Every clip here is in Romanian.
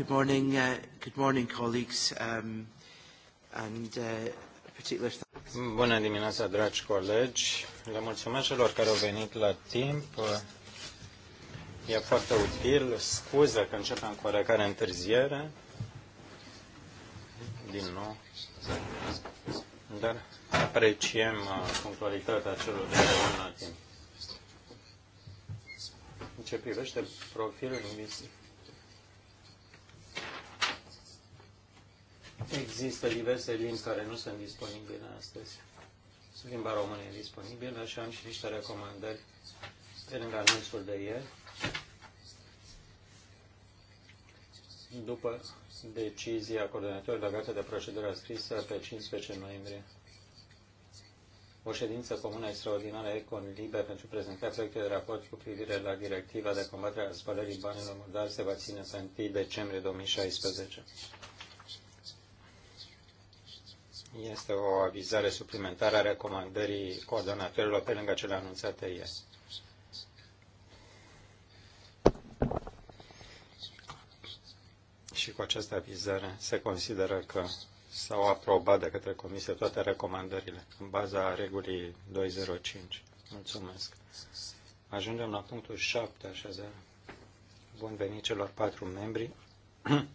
Good morning, uh, good morning colleagues, um, and uh, particular Bună dimineața, dragi colegi. Le mulțumesc celor care au venit la timp. E foarte util. Scuză că începem cu oarecare întârziere. Din nou. Dar apreciem uh, punctualitatea celor de care la timp. În ce privește profilul, mi Există diverse limbi care nu sunt disponibile astăzi. Limba română e disponibilă și am și niște recomandări pe lângă anunțul de ieri. După decizia coordonatorului legată de procedura scrisă pe 15 noiembrie, o ședință comună extraordinară Econ Liber pentru prezentarea proiectului de raport cu privire la directiva de combatere a spălării banilor murdari se va ține pe 1 decembrie 2016. Este o avizare suplimentară a recomandării coordonatorilor pe lângă cele anunțate ieri. Și cu această avizare se consideră că s-au aprobat de către Comisie toate recomandările în baza regulii 205. Mulțumesc. Ajungem la punctul 7, așadar. Bun venit celor patru membri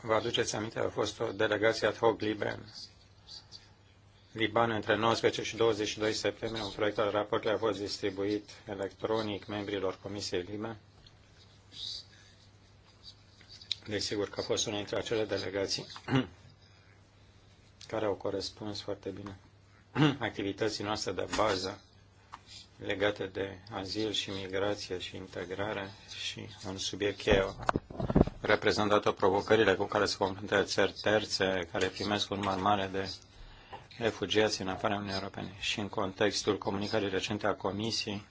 vă aduceți aminte, a fost o delegație ad hoc Liban. Liban între 19 și 22 septembrie, un proiect al raportului a fost distribuit electronic membrilor Comisiei Liban. Desigur că a fost una dintre acele delegații care au corespuns foarte bine activității noastre de bază legate de azil și migrație și integrare și un subiect cheie reprezentată provocările cu care se confruntă țări terțe care primesc un număr mare de refugiați în afara Uniunii Europene și în contextul comunicării recente a Comisiei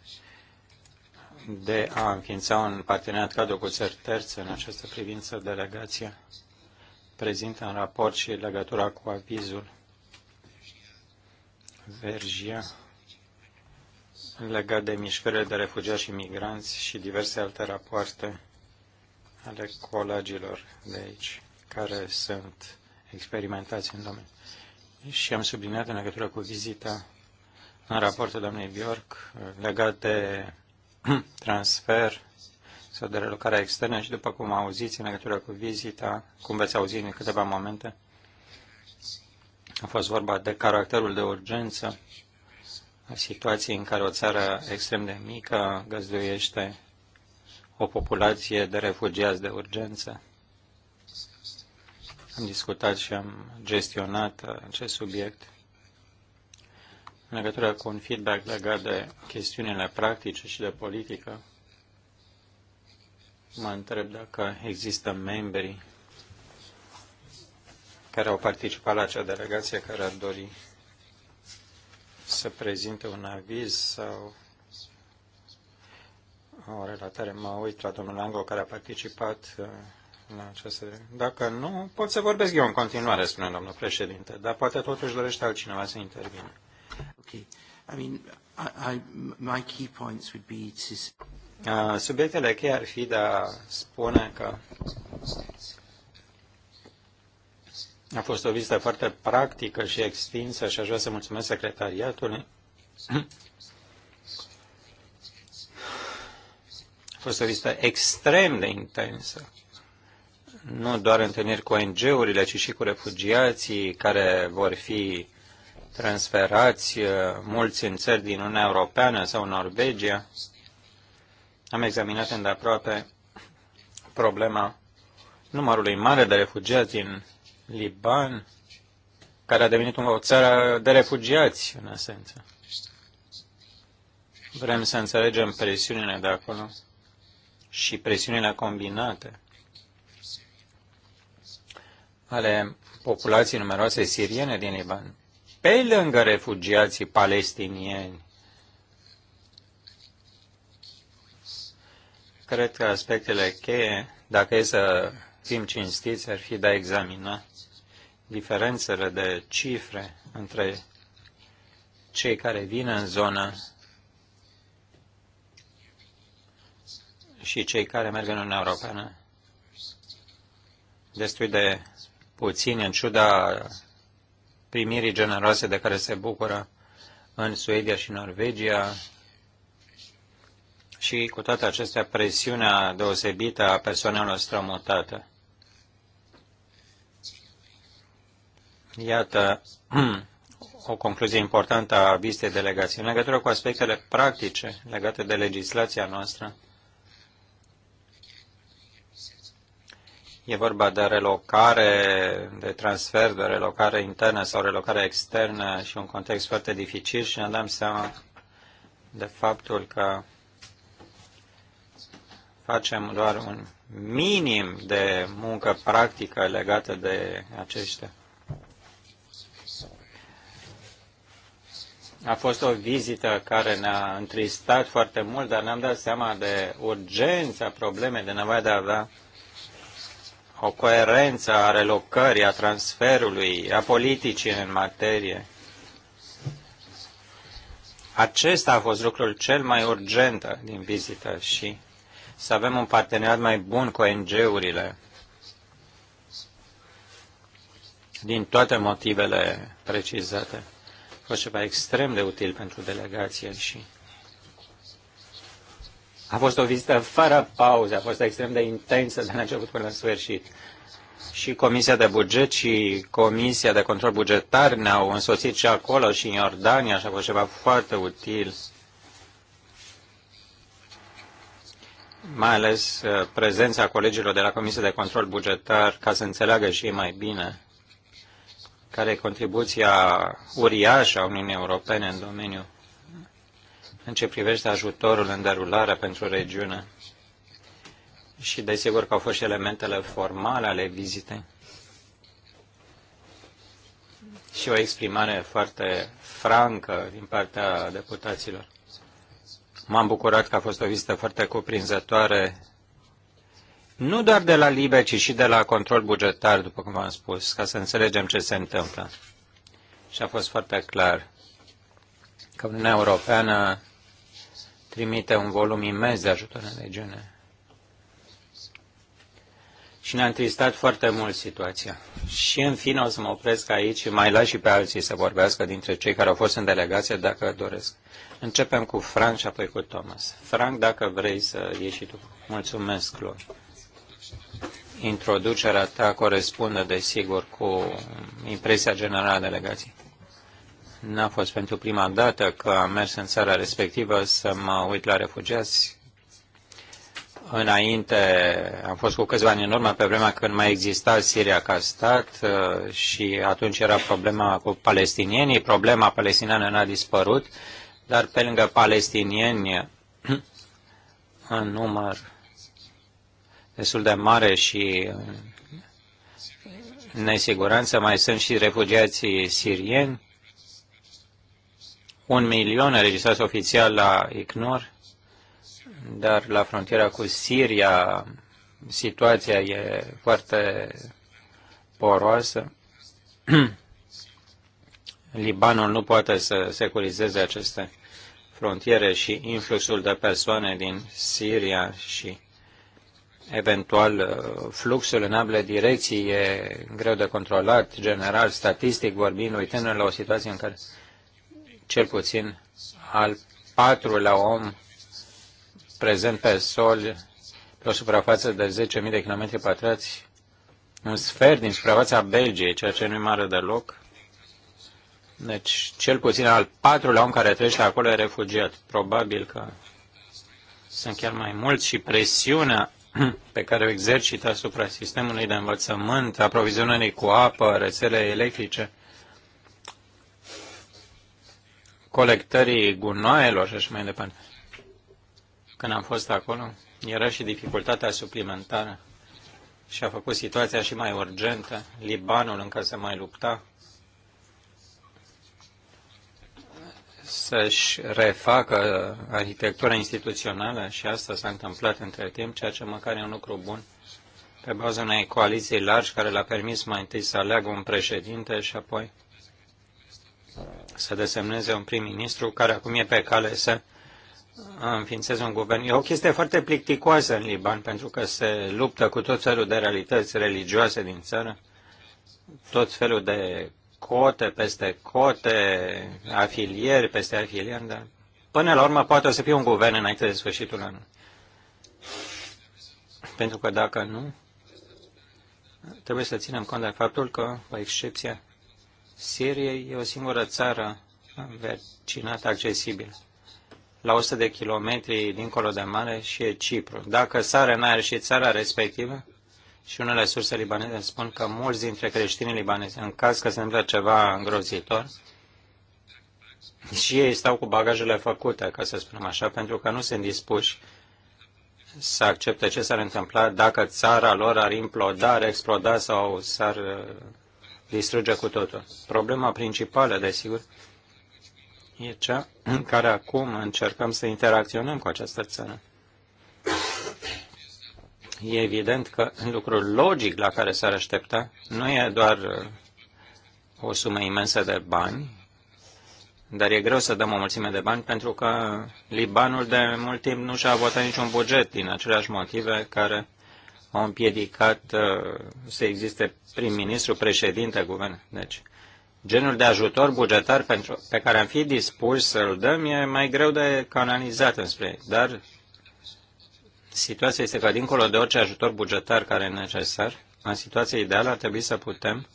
de a înființa un parteneriat cadru cu țări terțe în această privință, delegația prezintă în raport și legătura cu avizul Vergia legat de mișcările de refugiați și migranți și diverse alte rapoarte ale colegilor de aici care sunt experimentați în domeniu. Și am subliniat în legătură cu vizita în raportul doamnei Bjork eh, legat de transfer sau de relocarea externă și după cum auziți în legătură cu vizita, cum veți auzi în câteva momente, a fost vorba de caracterul de urgență a situației în care o țară extrem de mică găzduiește o populație de refugiați de urgență. Am discutat și am gestionat acest subiect în legătură cu un feedback legat de chestiunile practice și de politică. Mă întreb dacă există membri care au participat la acea delegație care ar dori să prezinte un aviz sau o relatare. Mă uit la domnul Lango care a participat uh, la această... Dacă nu, pot să vorbesc eu în continuare, spune domnul președinte, dar poate totuși dorește altcineva să intervină. Ok. I mean, I, I, my key points would be to... Uh, subiectele cheie ar fi de a spune că a fost o vizită foarte practică și extinsă și aș vrea să mulțumesc secretariatului A fost o vizită extrem de intensă. Nu doar întâlniri cu ONG-urile, ci și cu refugiații care vor fi transferați, uh, mulți în țări din Uniunea Europeană sau Norvegia. Am examinat îndeaproape problema numărului mare de refugiați din Liban, care a devenit o țară de refugiați, în esență. Vrem să înțelegem presiunile de acolo și presiunile combinate ale populației numeroase siriene din Liban, pe lângă refugiații palestinieni. Cred că aspectele cheie, dacă e să fim cinstiți, ar fi de a examina diferențele de cifre între cei care vin în zonă și cei care merg în Uniunea Europeană destui de puțini, în ciuda primirii generoase de care se bucură în Suedia și Norvegia. Și cu toate acestea, presiunea deosebită a persoanelor strămutate. Iată o concluzie importantă a vizitei delegației. În legătură cu aspectele practice legate de legislația noastră, E vorba de relocare, de transfer, de relocare internă sau relocare externă și un context foarte dificil și ne dăm seama de faptul că facem doar un minim de muncă practică legată de aceștia. A fost o vizită care ne-a întristat foarte mult, dar ne-am dat seama de urgența problemei, de nevoie de a avea o coerență a relocării, a transferului, a politicii în materie. Acesta a fost lucrul cel mai urgent din vizită și să avem un parteneriat mai bun cu ONG-urile din toate motivele precizate. A fost ceva extrem de util pentru delegație și a fost o vizită fără pauze, a fost extrem de intensă de la început până la sfârșit. Și Comisia de Buget și Comisia de Control Bugetar ne-au însoțit și acolo și în Iordania și a fost ceva foarte util. mai ales uh, prezența colegilor de la Comisia de Control Bugetar, ca să înțeleagă și ei mai bine care e contribuția uriașă a Uniunii Europene în domeniu în ce privește ajutorul în derulare pentru regiune și desigur că au fost și elementele formale ale vizitei și o exprimare foarte francă din partea deputaților. M-am bucurat că a fost o vizită foarte cuprinzătoare, nu doar de la Libe, ci și de la control bugetar, după cum am spus, ca să înțelegem ce se întâmplă. Și a fost foarte clar că Uniunea Europeană trimite un volum imens de ajutor în regiune. Și ne-a întristat foarte mult situația. Și în fine o să mă opresc aici și mai las și pe alții să vorbească dintre cei care au fost în delegație dacă doresc. Începem cu Frank și apoi cu Thomas. Frank, dacă vrei să ieși tu. Mulțumesc, Claude introducerea ta corespunde, desigur, cu impresia generală a delegației. N-a fost pentru prima dată că am mers în țara respectivă să mă uit la refugiați. Înainte, am fost cu câțiva ani în urmă, pe vremea când mai exista Siria ca stat uh, și atunci era problema cu palestinienii. Problema palestiniană n-a dispărut, dar pe lângă palestinieni în număr destul de mare și nesiguranță mai sunt și refugiații sirieni un milion înregistrați oficial la ICNOR, dar la frontiera cu Siria situația e foarte poroasă. Libanul nu poate să securizeze aceste frontiere și influxul de persoane din Siria și eventual fluxul în ambele direcții e greu de controlat, general, statistic vorbind, uitându-ne la o situație în care cel puțin al patrulea om prezent pe sol pe o suprafață de 10.000 de km pătrați, un sfert din suprafața Belgiei, ceea ce nu e mare deloc. Deci, cel puțin al patrulea om care trăiește acolo e refugiat. Probabil că sunt chiar mai mulți și presiunea pe care o exercită asupra sistemului de învățământ, aprovizionării cu apă, rețele electrice, colectării gunoaielor și așa mai departe. Când am fost acolo, era și dificultatea suplimentară și a făcut situația și mai urgentă. Libanul încă se mai lupta să-și refacă arhitectura instituțională și asta s-a întâmplat între timp, ceea ce măcar e un lucru bun pe baza unei coaliții largi care l-a permis mai întâi să aleagă un președinte și apoi să desemneze un prim-ministru care acum e pe cale să înființeze un guvern. E o chestie foarte plicticoasă în Liban, pentru că se luptă cu tot felul de realități religioase din țară, tot felul de cote peste cote, afilieri peste afilieri, dar până la urmă poate o să fie un guvern înainte de sfârșitul anului. Pentru că dacă nu, trebuie să ținem cont de faptul că, cu excepția Siriei e o singură țară vecinată accesibilă, la 100 de kilometri dincolo de mare și e Cipru. Dacă sare în aer și țara respectivă, și unele surse libaneze spun că mulți dintre creștinii libanezi, în caz că se întâmplă ceva îngrozitor, și ei stau cu bagajele făcute, ca să spunem așa, pentru că nu sunt dispuși să accepte ce s-ar întâmpla dacă țara lor ar imploda, ar exploda sau s-ar distruge cu totul. Problema principală, desigur, e cea în care acum încercăm să interacționăm cu această țară. E evident că lucrul logic la care s-ar aștepta nu e doar uh, o sumă imensă de bani, dar e greu să dăm o mulțime de bani pentru că Libanul de mult timp nu și-a votat niciun buget din aceleași motive care au împiedicat uh, să existe prim-ministru, președinte, guvern. Deci, genul de ajutor bugetar pentru, pe care am fi dispus să-l dăm e mai greu de canalizat înspre. Dar situația este că, dincolo de orice ajutor bugetar care e necesar, în situația ideală ar trebui să putem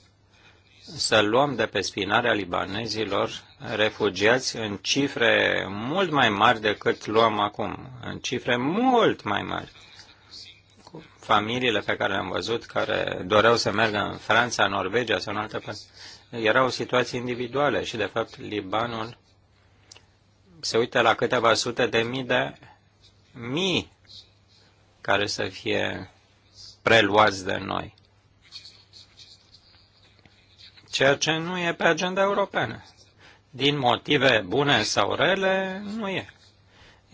să luăm de pe spinarea libanezilor refugiați în cifre mult mai mari decât luăm acum, în cifre mult mai mari familiile pe care le-am văzut, care doreau să meargă în Franța, Norvegia sau în altă parte, erau situații individuale și, de fapt, Libanul se uită la câteva sute de mii de mii care să fie preluați de noi. Ceea ce nu e pe agenda europeană. Din motive bune sau rele, nu e.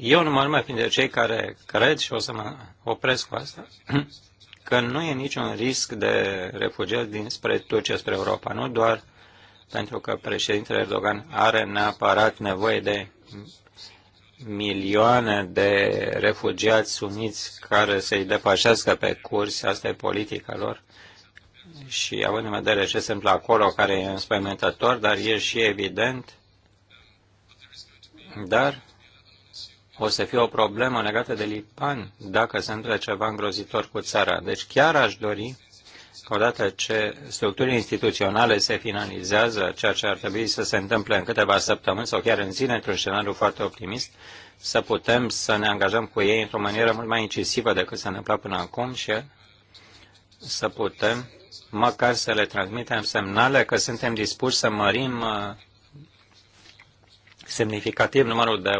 Eu nu mă numai printre cei care cred, și o să mă opresc cu asta, că nu e niciun risc de refugiați dinspre Turcia, spre Europa, nu doar pentru că președintele Erdogan are neapărat nevoie de milioane de refugiați suniți care să-i depășească pe curs, asta e politica lor, și având în vedere ce se întâmplă acolo, care e înspăimântător, dar e și evident, dar o să fie o problemă legată de Lipan dacă se întâmplă ceva îngrozitor cu țara. Deci chiar aș dori că odată ce structurile instituționale se finalizează, ceea ce ar trebui să se întâmple în câteva săptămâni sau chiar în zile, într-un scenariu foarte optimist, să putem să ne angajăm cu ei într-o manieră mult mai incisivă decât s-a întâmplat până acum și să putem măcar să le transmitem semnale că suntem dispuși să mărim uh, semnificativ numărul de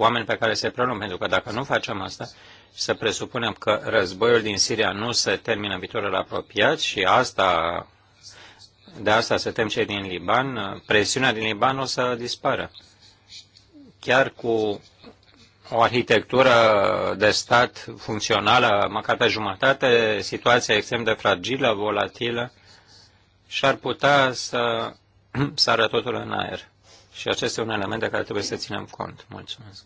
oameni pe care se prelung, pentru că dacă nu facem asta, să presupunem că războiul din Siria nu se termină în viitorul apropiat și asta, de asta se tem cei din Liban, presiunea din Liban o să dispară. Chiar cu o arhitectură de stat funcțională, măcar pe jumătate, situația extrem de fragilă, volatilă, și ar putea să sară totul în aer. Și acesta este un element de care trebuie să ținem cont. Mulțumesc.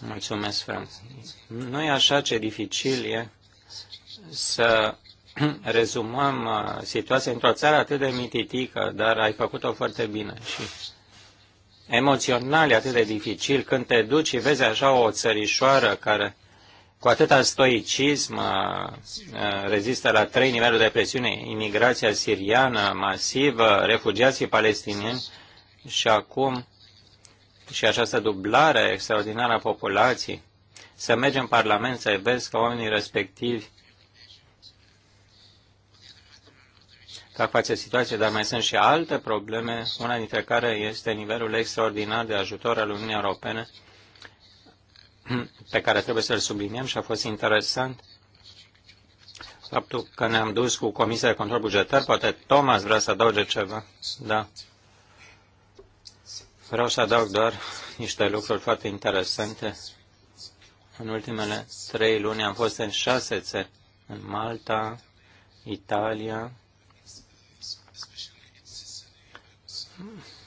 Mulțumesc, Frank. Nu e așa ce dificil e să rezumăm uh, situația într-o țară atât de mititică, dar ai făcut-o foarte bine și emoțional e atât de dificil când te duci și vezi așa o țărișoară care cu atâta stoicism uh, uh, rezistă la trei niveluri de presiune, imigrația siriană masivă, refugiații palestinieni, și acum și această dublare extraordinară a populației, să mergi în Parlament să vezi că oamenii respectivi fac față situație, dar mai sunt și alte probleme, una dintre care este nivelul extraordinar de ajutor al Uniunii Europene, pe care trebuie să-l subliniem și a fost interesant faptul că ne-am dus cu Comisia de Control Bugetar, poate Thomas vrea să adauge ceva. Da. Vreau să adaug doar niște lucruri foarte interesante. În ultimele trei luni am fost în șase țări, în Malta, Italia,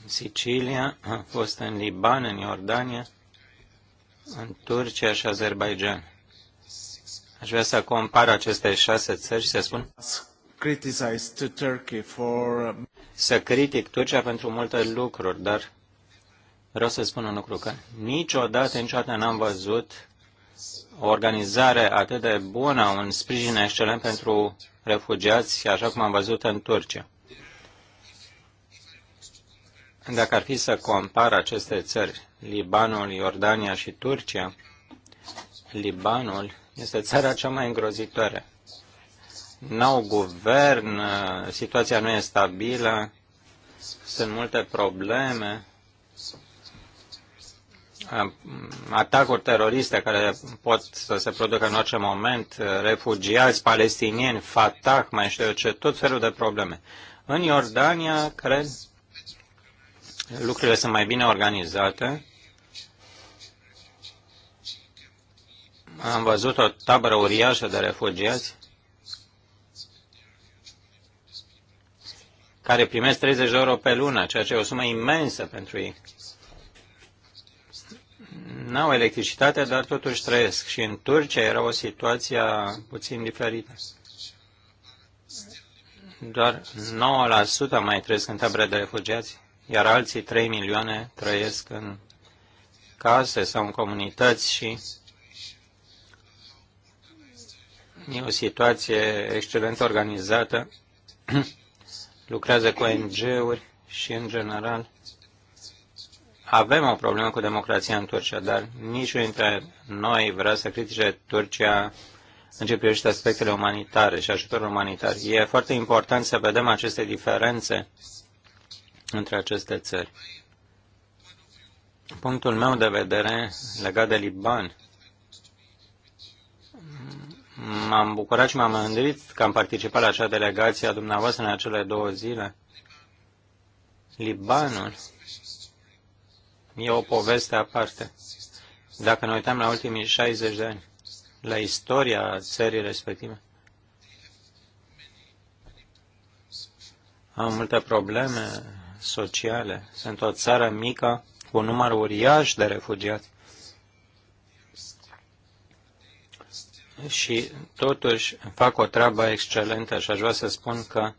Sicilia, am fost în Liban, în Iordania, în Turcia și Azerbaijan. Aș vrea să compar aceste șase țări și să spun să critic Turcia pentru multe lucruri, dar vreau să spun un lucru, că niciodată, niciodată n-am văzut o organizare atât de bună, un sprijin excelent pentru refugiați, așa cum am văzut în Turcia. Dacă ar fi să compar aceste țări, Libanul, Iordania și Turcia, Libanul este țara cea mai îngrozitoare. N-au guvern, situația nu e stabilă, sunt multe probleme, Uh, atacuri teroriste care pot să se producă în orice moment, uh, refugiați, palestinieni, Fatah, mai știu eu ce, tot felul de probleme. În Iordania, cred, lucrurile sunt mai bine organizate. Am văzut o tabără uriașă de refugiați care primesc 30 de euro pe lună, ceea ce e o sumă imensă pentru ei n-au electricitate, dar totuși trăiesc. Și în Turcia era o situație puțin diferită. Doar 9% mai trăiesc în tabere de refugiați, iar alții 3 milioane trăiesc în case sau în comunități și e o situație excelent organizată, lucrează cu ONG-uri și, în general, avem o problemă cu democrația în Turcia, dar niciunul dintre noi vrea să critique Turcia în ce privește aspectele umanitare și ajutorul umanitar. E foarte important să vedem aceste diferențe între aceste țări. Punctul meu de vedere legat de Liban, m-am bucurat și m-am mândrit că am participat la acea delegație a dumneavoastră în acele două zile. Libanul e o poveste aparte. Dacă ne uităm la ultimii 60 de ani, la istoria țării respective, au multe probleme sociale. Sunt o țară mică cu un număr uriaș de refugiați. Și totuși fac o treabă excelentă și aș vrea să spun că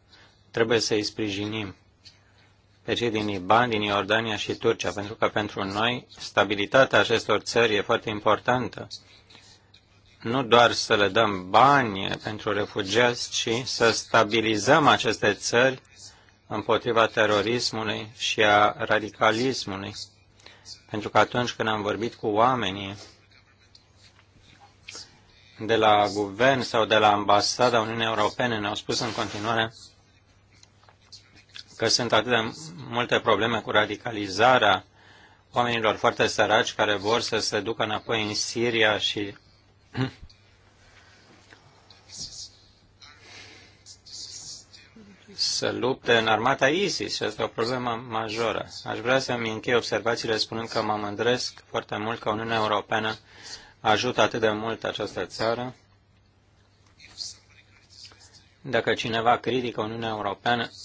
trebuie să îi sprijinim pe cei din Iban, din Iordania și Turcia, pentru că pentru noi stabilitatea acestor țări e foarte importantă. Nu doar să le dăm bani pentru refugiați, ci să stabilizăm aceste țări împotriva terorismului și a radicalismului. Pentru că atunci când am vorbit cu oamenii de la guvern sau de la ambasada Uniunii Europene, ne-au spus în continuare că sunt atât de multe probleme cu radicalizarea oamenilor foarte săraci care vor să se ducă înapoi în Siria și să lupte în armata ISIS și asta e o problemă majoră. Aș vrea să-mi închei observațiile spunând că mă mândresc foarte mult că Uniunea Europeană ajută atât de mult această țară. Dacă cineva critică Uniunea Europeană,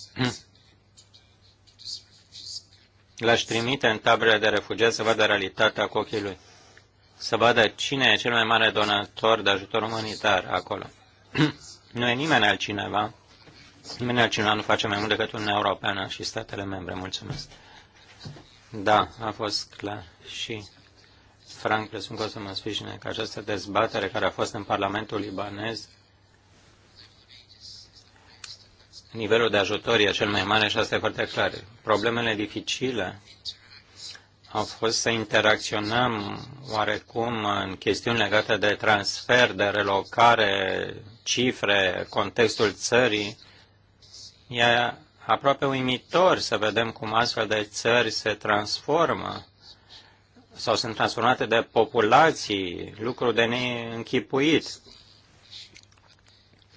L-aș trimite în taberele de refugiați să vadă realitatea cu ochii lui. Să vadă cine e cel mai mare donator de ajutor umanitar acolo. nu e nimeni altcineva. Nimeni altcineva nu face mai mult decât Uniunea Europeană și statele membre. Mulțumesc. Da, a fost clar. Și Frank, presupun că o să mă sprijine că această dezbatere care a fost în Parlamentul libanez nivelul de ajutor e cel mai mare și asta e foarte clar. Problemele dificile au fost să interacționăm oarecum în chestiuni legate de transfer, de relocare, cifre, contextul țării. E aproape uimitor să vedem cum astfel de țări se transformă sau sunt transformate de populații, lucru de neînchipuit.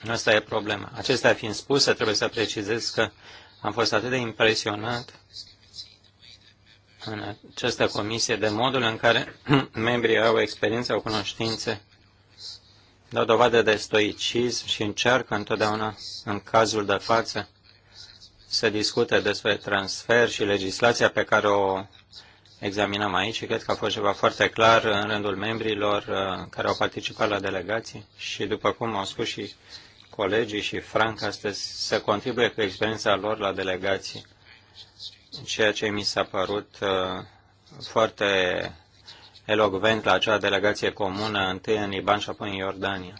Asta e problema. Acestea fiind spuse, trebuie să precizez că am fost atât de impresionat în această comisie de modul în care membrii au experiență, au cunoștințe, dau dovadă de stoicism și încearcă întotdeauna, în cazul de față, să discute despre transfer și legislația pe care o examinăm aici cred că a fost ceva foarte clar în rândul membrilor uh, care au participat la delegații și, după cum au spus și colegii și Frank astăzi să contribuie cu experiența lor la delegații, ceea ce mi s-a părut uh, foarte elogvent la acea delegație comună, întâi în Iban și apoi în Iordania.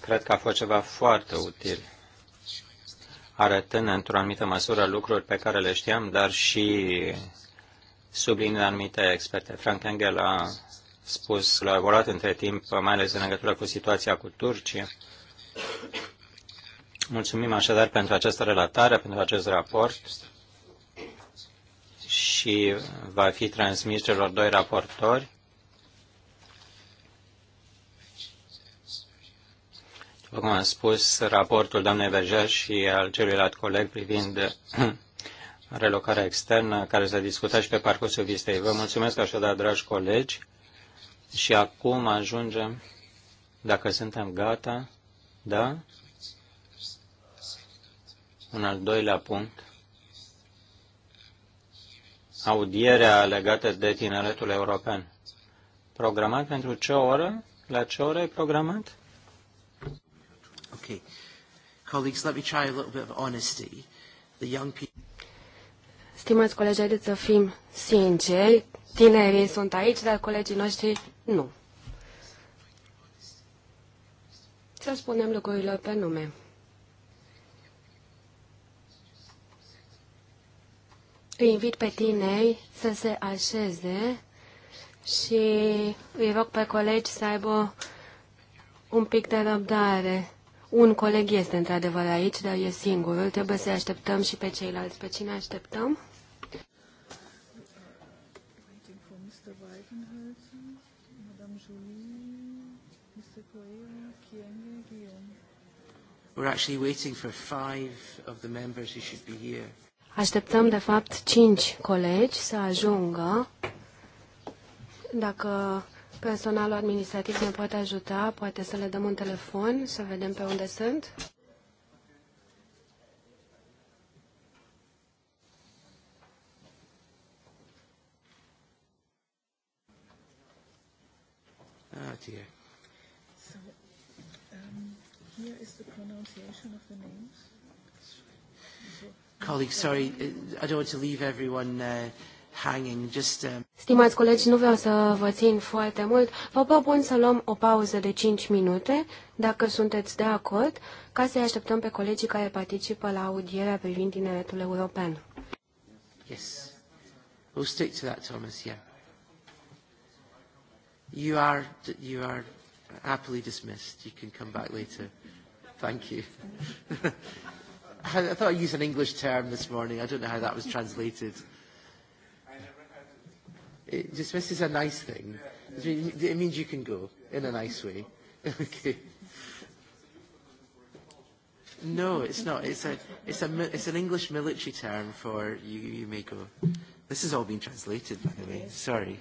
Cred că a fost ceva foarte util, arătând într-o anumită măsură lucruri pe care le știam, dar și sublinind anumite experte. Frank Engel a spus, l-a evoluat între timp, mai ales în legătură cu situația cu Turcia, Mulțumim așadar pentru această relatare, pentru acest raport și va fi transmis celor doi raportori. După cum am spus, raportul doamnei Verja și al celuilalt coleg privind relocarea externă, care s-a discutat și pe parcursul vizitei. Vă mulțumesc așadar, dragi colegi, și acum ajungem, dacă suntem gata, da? Un al doilea punct. Audierea legată de tineretul european. Programat pentru ce oră? La ce oră e programat? Okay. Colleagues, let me try a little bit of honesty. The young people... Stimați colegi, haideți să fim sinceri. Tinerii sunt aici, dar colegii noștri nu. să spunem lucrurile pe nume. Îi invit pe tinei să se așeze și îi rog pe colegi să aibă un pic de răbdare. Un coleg este într-adevăr aici, dar e singurul. Trebuie să-i așteptăm și pe ceilalți. Pe cine așteptăm? We're actually waiting for five of the members who should be here. Așteptăm, de fapt, cinci colegi să ajungă. Dacă personalul administrativ ne poate ajuta, poate să le dăm un telefon, să vedem pe unde sunt. Ah, dear here is the pronunciation of the names. Colleagues, sorry, I don't want to leave everyone uh, hanging. Just, um... Stimați colegi, nu vreau să vă țin foarte mult. Vă propun să luăm o pauză de 5 minute, dacă sunteți de acord, ca să-i așteptăm pe colegii care participă la audierea privind tineretul european. Yes. We'll stick to that, Thomas, yeah. You are, you are happily dismissed. You can come back later. Thank you. I thought I used an English term this morning. I don't know how that was translated. It dismiss is a nice thing. It means you can go in a nice way. okay. No, it's not. It's a it's a it's an English military term for you. You may go. This has all been translated, by the way. Sorry.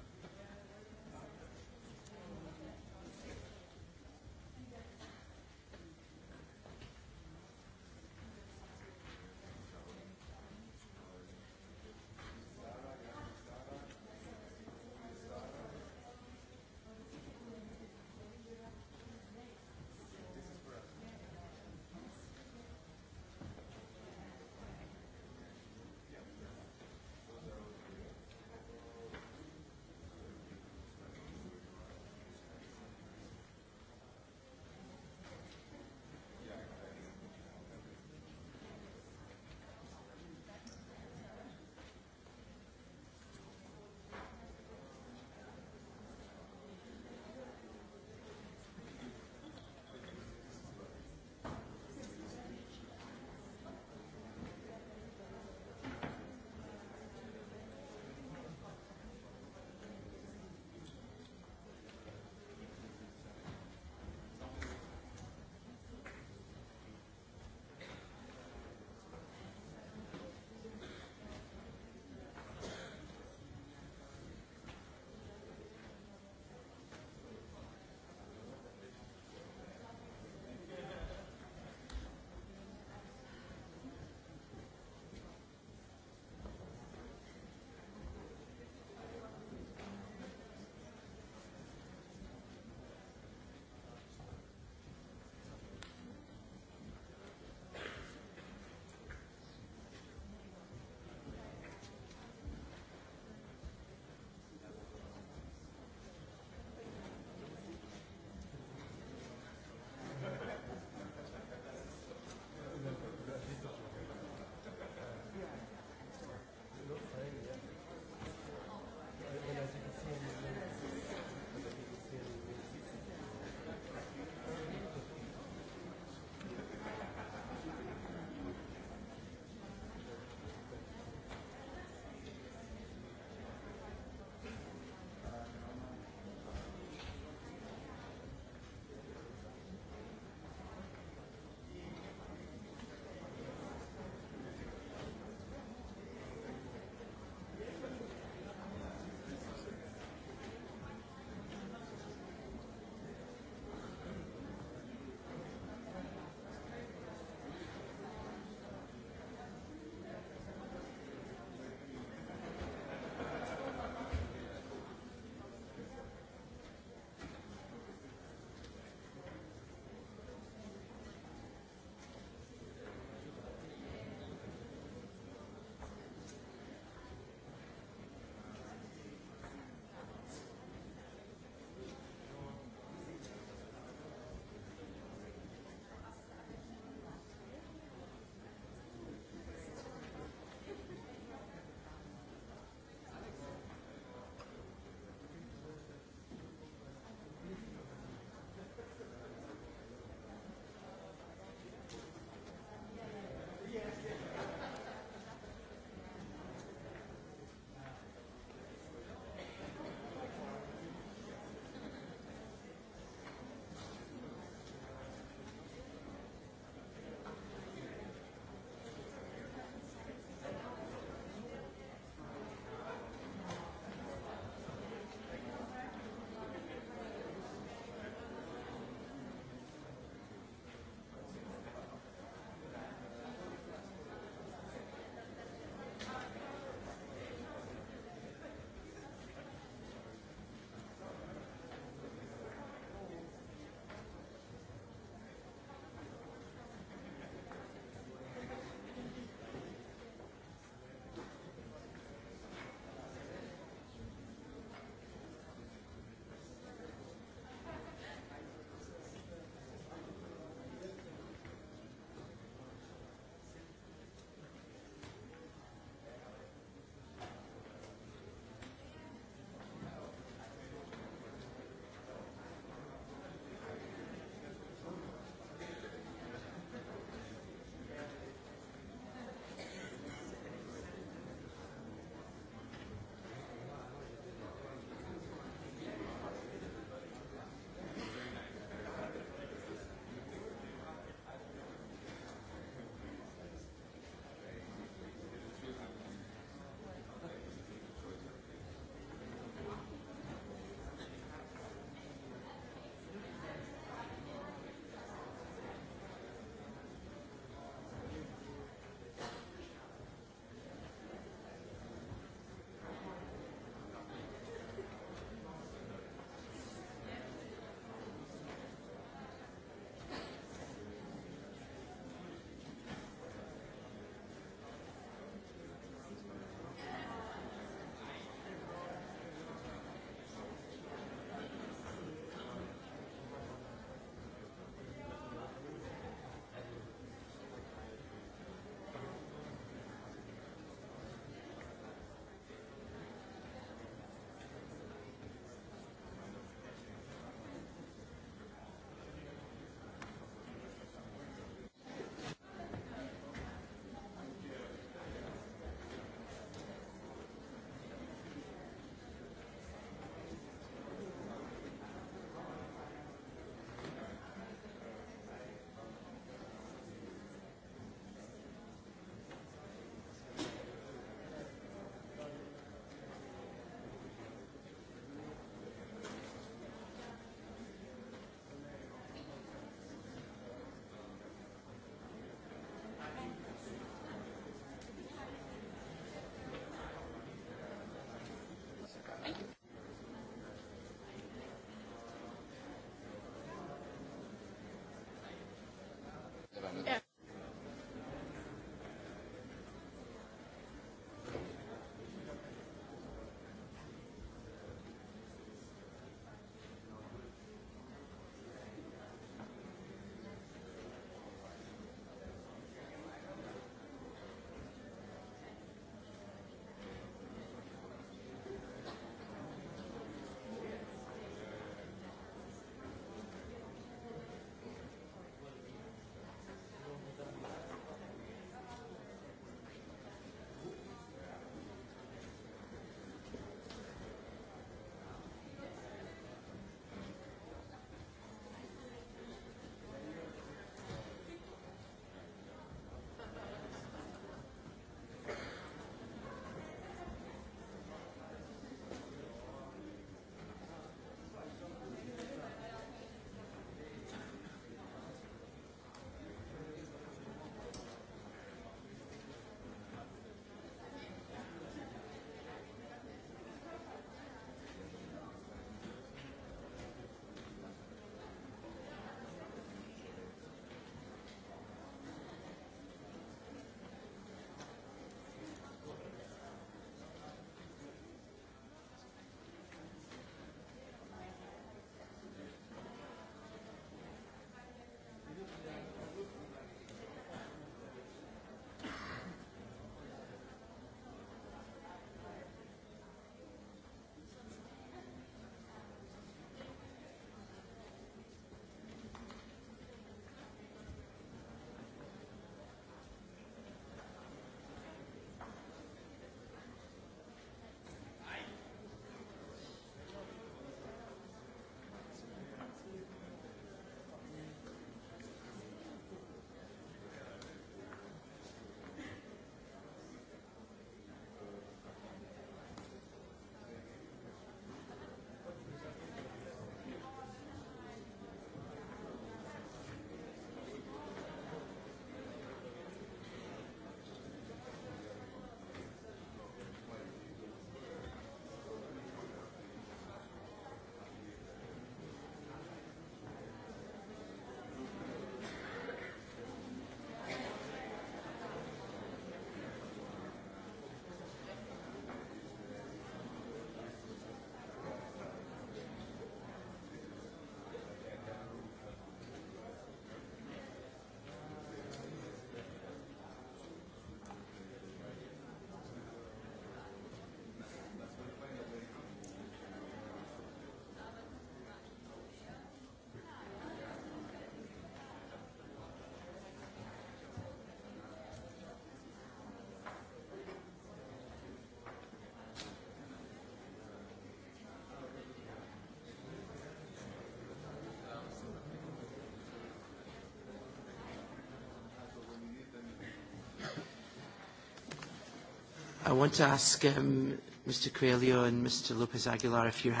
I want to ask um, Mr. Coelho and Mr. Lopez Aguilar if uh,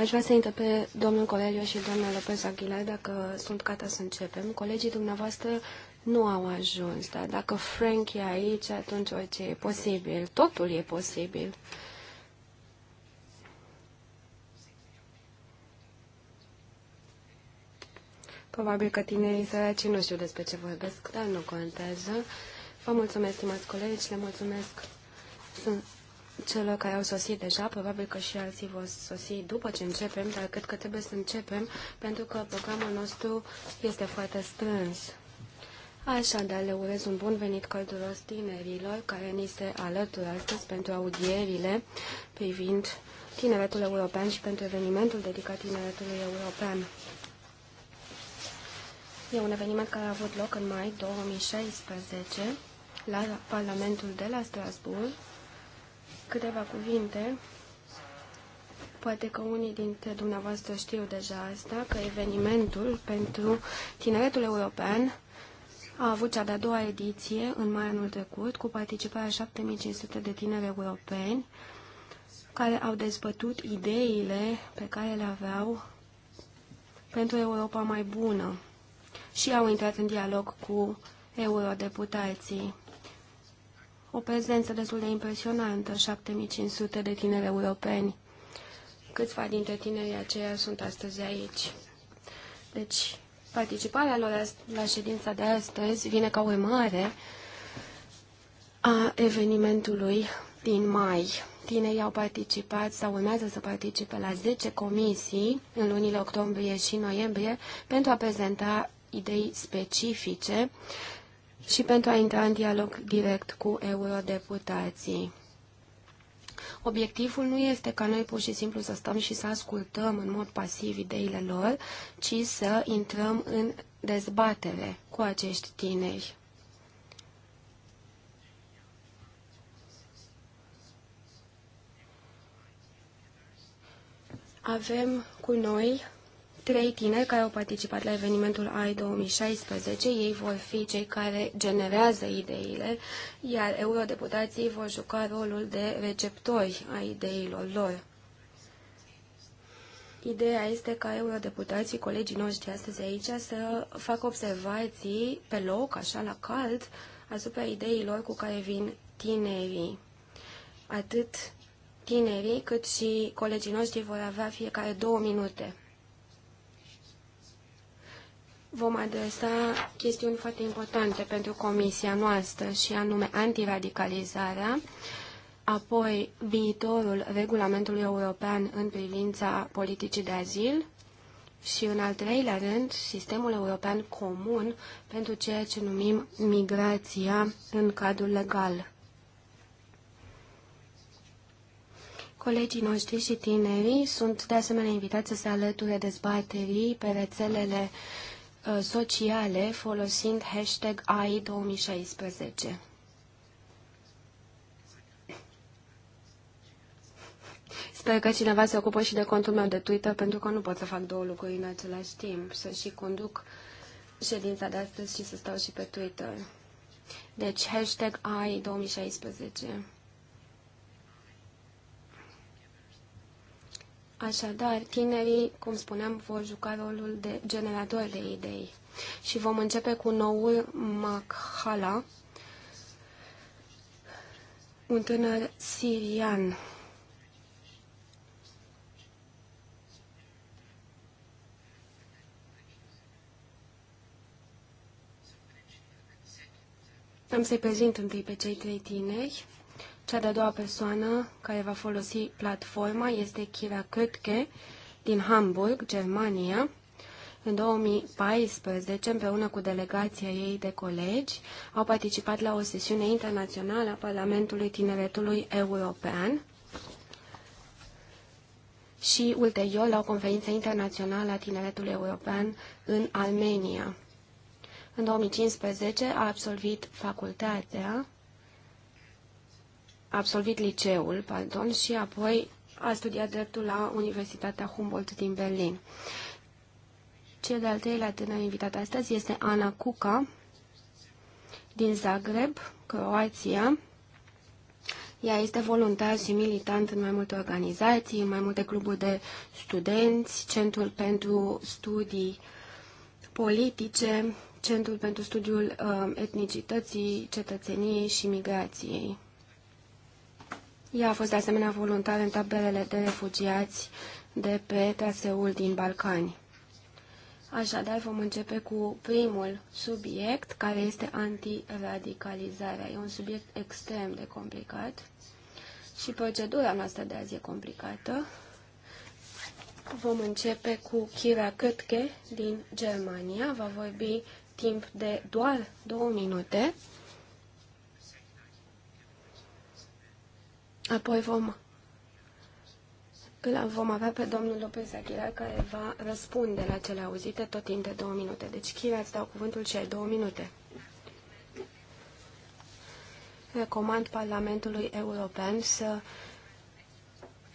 Aș vrea să întreb pe domnul Coelho și doamna Lopez Aguilar dacă sunt gata să începem. Colegii dumneavoastră nu au ajuns, dar dacă Frank e aici, atunci orice e posibil. Totul e posibil. Probabil că tinerii săraci nu știu despre ce vorbesc, dar nu contează. Vă mulțumesc, stimați colegi, le mulțumesc sunt celor care au sosit deja, probabil că și alții vor sosi după ce începem, dar cred că trebuie să începem, pentru că programul nostru este foarte strâns. Așadar, le urez un bun venit călduros tinerilor care ni se alătură astăzi pentru audierile privind tineretul european și pentru evenimentul dedicat tineretului european. E un eveniment care a avut loc în mai 2016 la Parlamentul de la Strasbourg câteva cuvinte. Poate că unii dintre dumneavoastră știu deja asta, că evenimentul pentru tineretul european a avut cea de-a doua ediție în mai anul trecut, cu participarea 7500 de tineri europeni care au dezbătut ideile pe care le aveau pentru Europa mai bună și au intrat în dialog cu eurodeputații o prezență destul de impresionantă, 7500 de tineri europeni. Câțiva dintre tinerii aceia sunt astăzi aici. Deci, participarea lor la ședința de astăzi vine ca urmare a evenimentului din mai. Tinerii au participat sau urmează să participe la 10 comisii în lunile octombrie și noiembrie pentru a prezenta idei specifice și pentru a intra în dialog direct cu eurodeputații. Obiectivul nu este ca noi pur și simplu să stăm și să ascultăm în mod pasiv ideile lor, ci să intrăm în dezbatere cu acești tineri. Avem cu noi trei tineri care au participat la evenimentul AI 2016. Ei vor fi cei care generează ideile, iar eurodeputații vor juca rolul de receptori a ideilor lor. Ideea este ca eurodeputații, colegii noștri astăzi aici, să facă observații pe loc, așa la cald, asupra ideilor cu care vin tinerii. Atât tinerii cât și colegii noștri vor avea fiecare două minute vom adresa chestiuni foarte importante pentru comisia noastră și anume antiradicalizarea, apoi viitorul regulamentului european în privința politicii de azil și, în al treilea rând, sistemul european comun pentru ceea ce numim migrația în cadrul legal. Colegii noștri și tinerii sunt de asemenea invitați să se alăture dezbaterii pe rețelele Uh, sociale folosind hashtag AI2016. Sper că cineva se ocupă și de contul meu de Twitter, pentru că nu pot să fac două lucruri în același timp, să și conduc ședința de astăzi și să stau și pe Twitter. Deci, hashtag AI2016. Așadar, tinerii, cum spuneam, vor juca rolul de generator de idei. Și vom începe cu noul Makhala, un tânăr sirian. Am să-i prezint întâi pe cei trei tineri. Cea de-a doua persoană care va folosi platforma este Kira Kötke din Hamburg, Germania. În 2014, împreună cu delegația ei de colegi, au participat la o sesiune internațională a Parlamentului Tineretului European și ulterior la o conferință internațională a Tineretului European în Armenia. În 2015 a absolvit facultatea absolvit liceul pardon, și apoi a studiat dreptul la Universitatea Humboldt din Berlin. Cel de-al treilea tânăr invitat astăzi este Ana Cuca din Zagreb, Croația. Ea este voluntar și militant în mai multe organizații, în mai multe cluburi de studenți, Centrul pentru Studii Politice, Centrul pentru Studiul uh, Etnicității, Cetățeniei și Migrației. Ea a fost de asemenea voluntar în tabelele de refugiați de pe traseul din Balcani. Așadar, vom începe cu primul subiect, care este antiradicalizarea. E un subiect extrem de complicat și procedura noastră de azi e complicată. Vom începe cu Kira Kötke din Germania. Va vorbi timp de doar două minute Apoi vom, vom avea pe domnul Lopez Aguilar care va răspunde la cele auzite tot timp de două minute. Deci, Chira, îți dau cuvântul și ai două minute. Recomand Parlamentului European să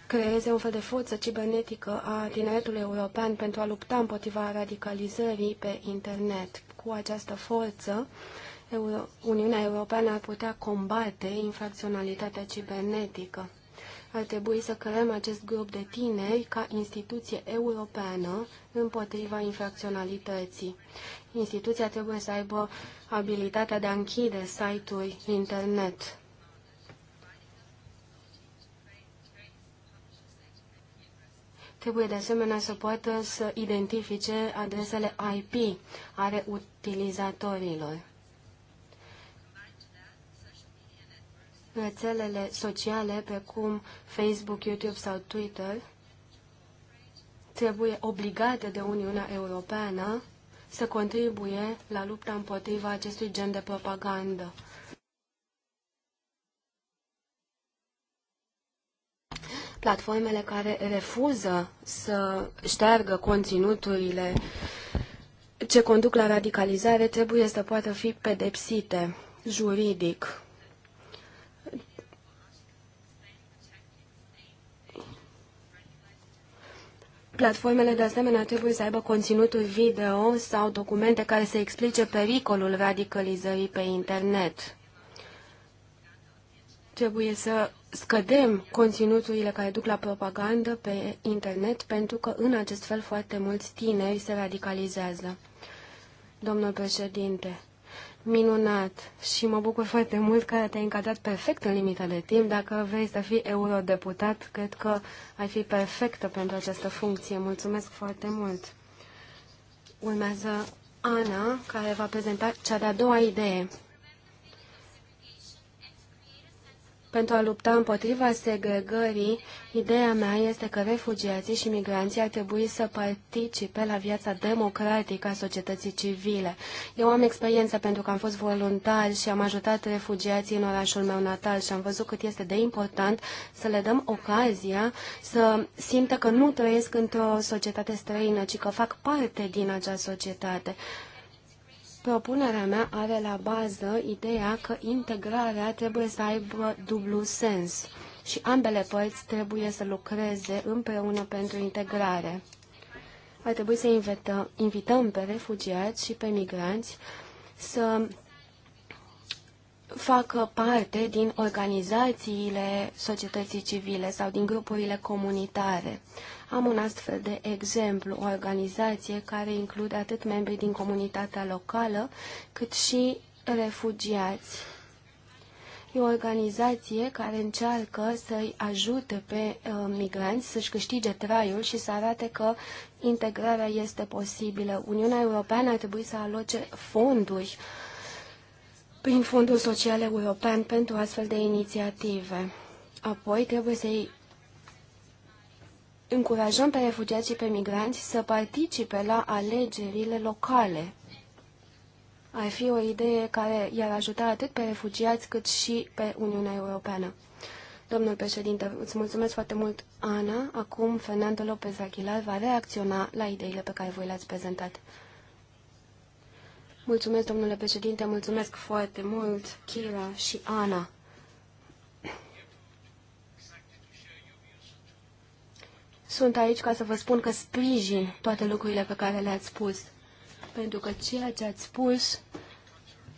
creeze un fel de forță cibernetică a tineretului european pentru a lupta împotriva radicalizării pe internet. Cu această forță, uh, Euro Uniunea Europeană ar putea combate infracționalitatea cibernetică. Ar trebui să creăm acest grup de tineri ca instituție europeană împotriva infracționalității. Instituția trebuie să aibă abilitatea de a închide site-uri internet. Trebuie de asemenea să poată să identifice adresele IP ale utilizatorilor. rețelele sociale precum Facebook, YouTube sau Twitter trebuie obligate de Uniunea Europeană să contribuie la lupta împotriva acestui gen de propagandă. Platformele care refuză să șteargă conținuturile ce conduc la radicalizare trebuie să poată fi pedepsite juridic. Platformele de asemenea trebuie să aibă conținutul video sau documente care să explice pericolul radicalizării pe internet. Trebuie să scădem conținuturile care duc la propagandă pe internet pentru că în acest fel foarte mulți tineri se radicalizează. Domnul președinte, Minunat! Și mă bucur foarte mult că te-ai încadrat perfect în limita de timp. Dacă vrei să fii eurodeputat, cred că ai fi perfectă pentru această funcție. Mulțumesc foarte mult! Urmează Ana, care va prezenta cea de-a doua idee. Pentru a lupta împotriva segregării, ideea mea este că refugiații și migranții ar trebui să participe la viața democratică a societății civile. Eu am experiență pentru că am fost voluntar și am ajutat refugiații în orașul meu natal și am văzut cât este de important să le dăm ocazia să simtă că nu trăiesc într-o societate străină, ci că fac parte din acea societate. Propunerea mea are la bază ideea că integrarea trebuie să aibă dublu sens și ambele părți trebuie să lucreze împreună pentru integrare. Ar trebui să invităm, invităm pe refugiați și pe migranți să facă parte din organizațiile societății civile sau din grupurile comunitare. Am un astfel de exemplu, o organizație care include atât membrii din comunitatea locală, cât și refugiați. E o organizație care încearcă să-i ajute pe uh, migranți să-și câștige traiul și să arate că integrarea este posibilă. Uniunea Europeană ar trebui să aloce fonduri uh, prin Fondul Social European pentru astfel de inițiative. Apoi trebuie să-i încurajăm pe refugiați și pe migranți să participe la alegerile locale. Ar fi o idee care i-ar ajuta atât pe refugiați cât și pe Uniunea Europeană. Domnul președinte, îți mulțumesc foarte mult, Ana. Acum, Fernando López Aguilar va reacționa la ideile pe care voi le-ați prezentat. Mulțumesc, domnule președinte, mulțumesc foarte mult, Kira și Ana. Sunt aici ca să vă spun că sprijin toate lucrurile pe care le-ați spus, pentru că ceea ce ați spus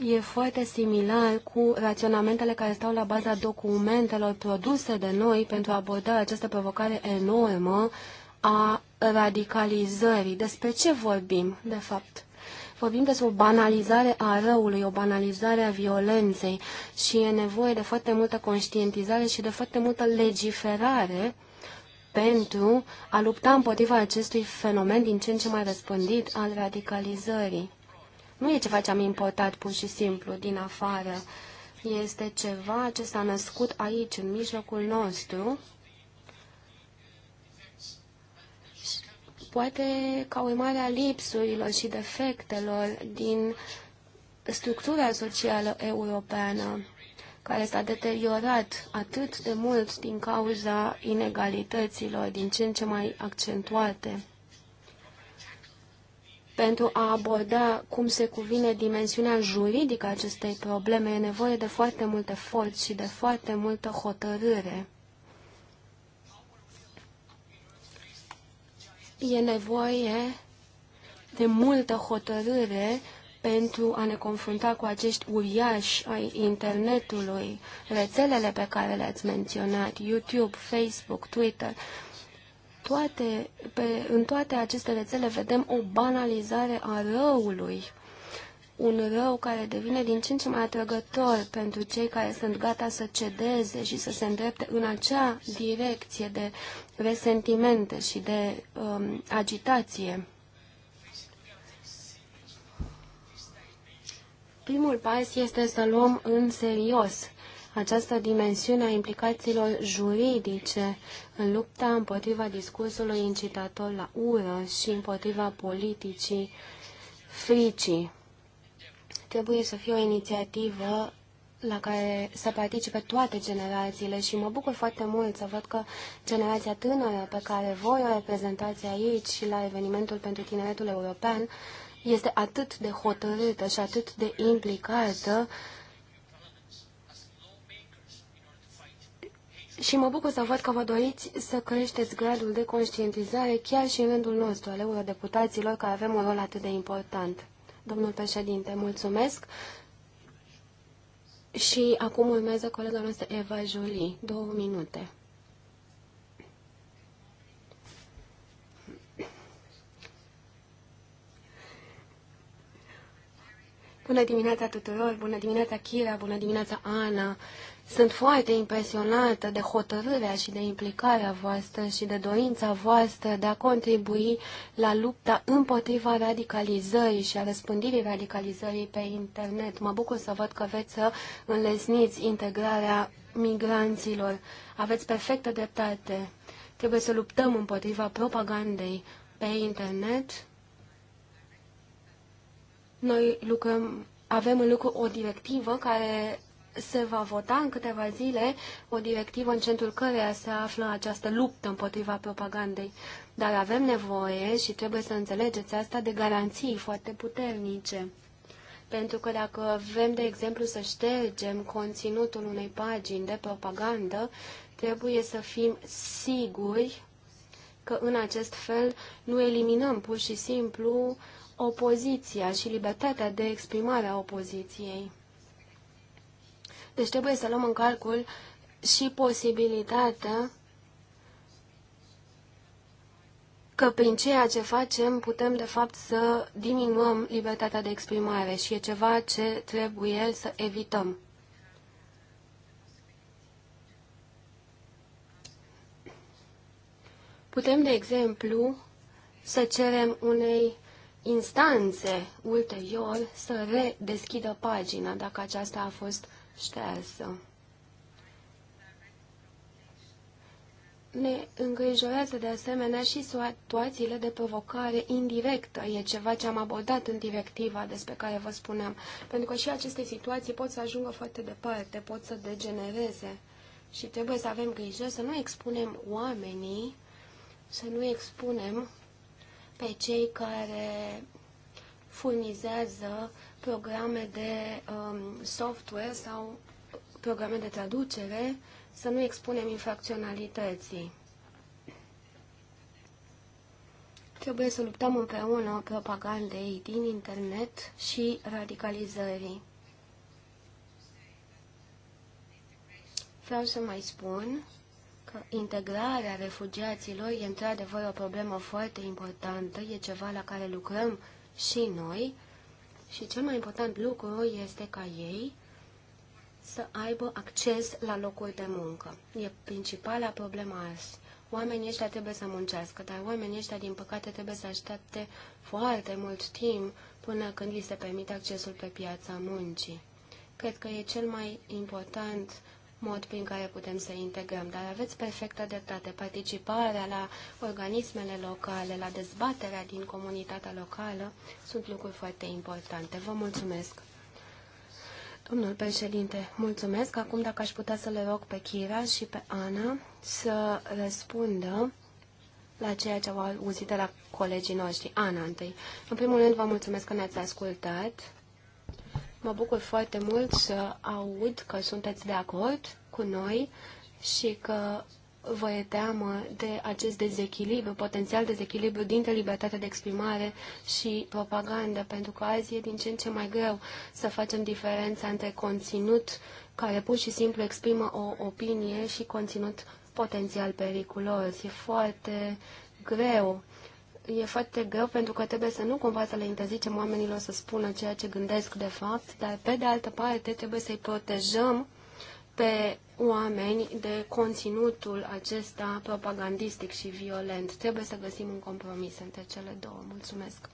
e foarte similar cu raționamentele care stau la baza documentelor produse de noi pentru a aborda această provocare enormă a radicalizării. Despre ce vorbim, de fapt? Vorbim despre o banalizare a răului, o banalizare a violenței și e nevoie de foarte multă conștientizare și de foarte multă legiferare pentru a lupta împotriva acestui fenomen din ce în ce mai răspândit al radicalizării. Nu e ceva ce am importat pur și simplu din afară. Este ceva ce s-a născut aici, în mijlocul nostru, Poate ca urmare a lipsurilor și defectelor din structura socială europeană, care s-a deteriorat atât de mult din cauza inegalităților din ce în ce mai accentuate. Pentru a aborda cum se cuvine dimensiunea juridică a acestei probleme, e nevoie de foarte mult efort și de foarte multă hotărâre. e nevoie de multă hotărâre pentru a ne confrunta cu acești uriași ai internetului, rețelele pe care le-ați menționat, YouTube, Facebook, Twitter, toate, pe, în toate aceste rețele vedem o banalizare a răului un rău care devine din ce în ce mai atrăgător pentru cei care sunt gata să cedeze și să se îndrepte în acea direcție de resentimente și de um, agitație. Primul pas este să luăm în serios această dimensiune a implicațiilor juridice în lupta împotriva discursului incitator la ură și împotriva politicii fricii trebuie să fie o inițiativă la care să participe toate generațiile și mă bucur foarte mult să văd că generația tânără pe care voi o reprezentați aici și la evenimentul pentru tineretul european este atât de hotărâtă și atât de implicată și mă bucur să văd că vă doriți să creșteți gradul de conștientizare chiar și în rândul nostru al eurodeputaților care avem un rol atât de important. Domnul președinte, mulțumesc. Și acum urmează colega noastră Eva Jolie. Două minute. Bună dimineața tuturor, bună dimineața Kira, bună dimineața Ana. Sunt foarte impresionată de hotărârea și de implicarea voastră și de dorința voastră de a contribui la lupta împotriva radicalizării și a răspândirii radicalizării pe internet. Mă bucur să văd că veți să înlesniți integrarea migranților. Aveți perfectă dreptate. Trebuie să luptăm împotriva propagandei pe internet. Noi lucrăm avem în lucru o directivă care se va vota în câteva zile o directivă în centrul căreia se află această luptă împotriva propagandei. Dar avem nevoie, și trebuie să înțelegeți asta, de garanții foarte puternice. Pentru că dacă vrem, de exemplu, să ștergem conținutul unei pagini de propagandă, trebuie să fim siguri că în acest fel nu eliminăm pur și simplu opoziția și libertatea de exprimare a opoziției. Deci trebuie să luăm în calcul și posibilitatea că prin ceea ce facem putem de fapt să diminuăm libertatea de exprimare și e ceva ce trebuie să evităm. Putem, de exemplu, să cerem unei instanțe ulterior să redeschidă pagina dacă aceasta a fost ștează. Ne îngrijorează de asemenea și situațiile de provocare indirectă. E ceva ce am abordat în directiva despre care vă spuneam. Pentru că și aceste situații pot să ajungă foarte departe, pot să degenereze. Și trebuie să avem grijă să nu expunem oamenii, să nu expunem pe cei care furnizează programe de um, software sau programe de traducere să nu expunem infracționalității. Trebuie să luptăm împreună propagandei din internet și radicalizării. Vreau să mai spun că integrarea refugiaților e într-adevăr o problemă foarte importantă, e ceva la care lucrăm și noi, și cel mai important lucru este ca ei să aibă acces la locuri de muncă. E principala problemă azi. Oamenii ăștia trebuie să muncească, dar oamenii ăștia, din păcate, trebuie să aștepte foarte mult timp până când li se permite accesul pe piața muncii. Cred că e cel mai important mod prin care putem să integrăm. Dar aveți perfectă dreptate. Participarea la organismele locale, la dezbaterea din comunitatea locală, sunt lucruri foarte importante. Vă mulțumesc! Domnul președinte, mulțumesc. Acum dacă aș putea să le rog pe Chira și pe Ana să răspundă la ceea ce au auzit de la colegii noștri. Ana, întâi. În primul rând, vă mulțumesc că ne-ați ascultat. Mă bucur foarte mult să aud că sunteți de acord cu noi și că vă e teamă de acest dezechilibru, potențial dezechilibru dintre libertatea de exprimare și propagandă, pentru că azi e din ce în ce mai greu să facem diferența între conținut care pur și simplu exprimă o opinie și conținut potențial periculos. E foarte greu e foarte greu pentru că trebuie să nu cumva să le interzicem oamenilor să spună ceea ce gândesc de fapt, dar pe de altă parte trebuie să-i protejăm pe oameni de conținutul acesta propagandistic și violent. Trebuie să găsim un compromis între cele două. Mulțumesc!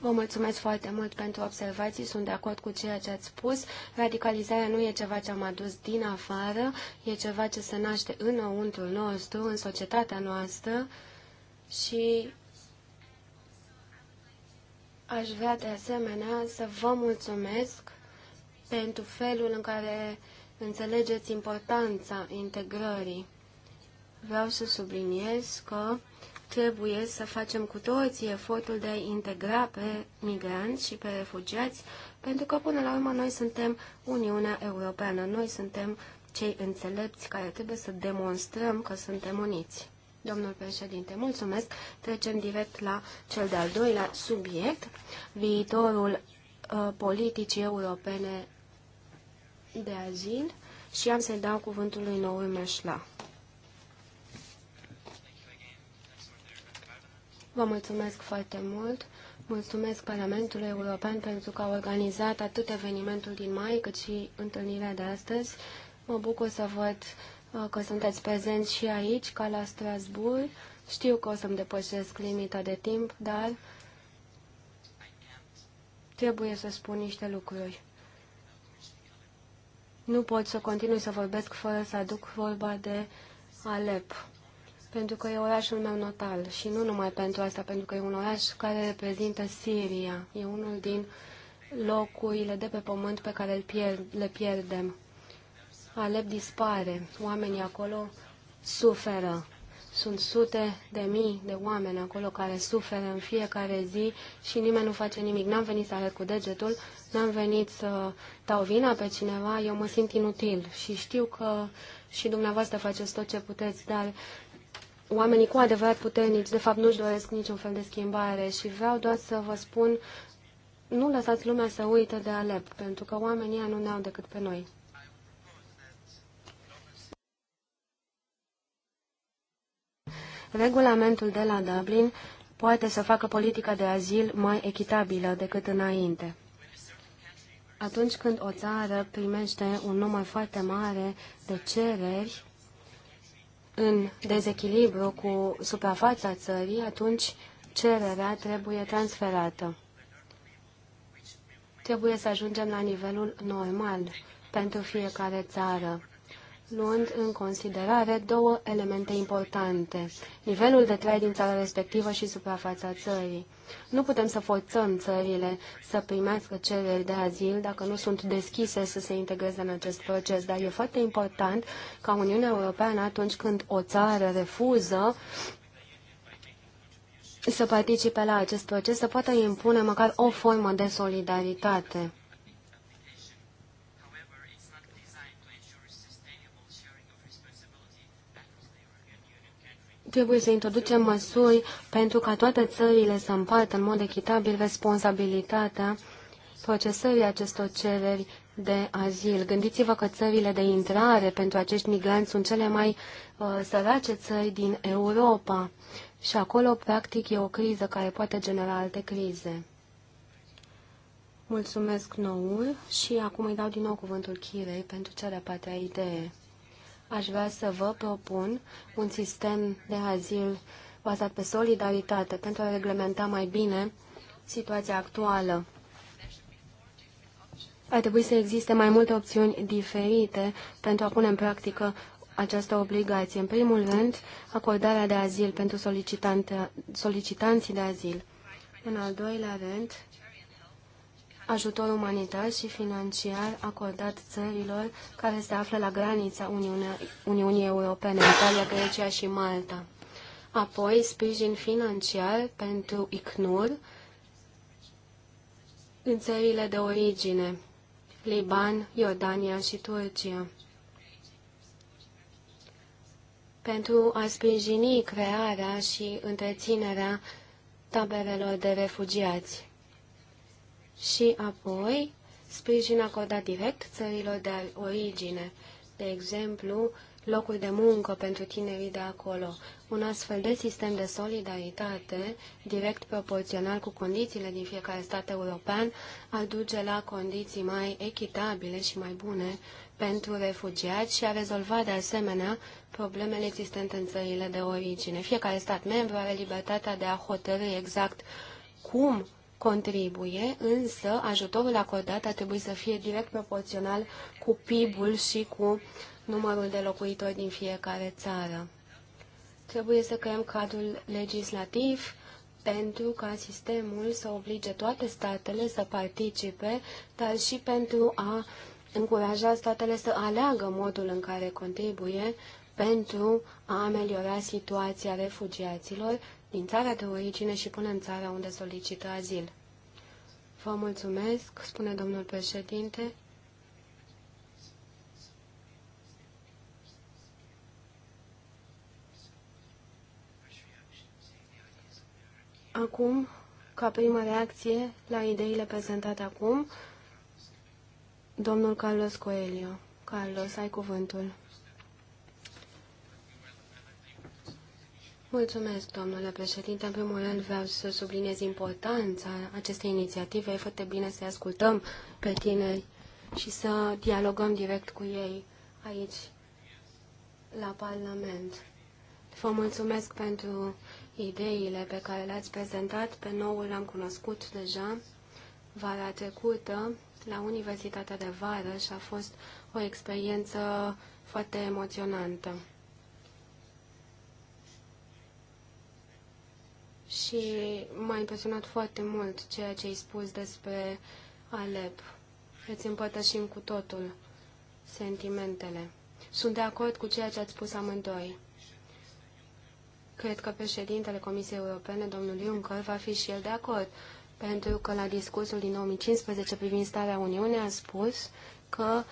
Vă mulțumesc foarte mult pentru observații, sunt de acord cu ceea ce ați spus. Radicalizarea nu e ceva ce am adus din afară, e ceva ce se naște înăuntru nostru, în societatea noastră și aș vrea de asemenea să vă mulțumesc pentru felul în care înțelegeți importanța integrării. Vreau să subliniez că Trebuie să facem cu toții efortul de a integra pe migranți și pe refugiați, pentru că până la urmă noi suntem Uniunea Europeană, noi suntem cei înțelepți care trebuie să demonstrăm că suntem uniți. Domnul președinte, mulțumesc. Trecem direct la cel de-al doilea subiect, viitorul uh, politicii europene de azil și am să-i dau cuvântul lui Nouri Meșla. Vă mulțumesc foarte mult. Mulțumesc Parlamentului European pentru că a organizat atât evenimentul din mai, cât și întâlnirea de astăzi. Mă bucur să văd uh, că sunteți prezenți și aici, ca la Strasbourg. Știu că o să-mi depășesc limita de timp, dar trebuie să spun niște lucruri. Nu pot să continui să vorbesc fără să aduc vorba de Alep. Pentru că e orașul meu natal și nu numai pentru asta, pentru că e un oraș care reprezintă Siria. E unul din locurile de pe pământ pe care le pierdem. Alep dispare, oamenii acolo suferă. Sunt sute de mii de oameni acolo care suferă în fiecare zi și nimeni nu face nimic. N-am venit să arăt cu degetul, n-am venit să dau vina pe cineva, eu mă simt inutil și știu că și dumneavoastră faceți tot ce puteți, dar oamenii cu adevărat puternici, de fapt, nu-și doresc niciun fel de schimbare și vreau doar să vă spun, nu lăsați lumea să uite de Alep, pentru că oamenii nu ne-au decât pe noi. Regulamentul de la Dublin poate să facă politica de azil mai echitabilă decât înainte. Atunci când o țară primește un număr foarte mare de cereri, în dezechilibru cu suprafața țării, atunci cererea trebuie transferată. Trebuie să ajungem la nivelul normal pentru fiecare țară luând în considerare două elemente importante, nivelul de trai din țara respectivă și suprafața țării. Nu putem să forțăm țările să primească cereri de azil dacă nu sunt deschise să se integreze în acest proces, dar e foarte important ca Uniunea Europeană atunci când o țară refuză să participe la acest proces, să poată impune măcar o formă de solidaritate. trebuie să introducem măsuri pentru ca toate țările să împartă în mod echitabil responsabilitatea procesării acestor cereri de azil. Gândiți-vă că țările de intrare pentru acești migranți sunt cele mai uh, sărace țări din Europa și acolo, practic, e o criză care poate genera alte crize. Mulțumesc noul și acum îi dau din nou cuvântul Chirei pentru cea de-a patea idee aș vrea să vă propun un sistem de azil bazat pe solidaritate pentru a reglementa mai bine situația actuală. Ar trebui să existe mai multe opțiuni diferite pentru a pune în practică această obligație. În primul rând, acordarea de azil pentru solicitanții de azil. În al doilea rând, ajutor umanitar și financiar acordat țărilor care se află la granița Uniune, Uniunii Europene, Italia, Grecia și Malta. Apoi, sprijin financiar pentru ICNUR în țările de origine, Liban, Iordania și Turcia. Pentru a sprijini crearea și întreținerea taberelor de refugiați și apoi sprijin acordat direct țărilor de origine, de exemplu, locuri de muncă pentru tinerii de acolo. Un astfel de sistem de solidaritate, direct proporțional cu condițiile din fiecare stat european, aduce la condiții mai echitabile și mai bune pentru refugiați și a rezolvat, de asemenea problemele existente în țările de origine. Fiecare stat membru are libertatea de a hotărâi exact cum contribuie, însă ajutorul acordat ar trebui să fie direct proporțional cu PIB-ul și cu numărul de locuitori din fiecare țară. Trebuie să creăm cadrul legislativ pentru ca sistemul să oblige toate statele să participe, dar și pentru a încuraja statele să aleagă modul în care contribuie pentru a ameliora situația refugiaților din țara de origine și până în țara unde solicită azil. Vă mulțumesc, spune domnul președinte. Acum, ca primă reacție la ideile prezentate acum, domnul Carlos Coelho. Carlos, ai cuvântul. Mulțumesc, domnule președinte. În primul rând vreau să subliniez importanța acestei inițiative. E foarte bine să ascultăm pe tineri și să dialogăm direct cu ei aici, la Parlament. Vă mulțumesc pentru ideile pe care le-ați prezentat. Pe noul l-am cunoscut deja vara trecută la Universitatea de Vară și a fost o experiență foarte emoționantă. și m-a impresionat foarte mult ceea ce ai spus despre Alep. Îți împărtășim cu totul sentimentele. Sunt de acord cu ceea ce ați spus amândoi. Cred că președintele Comisiei Europene, domnul Juncker, va fi și el de acord, pentru că la discursul din 2015 privind starea Uniunii a spus că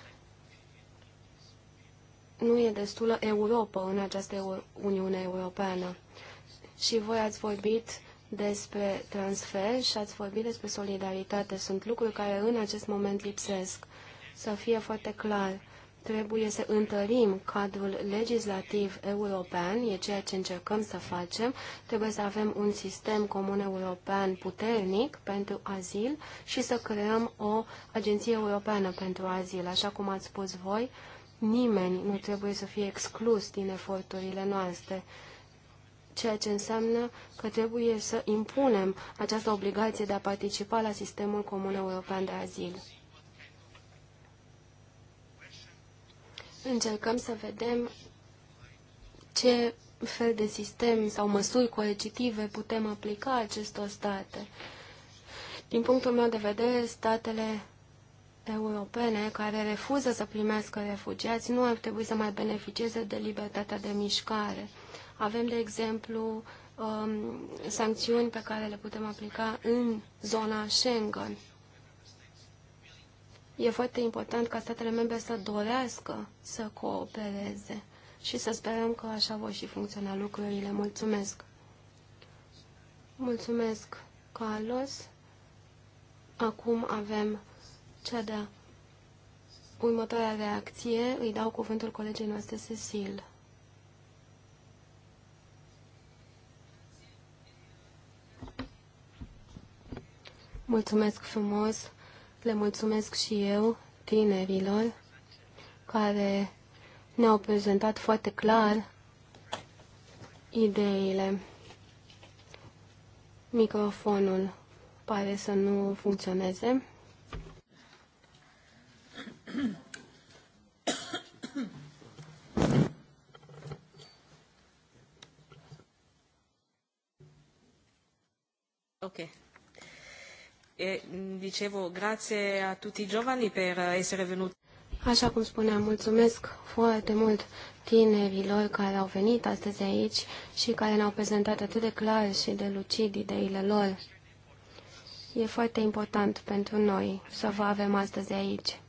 nu e destulă Europa în această Uniune Europeană și voi ați vorbit despre transfer și ați vorbit despre solidaritate. Sunt lucruri care în acest moment lipsesc. Să fie foarte clar, trebuie să întărim cadrul legislativ european, e ceea ce încercăm să facem. Trebuie să avem un sistem comun european puternic pentru azil și să creăm o agenție europeană pentru azil, așa cum ați spus voi. Nimeni nu trebuie să fie exclus din eforturile noastre ceea ce înseamnă că trebuie să impunem această obligație de a participa la sistemul comun european de azil. Încercăm să vedem ce fel de sistem sau măsuri coercitive putem aplica acestor state. Din punctul meu de vedere, statele europene care refuză să primească refugiați nu ar trebui să mai beneficieze de libertatea de mișcare. Avem, de exemplu, um, sancțiuni pe care le putem aplica în zona Schengen. E foarte important ca statele membre să dorească să coopereze și să sperăm că așa vor și funcționa lucrurile. Mulțumesc! Mulțumesc, Carlos! Acum avem cea de următoarea reacție. Îi dau cuvântul colegii noastre, Cecil. Mulțumesc frumos, le mulțumesc și eu tinerilor care ne-au prezentat foarte clar ideile. Microfonul pare să nu funcționeze. Okay. E, dicevo, grazie a tutti i giovani per essere venuti. Așa cum spuneam, mulțumesc foarte mult tinerilor care au venit astăzi aici și care ne-au prezentat atât de clar și de lucid ideile lor. E foarte important pentru noi să vă avem astăzi aici.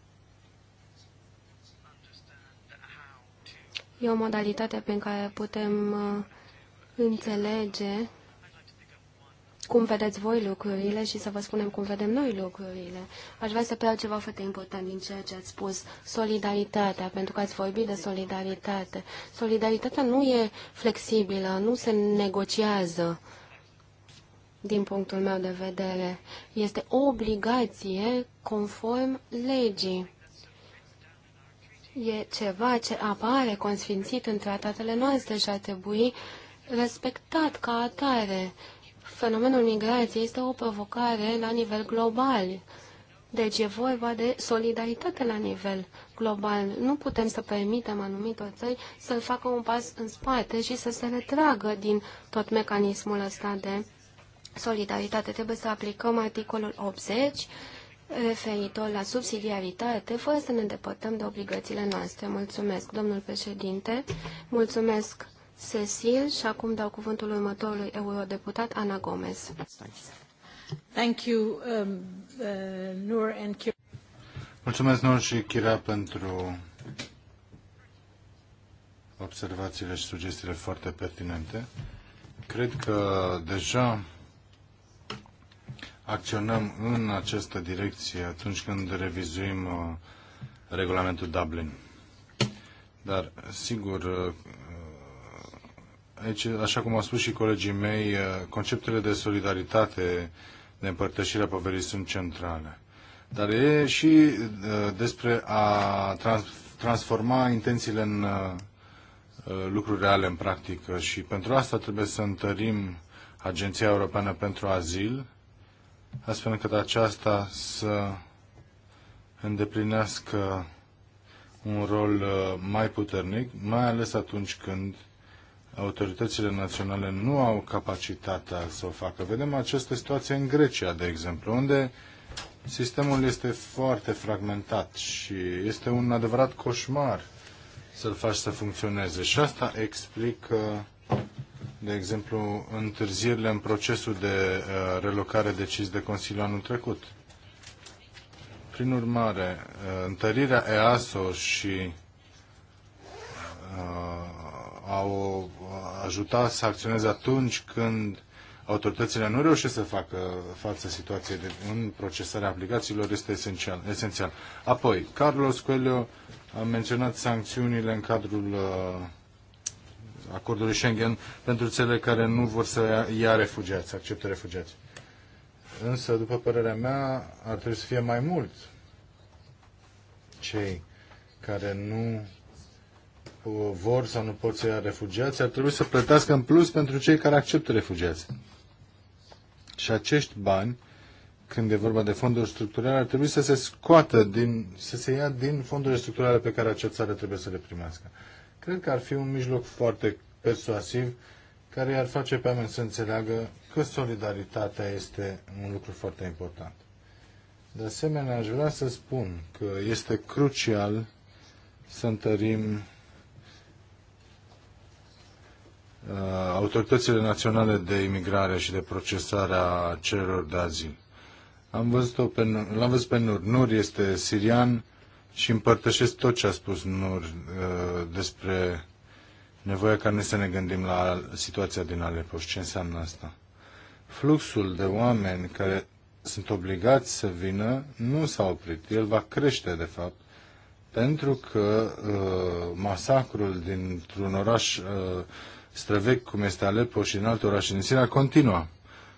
E o modalitate prin care putem uh, înțelege cum vedeți voi lucrurile și să vă spunem cum vedem noi lucrurile. Aș vrea să preau ceva foarte important din ceea ce ați spus, solidaritatea, pentru că ați vorbit de solidaritate. Solidaritatea nu e flexibilă, nu se negociază din punctul meu de vedere. Este o obligație conform legii. E ceva ce apare consfințit în tratatele noastre și ar trebui respectat ca atare fenomenul migrației este o provocare la nivel global. Deci e vorba de solidaritate la nivel global. Nu putem să permitem anumitor țări să facă un pas în spate și să se retragă din tot mecanismul ăsta de solidaritate. Trebuie să aplicăm articolul 80 referitor la subsidiaritate, fără să ne îndepărtăm de obligațiile noastre. Mulțumesc, domnul președinte. Mulțumesc Cecil și acum dau cuvântul următorului eurodeputat, Ana Gomez. Thank you, um, uh, Nur and Mulțumesc, Nur și Chira, pentru observațiile și sugestiile foarte pertinente. Cred că deja acționăm în această direcție atunci când revizuim uh, regulamentul Dublin. Dar, sigur, uh, Aici, așa cum au spus și colegii mei, eh, conceptele de solidaritate, de împărtășire a poverii sunt centrale. Dar e și eh, despre a transforma intențiile în eh, lucruri reale în practică și pentru asta trebuie să întărim Agenția Europeană pentru Azil, astfel încât aceasta să îndeplinească un rol mai puternic, mai ales atunci când autoritățile naționale nu au capacitatea să o facă. Vedem această situație în Grecia, de exemplu, unde sistemul este foarte fragmentat și este un adevărat coșmar să-l faci să funcționeze. Și asta explică, de exemplu, întârzierile în procesul de uh, relocare decis de Consiliu anul trecut. Prin urmare, uh, întărirea EASO și uh, au ajutat să acționeze atunci când autoritățile nu reușesc să facă față situației de, în procesarea aplicațiilor este esențial. esențial. Apoi, Carlos Coelho a menționat sancțiunile în cadrul uh, acordului Schengen pentru țele care nu vor să ia, ia refugiați, să accepte refugiați. Însă, după părerea mea, ar trebui să fie mai mult cei care nu vor sau nu pot să ia refugiați, ar trebui să plătească în plus pentru cei care acceptă refugiați. Și acești bani, când e vorba de fonduri structurale, ar trebui să se scoată din, să se ia din fondurile structurale pe care acea țară trebuie să le primească. Cred că ar fi un mijloc foarte persuasiv care i-ar face pe oameni să înțeleagă că solidaritatea este un lucru foarte important. De asemenea, aș vrea să spun că este crucial să întărim Uh, autoritățile naționale de imigrare și de procesare a cererilor de azil. Am văzut pe, l-am văzut pe Nur. Nur este sirian și împărtășesc tot ce a spus Nur uh, despre nevoia ca noi să ne gândim la situația din Alepo și ce înseamnă asta. Fluxul de oameni care sunt obligați să vină nu s-a oprit. El va crește, de fapt, pentru că uh, masacrul dintr-un oraș uh, străvechi, cum este Aleppo și în alte orașe din Siria, continuă.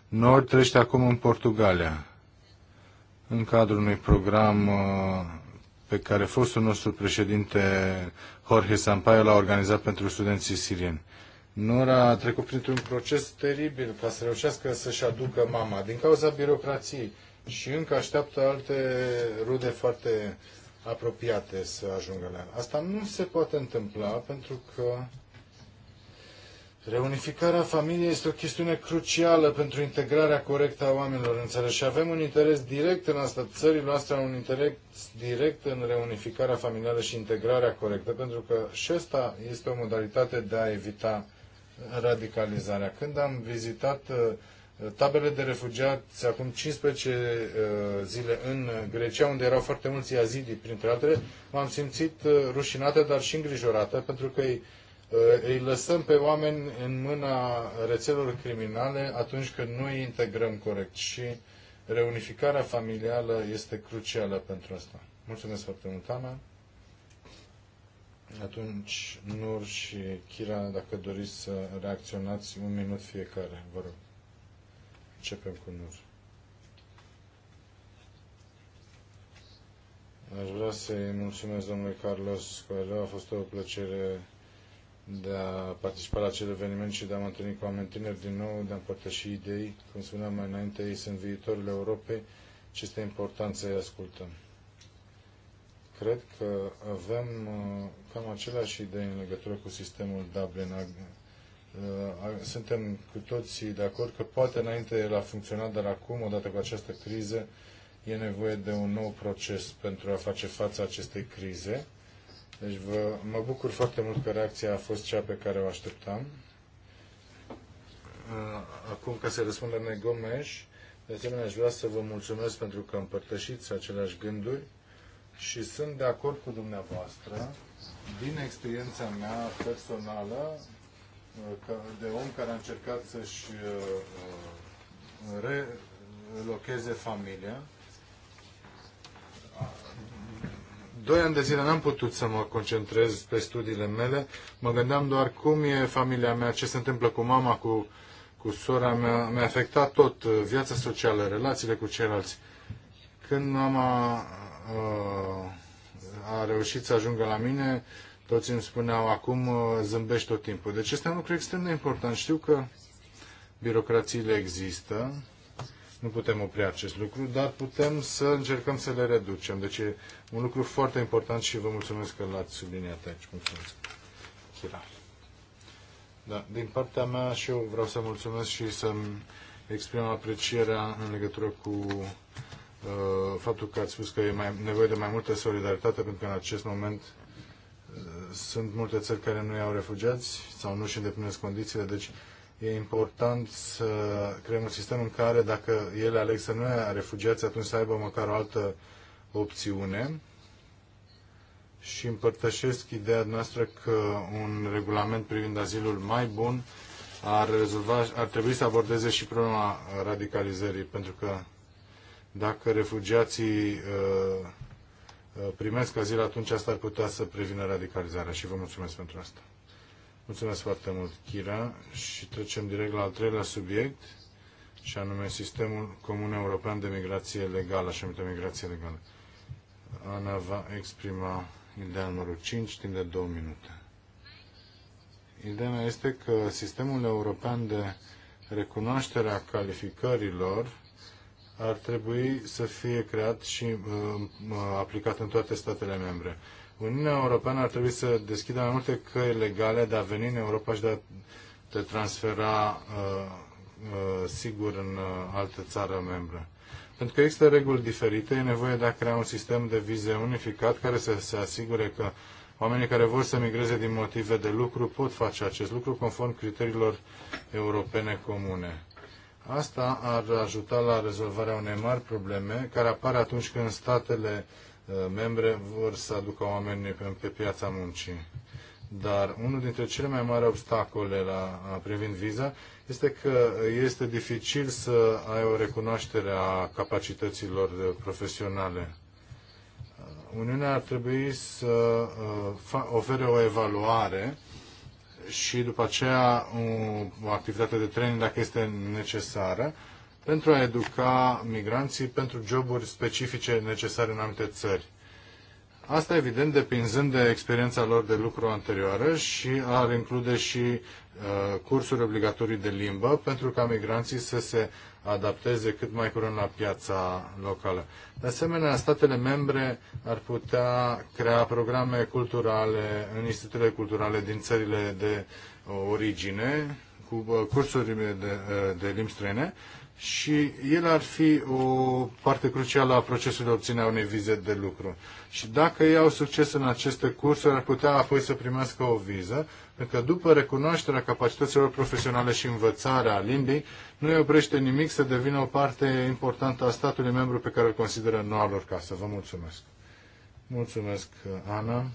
Nord trește acum în Portugalia, în cadrul unui program uh, pe care fostul nostru președinte Jorge Sampaio l-a organizat pentru studenții sirieni. Nora a trecut printr-un proces teribil ca să reușească să-și aducă mama din cauza birocrației și încă așteaptă alte rude foarte apropiate să ajungă la el. Asta nu se poate întâmpla pentru că Reunificarea familiei este o chestiune crucială pentru integrarea corectă a oamenilor, înțeles? Și avem un interes direct în asta. Țările noastre au un interes direct în reunificarea familială și integrarea corectă, pentru că și asta este o modalitate de a evita radicalizarea. Când am vizitat uh, tabele de refugiați acum 15 uh, zile în Grecia, unde erau foarte mulți iazidi, printre altele, m-am simțit uh, rușinată, dar și îngrijorată, pentru că ei îi lăsăm pe oameni în mâna rețelor criminale atunci când nu îi integrăm corect și reunificarea familială este crucială pentru asta. Mulțumesc foarte mult, Ana. Atunci, Nur și Kira, dacă doriți să reacționați, un minut fiecare, vă rog. Începem cu Nur. Aș vrea să-i mulțumesc domnului Carlos Coelho, a fost o plăcere de a participa la acel eveniment și de a mă întâlni cu oameni tineri din nou, de a împărtăși idei. Cum spuneam mai înainte, ei sunt viitorul Europei și este important să-i ascultăm. Cred că avem uh, cam aceleași idei în legătură cu sistemul Dublin. Uh, suntem cu toții de acord că poate înainte el a funcționat, dar acum, odată cu această criză, e nevoie de un nou proces pentru a face față acestei crize deci vă, mă bucur foarte mult că reacția a fost cea pe care o așteptam. Acum, ca să răspunde la Gomes, de asemenea, aș vrea să vă mulțumesc pentru că împărtășiți aceleași gânduri și sunt de acord cu dumneavoastră. Din experiența mea personală, de om care a încercat să-și uh, uh, relocheze familia, doi ani de zile n-am putut să mă concentrez pe studiile mele. Mă gândeam doar cum e familia mea, ce se întâmplă cu mama, cu, cu sora mea. Mi-a afectat tot uh, viața socială, relațiile cu ceilalți. Când mama uh, a reușit să ajungă la mine, toți îmi spuneau, acum uh, zâmbești tot timpul. Deci este un lucru extrem de important. Știu că birocrațiile există, nu putem opri acest lucru, dar putem să încercăm să le reducem. Deci e un lucru foarte important și vă mulțumesc că l-ați subliniat aici. Mulțumesc. Chiral. Da, din partea mea și eu vreau să mulțumesc și să-mi exprim aprecierea în legătură cu uh, faptul că ați spus că e mai, nevoie de mai multă solidaritate, pentru că în acest moment uh, sunt multe țări care nu iau refugiați sau nu și îndeplinesc condițiile, deci E important să creăm un sistem în care, dacă ele aleg să nu ia refugiați, atunci să aibă măcar o altă opțiune. Și împărtășesc ideea noastră că un regulament privind azilul mai bun ar, rezolva, ar trebui să abordeze și problema radicalizării, pentru că dacă refugiații uh, uh primesc azil, atunci asta ar putea să prevină radicalizarea. Și vă mulțumesc pentru asta. Mulțumesc foarte mult, Chira, și trecem direct la al treilea subiect, și anume Sistemul Comun European de Migrație Legală, așa numită migrație legală. Ana va exprima ideea numărul 5 timp de două minute. Ideea este că sistemul european de recunoaștere a calificărilor ar trebui să fie creat și uh, uh aplicat în toate statele membre. Uniunea Europeană ar trebui să deschidă mai multe căi legale de a veni în Europa și de a te transfera uh, uh, sigur în uh, altă țară membră. Pentru că există reguli diferite, e nevoie de a crea un sistem de vize unificat care să se asigure că oamenii care vor să migreze din motive de lucru pot face acest lucru conform criteriilor europene comune. Asta ar ajuta la rezolvarea unei mari probleme care apar atunci când statele uh, Uh, membre vor să aducă oamenii pe piața muncii. Dar unul dintre cele mai mari obstacole la a privind viza este că este dificil să ai o recunoaștere a capacităților uh, profesionale. Uh, Uniunea ar trebui să ofere o evaluare și după aceea o activitate de training dacă este necesară, pentru a educa migranții pentru joburi specifice necesare în anumite țări. Asta, evident, depinzând de experiența lor de lucru anterioară și ar include și uh, cursuri obligatorii de limbă pentru ca migranții să se adapteze cât mai curând la piața locală. De asemenea, statele membre ar putea crea programe culturale în institutele culturale din țările de uh, origine, cu uh, cursuri de, uh, de limbi străine, și el ar fi o parte crucială a procesului de obținere a unei vize de lucru. Și dacă ei au succes în aceste cursuri, ar putea apoi să primească o viză, pentru că după recunoașterea capacităților profesionale și învățarea limbii, nu îi oprește nimic să devină o parte importantă a statului membru pe care îl consideră noua lor casă. Vă mulțumesc. Mulțumesc, Ana.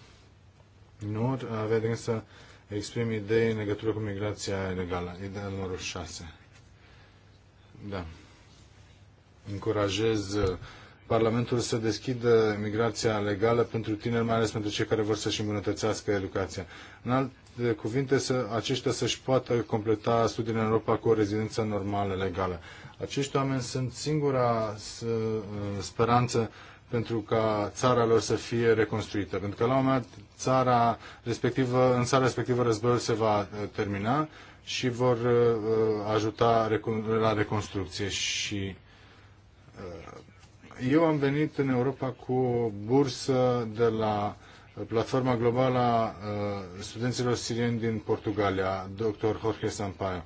Nu, aveți să exprim idei în legătură cu migrația ilegală, ideea numărul 6. Da. Încurajez uh, Parlamentul să deschidă migrația legală pentru tineri, mai ales pentru cei care vor să-și îmbunătățească educația. În alte cuvinte, să, aceștia să-și poată completa studiile în Europa cu o rezidență normală, legală. Acești oameni sunt singura uh, speranță pentru ca țara lor să fie reconstruită. Pentru că la un moment țara respectivă, în țara respectivă războiul se va uh, termina și vor uh, uh, ajuta la reconstrucție. Și uh, eu am venit în Europa cu o bursă de la Platforma Globală a Studenților Sirieni din Portugalia, dr. Jorge Sampaio.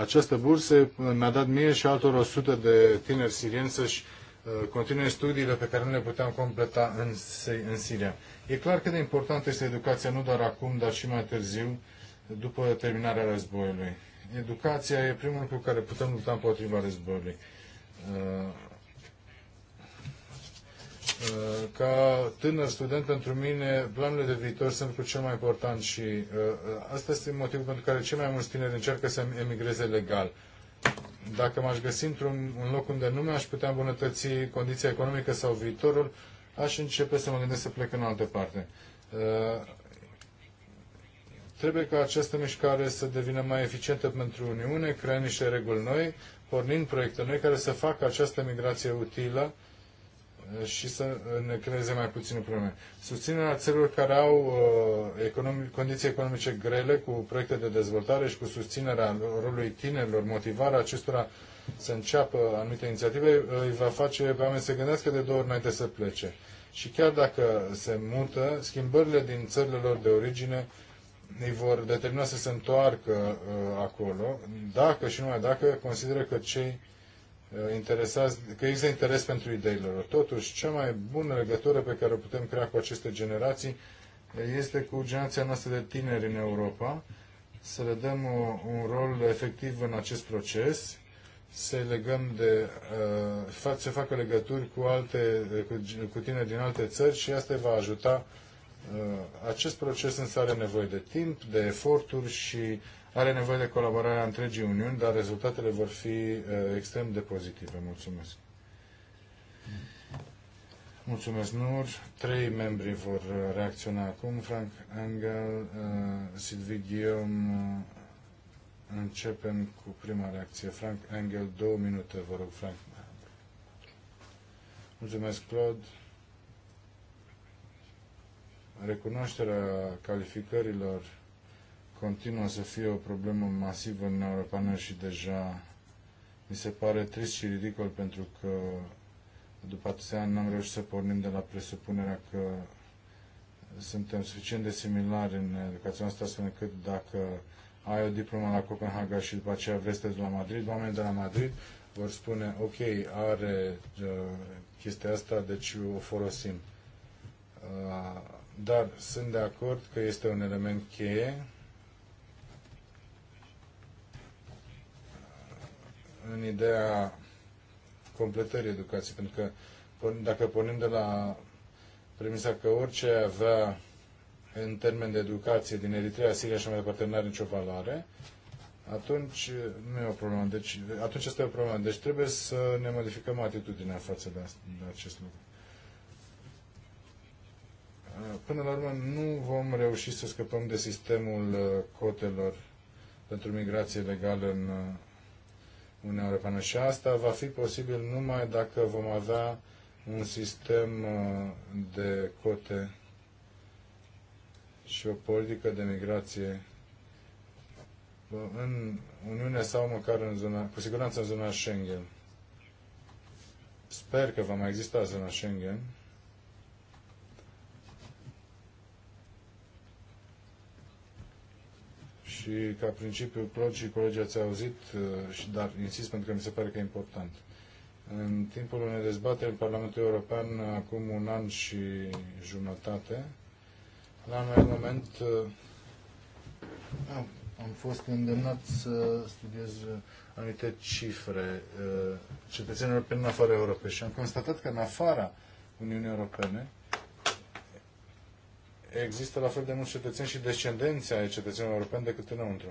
Această bursă mi-a dat mie și altor 100 de tineri sirieni să-și continue studiile pe care nu le puteam completa în, în Siria. E clar cât de importantă este educația, nu doar acum, dar și mai târziu, după terminarea războiului. Educația e primul lucru care putem lupta împotriva războiului. Uh, uh, ca tânăr student, pentru mine, planurile de viitor sunt cu cel mai important și uh, asta este motivul pentru care cei mai mulți tineri încearcă să emigreze legal dacă m-aș găsi într-un un loc unde nu mi-aș putea îmbunătăți condiția economică sau viitorul, aș începe să mă gândesc să plec în altă parte. Trebuie ca această mișcare să devină mai eficientă pentru Uniune, creând niște reguli noi, pornind proiecte noi care să facă această migrație utilă eh, și să eh, ne creeze mai puține probleme. Susținerea țărilor care au eh, economic, condiții economice grele cu proiecte de dezvoltare și cu susținerea rolului tinerilor, motivarea acestora să înceapă anumite inițiative, îi va face pe oameni să gândească de două ori înainte să plece. Și chiar dacă se mută, schimbările din țările lor de origine îi vor determina să se întoarcă uh, acolo, dacă și numai dacă consideră că cei uh, interesați, că există interes pentru ideile lor. Totuși, cea mai bună legătură pe care o putem crea cu aceste generații uh, este cu generația noastră de tineri în Europa, să le dăm o, un rol efectiv în acest proces, să legăm de, să facă legături cu, alte, cu, cu tineri din alte țări și asta va ajuta Uh, acest proces însă are nevoie de timp, de eforturi și are nevoie de colaborarea întregii Uniuni, dar rezultatele vor fi uh, extrem de pozitive. Mulțumesc. Mulțumesc, Nur. Trei membri vor uh, reacționa acum. Frank Engel, Silvi Guillaume, Începem cu prima reacție. Frank Engel, două minute, vă rog, Frank. Mulțumesc, Claude recunoașterea calificărilor continuă să fie o problemă masivă în Europeană și deja mi se pare trist și ridicol pentru că după atâția ani n-am reușit să pornim de la presupunerea că suntem suficient de similari în educația noastră astfel încât dacă ai o diplomă la Copenhaga și după aceea vrei să te duci la Madrid, oamenii de la Madrid vor spune, ok, are uh, chestia asta, deci o folosim. Uh, dar sunt de acord că este un element cheie în ideea completării educației, pentru că dacă pornim de la premisa că orice avea în termen de educație din Eritrea, Siria și mai departe nu are nicio valoare, atunci nu e o problemă. Deci, atunci este o problemă. Deci trebuie să ne modificăm atitudinea față de, de acest lucru. Până la urmă, nu vom reuși să scăpăm de sistemul uh, cotelor pentru migrație legală în uh, Uniunea Europeană. Și asta va fi posibil numai dacă vom avea un sistem uh, de cote și o politică de migrație în Uniune sau măcar în zona, cu siguranță în zona Schengen. Sper că va mai exista zona Schengen Și ca principiu, Claude și colegii ați auzit, uh, dar insist pentru că mi se pare că e important. În timpul unei dezbateri în Parlamentul European, uh, acum un an și jumătate, la un moment uh, am, am fost îndemnat să studiez anumite cifre cetățenilor în afară Europei și am constatat că în afara Uniunii Europene, există la fel de mulți cetățeni și descendenți ai cetățenilor europeni decât înăuntru.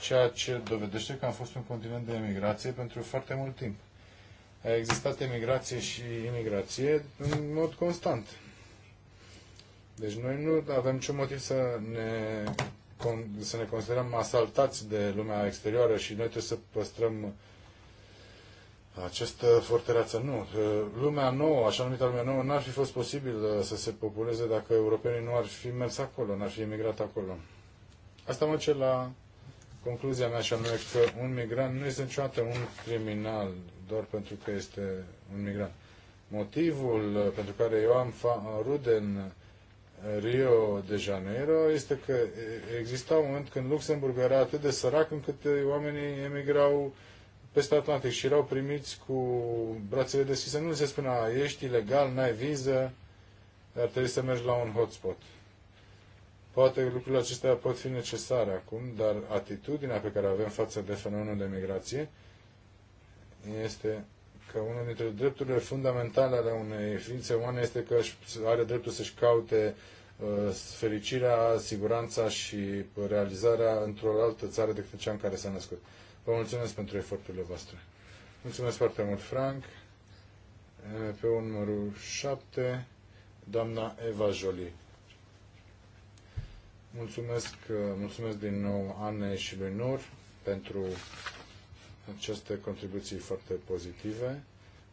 Ceea ce dovedește că am fost un continent de emigrație pentru foarte mult timp. A existat emigrație și imigrație în mod constant. Deci noi nu avem niciun motiv să ne, să ne considerăm asaltați de lumea exterioară și noi trebuie să păstrăm această fortăreață. Nu, uh, lumea nouă, așa numită lumea nouă, n-ar fi fost posibil uh, să se populeze dacă europenii nu ar fi mers acolo, n-ar fi emigrat acolo. Asta mă duce la concluzia mea și anume că un migrant nu este niciodată un criminal doar pentru că este un migrant. Motivul uh, pentru care eu am rude în Rio de Janeiro este că exista un moment când Luxemburg era atât de sărac încât oamenii emigrau uh, peste Atlantic și erau primiți cu brațele deschise. Nu se spunea, ești ilegal, n-ai viză, ar trebui să mergi la un hotspot. Poate lucrurile acestea pot fi necesare acum, dar atitudinea pe care o avem față de fenomenul de migrație este că unul dintre drepturile fundamentale ale unei ființe umane este că are dreptul să-și caute uh, fericirea, siguranța și realizarea într-o altă țară decât cea în care s-a născut. Vă mulțumesc pentru eforturile voastre. Mulțumesc foarte mult, Frank. Pe numărul 7, doamna Eva Jolie. Mulțumesc, mulțumesc din nou Anne și lui Nur pentru aceste contribuții foarte pozitive.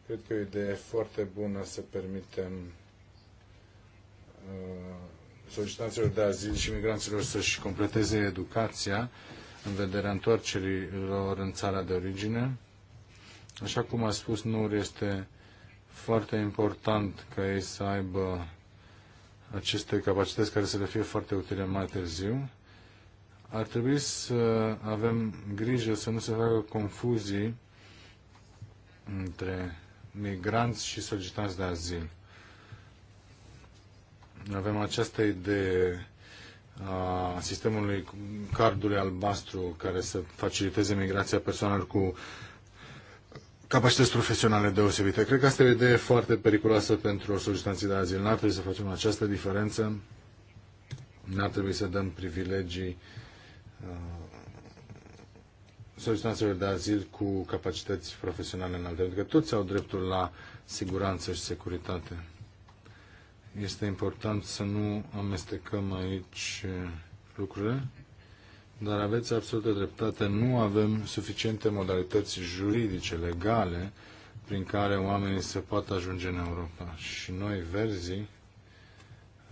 Cred că e o idee foarte bună să permitem solicitanților de azil și migranților să-și completeze educația în vederea întoarcerii lor în țara de origine. Așa cum a spus Nur, este foarte important ca ei să aibă aceste capacități care să le fie foarte utile mai târziu. Ar trebui să avem grijă să nu se facă confuzii între migranți și solicitanți de azil. Avem această idee a sistemului cardului albastru care să faciliteze migrația persoanelor cu capacități profesionale deosebite. Cred că asta e o idee foarte periculoasă pentru solicitanții de azil. N-ar trebui să facem această diferență. N-ar trebui să dăm privilegii solicitanților de azil cu capacități profesionale înalte, pentru că adică toți au dreptul la siguranță și securitate. Este important să nu amestecăm aici lucrurile, dar aveți absolută dreptate, nu avem suficiente modalități juridice, legale, prin care oamenii se pot ajunge în Europa. Și noi, verzii,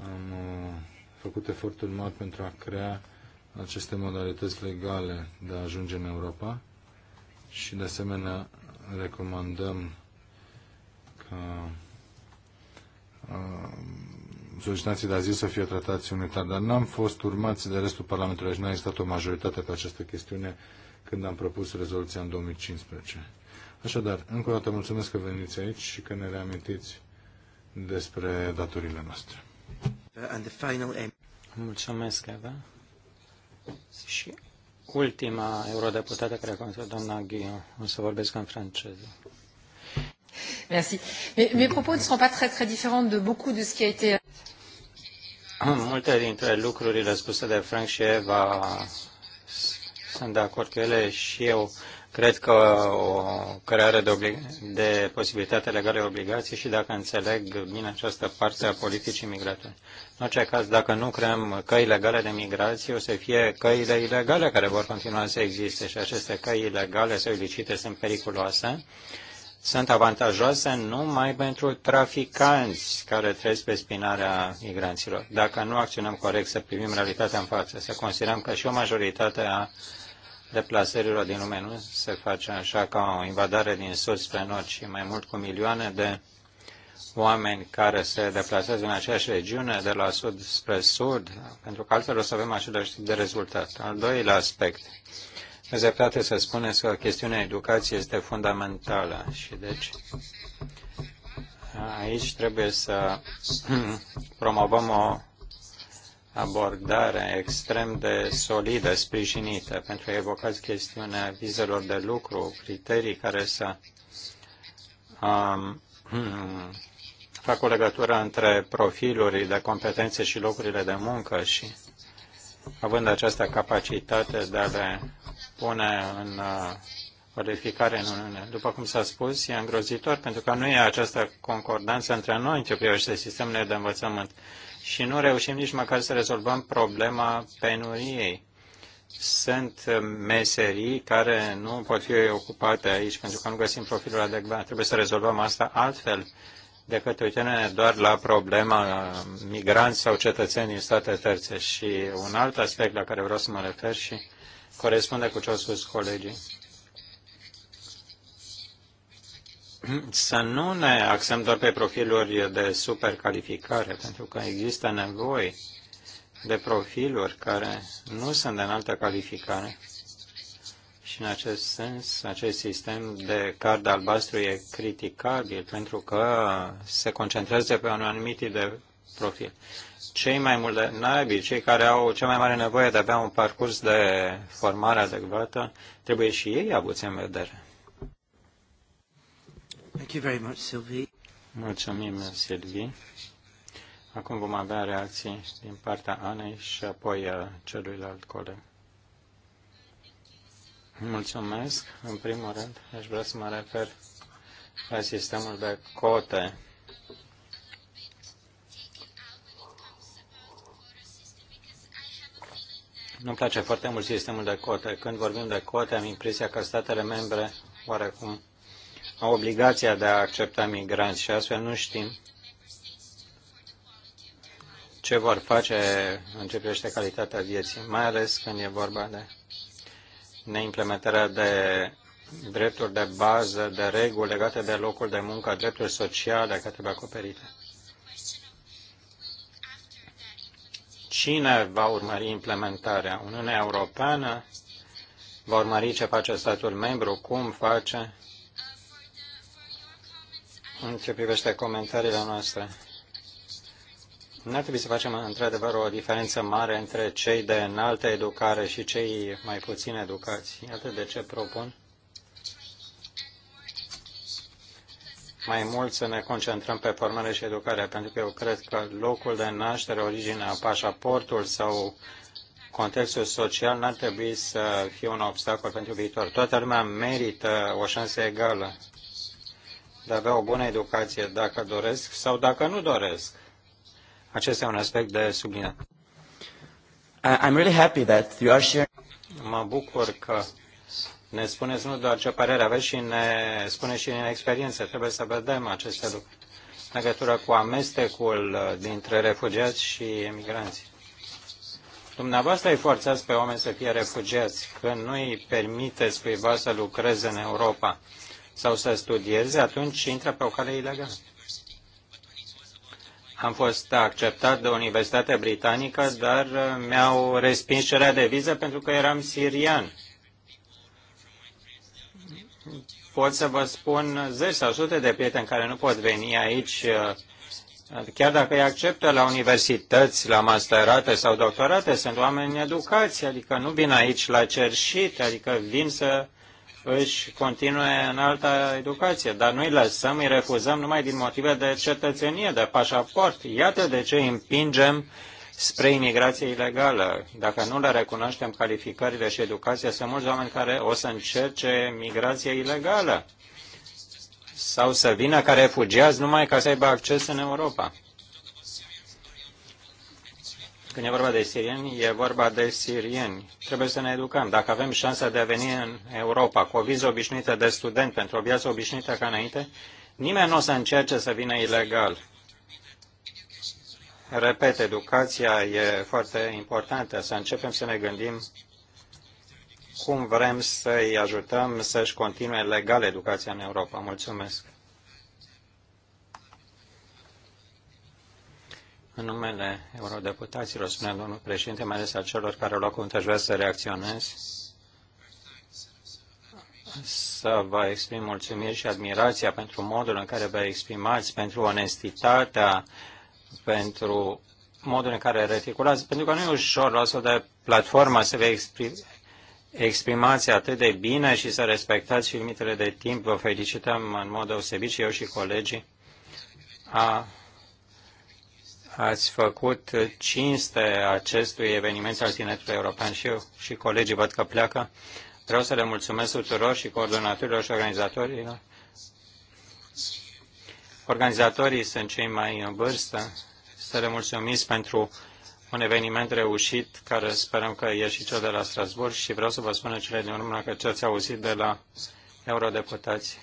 am uh, făcut efortul mari pentru a crea aceste modalități legale de a ajunge în Europa și, de asemenea, recomandăm ca Uh, solicitanții de azil să fie tratați unitar, dar n-am fost urmați de restul Parlamentului și n-a existat o majoritate pe această chestiune când am propus rezoluția în 2015. Așadar, încă o dată mulțumesc că veniți aici și că ne reamintiți despre datorile noastre. Uh, and the final Mulțumesc, Eva. Și ultima eurodeputată care a doamna Ghiu. O să vorbesc în franceză. Merci. Mais, mes propos ne seront pas très très différents de beaucoup de ce qui a été. Euh, ah, multe dintre lucrurile spuse de Frank și Eva sunt de acord cu ele și eu cred că o creare de, de posibilitate legale obligații și dacă înțeleg bine această parte a politicii migratorii. În orice caz, dacă nu creăm căi legale de migrație, o să fie căile ilegale care vor continua să existe și aceste căi ilegale sau ilicite sunt periculoase sunt avantajoase numai pentru traficanți care trăiesc pe spinarea migranților. Dacă nu acționăm corect să privim realitatea în față, să considerăm că și o majoritate a deplasărilor din lume nu se face așa ca o invadare din sud spre nord și mai mult cu milioane de oameni care se deplasează în aceeași regiune, de la sud spre sud, pentru că altfel o să avem același tip de rezultat. Al doilea aspect Dumnezeu frate să spuneți că chestiunea educației este fundamentală și deci aici trebuie să promovăm o abordare extrem de solidă, sprijinită, pentru a evocați chestiunea vizelor de lucru, criterii care să um, fac o legătură între profiluri de competențe și locurile de muncă și având această capacitate de a le pune în codificare uh, în Uniune. După cum s-a spus, e îngrozitor pentru că nu e această concordanță între noi în ce privește sistemele de învățământ și nu reușim nici măcar să rezolvăm problema penuriei. Sunt meserii care nu pot fi ocupate aici pentru că nu găsim profilul adecvat. Trebuie să rezolvăm asta altfel decât uitându-ne doar la problema uh, migranți sau cetățenii în state terțe. Și un alt aspect la care vreau să mă refer și corespunde cu ce au spus colegii. Să nu ne axăm doar pe profiluri de supercalificare, pentru că există nevoie de profiluri care nu sunt de înaltă calificare. Și în acest sens, acest sistem de card albastru e criticabil pentru că se concentrează pe un anumit tip de profil cei mai naibii, cei care au cea mai mare nevoie de a avea un parcurs de formare adecvată, trebuie și ei avuți în vedere. Thank you very much, Sylvie. Mulțumim, Silvi. Acum vom avea reacții din partea Anei și apoi a uh, celuilalt coleg. Mulțumesc. În primul rând, aș vrea să mă refer la sistemul de cote Nu-mi place foarte mult sistemul de cote. Când vorbim de cote, am impresia că statele membre oarecum au obligația de a accepta migranți și astfel nu știm ce vor face în ce privește calitatea vieții, mai ales când e vorba de neimplementarea de drepturi de bază, de reguli legate de locul de muncă, drepturi sociale care trebuie acoperite. Cine va urmări implementarea? Uniunea Europeană va urmări ce face statul membru, cum face, în ce privește comentariile noastre. Nu ar trebui să facem într-adevăr o diferență mare între cei de înaltă educare și cei mai puțin educați. Iată de ce propun mai mult să ne concentrăm pe formare și educare, pentru că eu cred că locul de naștere, originea, pașaportul sau contextul social n-ar trebui să fie un obstacol pentru viitor. Toată lumea merită o șansă egală de a avea o bună educație dacă doresc sau dacă nu doresc. Acesta e un aspect de subliniat. I'm really happy that you are sharing. Mă bucur că ne spuneți nu doar ce părere aveți, și ne spuneți și în experiență. Trebuie să vedem aceste lucruri în legătură cu amestecul dintre refugiați și emigranți. Dumneavoastră îi forțați pe oameni să fie refugiați, când nu îi permiteți cuiva să lucreze în Europa sau să studieze, atunci intră pe o cale ilegală. Am fost acceptat de Universitatea Britanică, dar mi-au respins cererea de viză pentru că eram sirian pot să vă spun zeci sau sute de prieteni care nu pot veni aici, uh, chiar dacă îi acceptă la universități, la masterate sau doctorate, sunt oameni educați, adică nu vin aici la cerșit, adică vin să își continue în alta educație, dar noi lăsăm, îi refuzăm numai din motive de cetățenie, de pașaport. Iată de ce împingem uh, spre imigrație ilegală. Dacă nu le recunoaștem calificările și educația, sunt mulți oameni care o să încerce migrație ilegală sau să vină ca refugiați numai ca să aibă acces în Europa. Când e vorba de sirieni, e vorba de sirieni. Trebuie să ne educăm. Dacă avem șansa de a veni în Europa cu o viză obișnuită de student pentru o viață obișnuită ca înainte, nimeni nu o să încerce să vină ilegal. Repet, educația e foarte importantă, să începem să ne gândim cum vrem să-i ajutăm să-și continue legal educația în Europa. Mulțumesc! În numele eurodeputaților, spune domnul președinte, mai ales a celor care au luat cuvânt, aș vrea să reacționez, să vă exprim mulțumiri și admirația pentru modul în care vă exprimați, pentru onestitatea pentru modul în care reticulați, pentru că nu e ușor la astfel de platformă să vă exprimați atât de bine și să respectați și limitele de timp. Vă felicităm în mod deosebit și eu și colegii. A, ați făcut cinste acestui eveniment al tineretului european și eu și colegii văd că pleacă. Vreau să le mulțumesc tuturor și coordonatorilor și organizatorilor Organizatorii sunt cei mai în vârstă. Să le mulțumiți pentru un eveniment reușit, care sperăm că e și cel de la Strasburg și vreau să vă spun în cele din urmă că ce ați auzit de la eurodeputați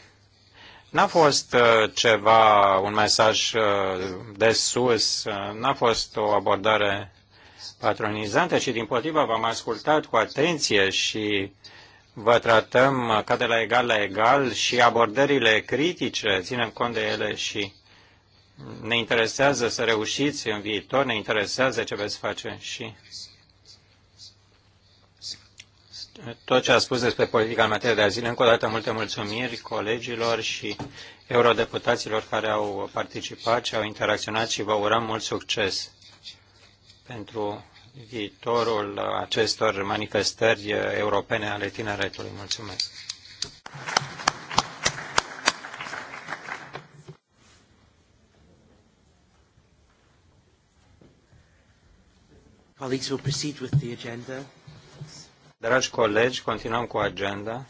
N-a fost uh, ceva, un mesaj uh, de sus, uh, n-a fost o abordare patronizantă, Și din potriva v-am ascultat cu atenție și vă tratăm ca de la egal la egal și abordările critice, ținem cont de ele și ne interesează să reușiți în viitor, ne interesează ce veți face și tot ce a spus despre politica în materie de azil. Încă o dată multe mulțumiri colegilor și eurodeputaților care au participat și au interacționat și vă urăm mult succes pentru viitorul acestor manifestări europene ale tineretului. Mulțumesc! Colleagues, we'll proceed with the agenda. Dragi colegi, continuăm cu agenda.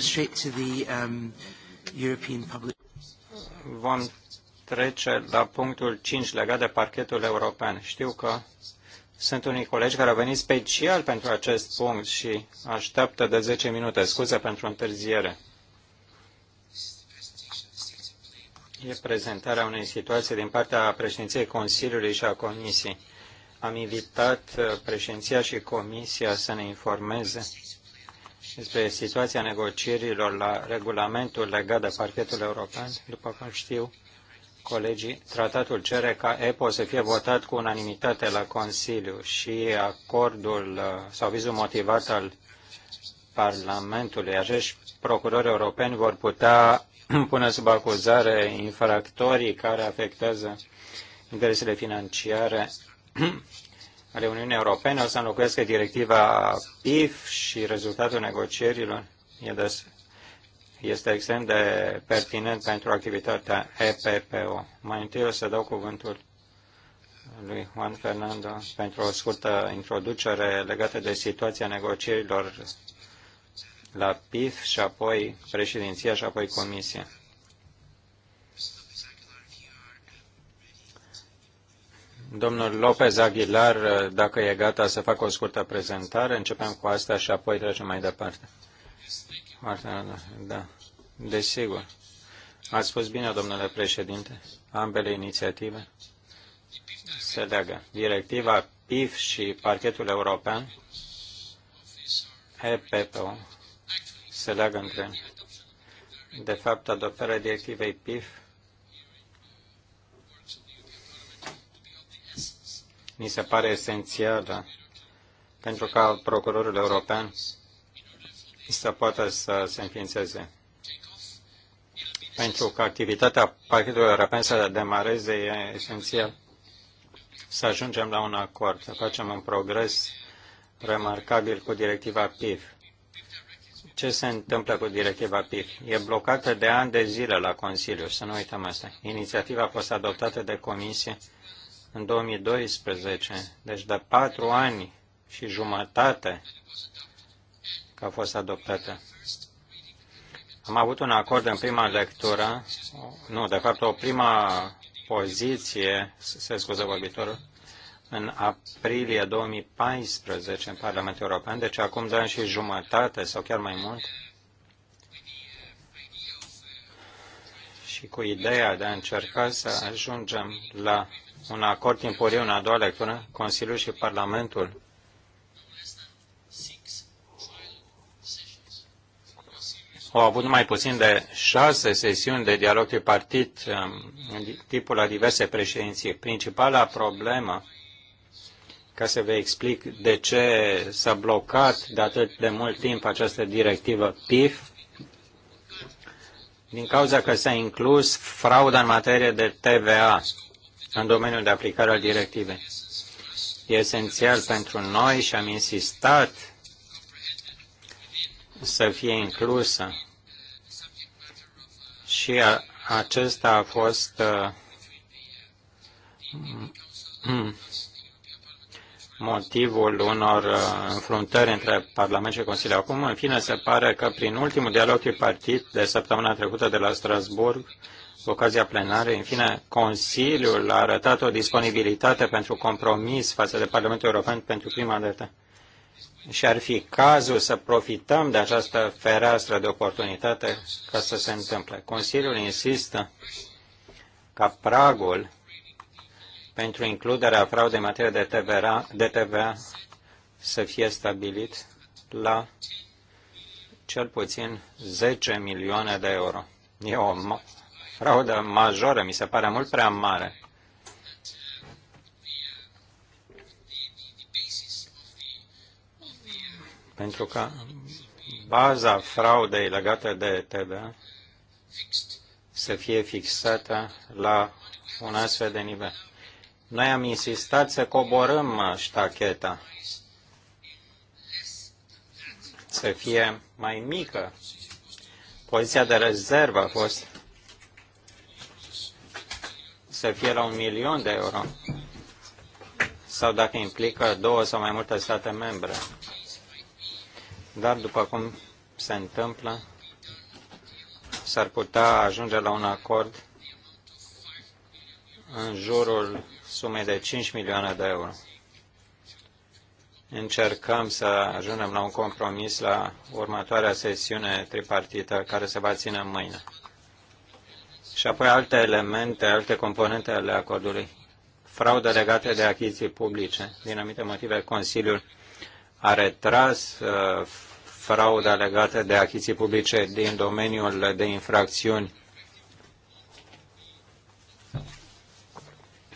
go straight to the um, European Public... Vom trece la punctul 5 legat de parchetul european. Știu că sunt unii colegi care au venit special pentru acest punct și așteaptă de 10 minute. Scuze pentru întârziere. E prezentarea unei situații din partea președinției Consiliului și a Comisiei. Am invitat uh, președinția și Comisia să ne informeze despre situația negocierilor la regulamentul legat de parchetul european. După cum știu, colegii, tratatul cere ca EPO să fie votat cu unanimitate la Consiliu și acordul uh, sau vizul motivat al Parlamentului. Acești procurori europeni vor putea pune sub acuzare infractorii care afectează interesele financiare ale Uniunii Europene o să înlocuiască directiva PIF și rezultatul negocierilor este extrem de pertinent pentru activitatea EPPO. Mai întâi o să dau cuvântul lui Juan Fernando pentru o scurtă introducere legată de situația negocierilor la PIF și apoi președinția și apoi comisia. Domnul Lopez Aguilar, dacă e gata să facă o scurtă prezentare, începem cu asta și apoi trecem mai departe. Martin, da. da. Desigur. Ați spus bine, domnule președinte, ambele inițiative se leagă. Directiva PIF și parchetul european, EPPO, se leagă între De fapt, adoptarea directivei PIF mi se pare esențială da. pentru ca procurorul european să poată să se înființeze. Pentru că activitatea Partidului European să demareze e esențial să ajungem la un acord, să facem un progres remarcabil cu directiva PIF. Ce se întâmplă cu directiva PIF? E blocată de ani de zile la Consiliu, să nu uităm asta. Inițiativa a fost adoptată de Comisie în 2012, deci de patru ani și jumătate că a fost adoptată. Am avut un acord în prima lectură, nu, de fapt o prima poziție, se scuză vorbitorul, în aprilie 2014 în Parlamentul European, deci acum de ani și jumătate sau chiar mai mult, și cu ideea de a încerca să ajungem la un acord timpuriu în a doua lectură, Consiliul și Parlamentul au avut mai puțin de șase sesiuni de dialog tripartit um, în tipul la diverse președinții. Principala problemă, ca să vă explic de ce s-a blocat de atât de mult timp această directivă PIF, din cauza că s-a inclus frauda în materie de TVA în domeniul de aplicare al directivei. E esențial pentru noi și am insistat să fie inclusă și a, acesta a fost uh, motivul unor uh, înfruntări între Parlament și Consiliu. Acum, în fine, se pare că prin ultimul dialog tripartit de săptămâna trecută de la Strasburg, cu ocazia plenarei. În fine, Consiliul a arătat o disponibilitate pentru compromis față de Parlamentul European pentru prima dată. Și ar fi cazul să profităm de această fereastră de oportunitate ca să se întâmple. Consiliul insistă ca pragul pentru includerea fraudei în materie de TVA, de TVA să fie stabilit la cel puțin 10 milioane de euro. E o fraudă majoră, mi se pare mult prea mare. Pentru că baza fraudei legată de TVA să fie fixată la un astfel de nivel. Noi am insistat să coborâm ștacheta, să fie mai mică. Poziția de rezervă a fost să fie la un milion de euro sau dacă implică două sau mai multe state membre. Dar după cum se întâmplă, s-ar putea ajunge la un acord în jurul sumei de 5 milioane de euro. Încercăm să ajungem la un compromis la următoarea sesiune tripartită care se va ține mâine și apoi alte elemente, alte componente ale acordului. Fraudă legată de achiziții publice. Din anumite motive, Consiliul a retras uh, frauda legată de achiziții publice din domeniul de infracțiuni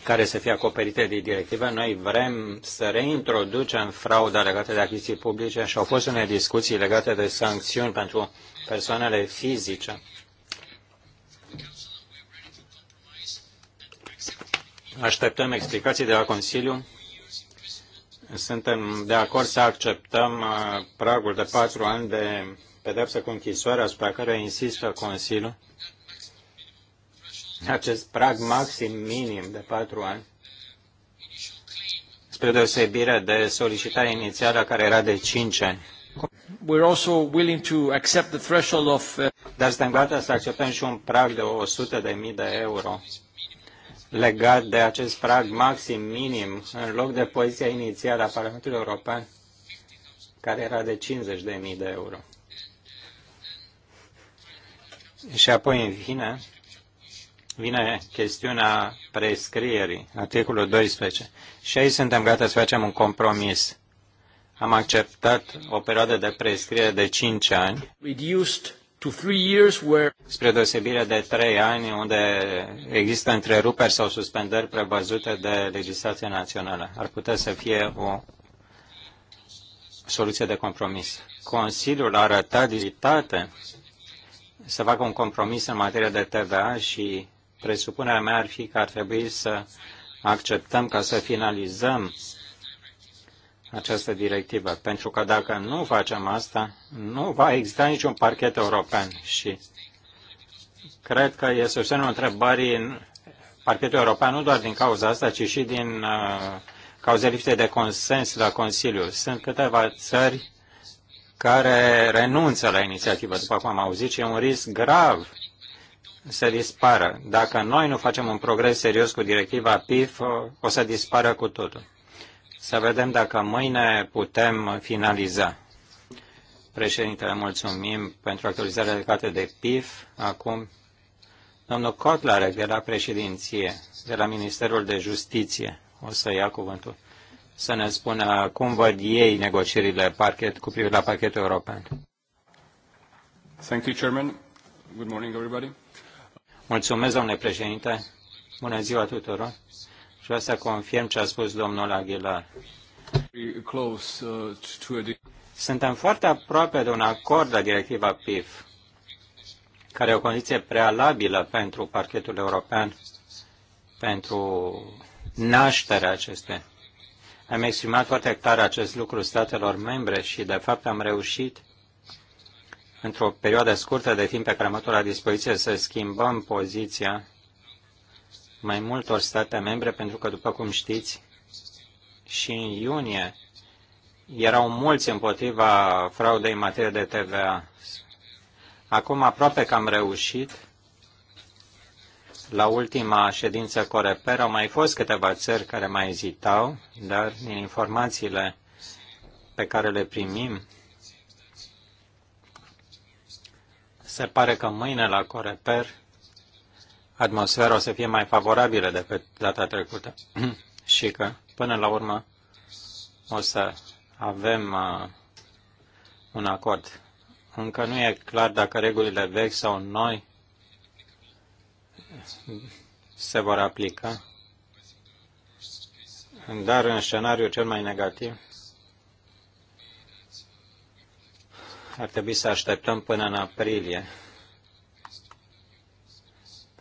care să fie acoperite de directiva. Noi vrem să reintroducem frauda legată de achiziții publice și au fost unele discuții legate de sancțiuni pentru persoanele fizice Așteptăm explicații de la Consiliu. Suntem de acord să acceptăm uh, pragul de patru ani de pedepsă cu închisoare asupra care insistă Consiliu. Acest prag maxim minim de patru ani spre deosebire de solicitarea inițială care era de 5 ani. We're also willing to accept the threshold of... Uh, Dar suntem gata să acceptăm și un prag de 100.000 de euro legat de acest prag maxim minim în loc de poziția inițială a Parlamentului European care era de 50.000 de euro. Și apoi, în fine, vine chestiunea prescrierii, articolul 12. Și aici suntem gata să facem un compromis. Am acceptat o perioadă de prescriere de 5 ani. Reduced Spre deosebire de trei ani, unde există întreruperi sau suspendări prevăzute de legislația națională. Ar putea să fie o soluție de compromis. Consiliul a arătat dificultate să facă un compromis în materie de TVA și presupunerea mea ar fi că ar trebui să acceptăm ca să finalizăm această directivă, pentru că dacă nu facem asta, nu va exista niciun parchet european și cred că este o semnul întrebării în parchetul european nu doar din cauza asta, ci și din uh, cauze lipsei de consens la Consiliu. Sunt câteva țări care renunță la inițiativă, după cum am auzit, și e un risc grav să dispară. Dacă noi nu facem un progres serios cu directiva PIF, o să dispară cu totul. Să vedem dacă mâine putem finaliza. Președintele, mulțumim pentru actualizarea legată de PIF. Acum, domnul Kotlarek de la președinție, de la Ministerul de Justiție, o să ia cuvântul, să ne spună cum văd ei negocierile parchet, cu privire la pachetul european. Thank you, Chairman. Good morning, everybody. Mulțumesc, domnule președinte. Bună ziua tuturor. Și asta să confirm ce a spus domnul Aguilar. Uh, Suntem foarte aproape de un acord la directiva PIF, care e o condiție prealabilă pentru parchetul european, pentru nașterea acestei. Am exprimat foarte clar acest lucru statelor membre și, de fapt, am reușit într-o perioadă scurtă de timp pe care am avut la dispoziție să schimbăm poziția mai multor state membre, pentru că, după cum știți, și în iunie erau mulți împotriva fraudei în materie de TVA. Acum aproape că am reușit. La ultima ședință Coreper au mai fost câteva țări care mai ezitau, dar din informațiile pe care le primim, se pare că mâine la Coreper atmosfera o să fie mai favorabilă decât data trecută și că, până la urmă, o să avem uh, un acord. Încă nu e clar dacă regulile vechi sau noi se vor aplica, dar în scenariul cel mai negativ ar trebui să așteptăm până în aprilie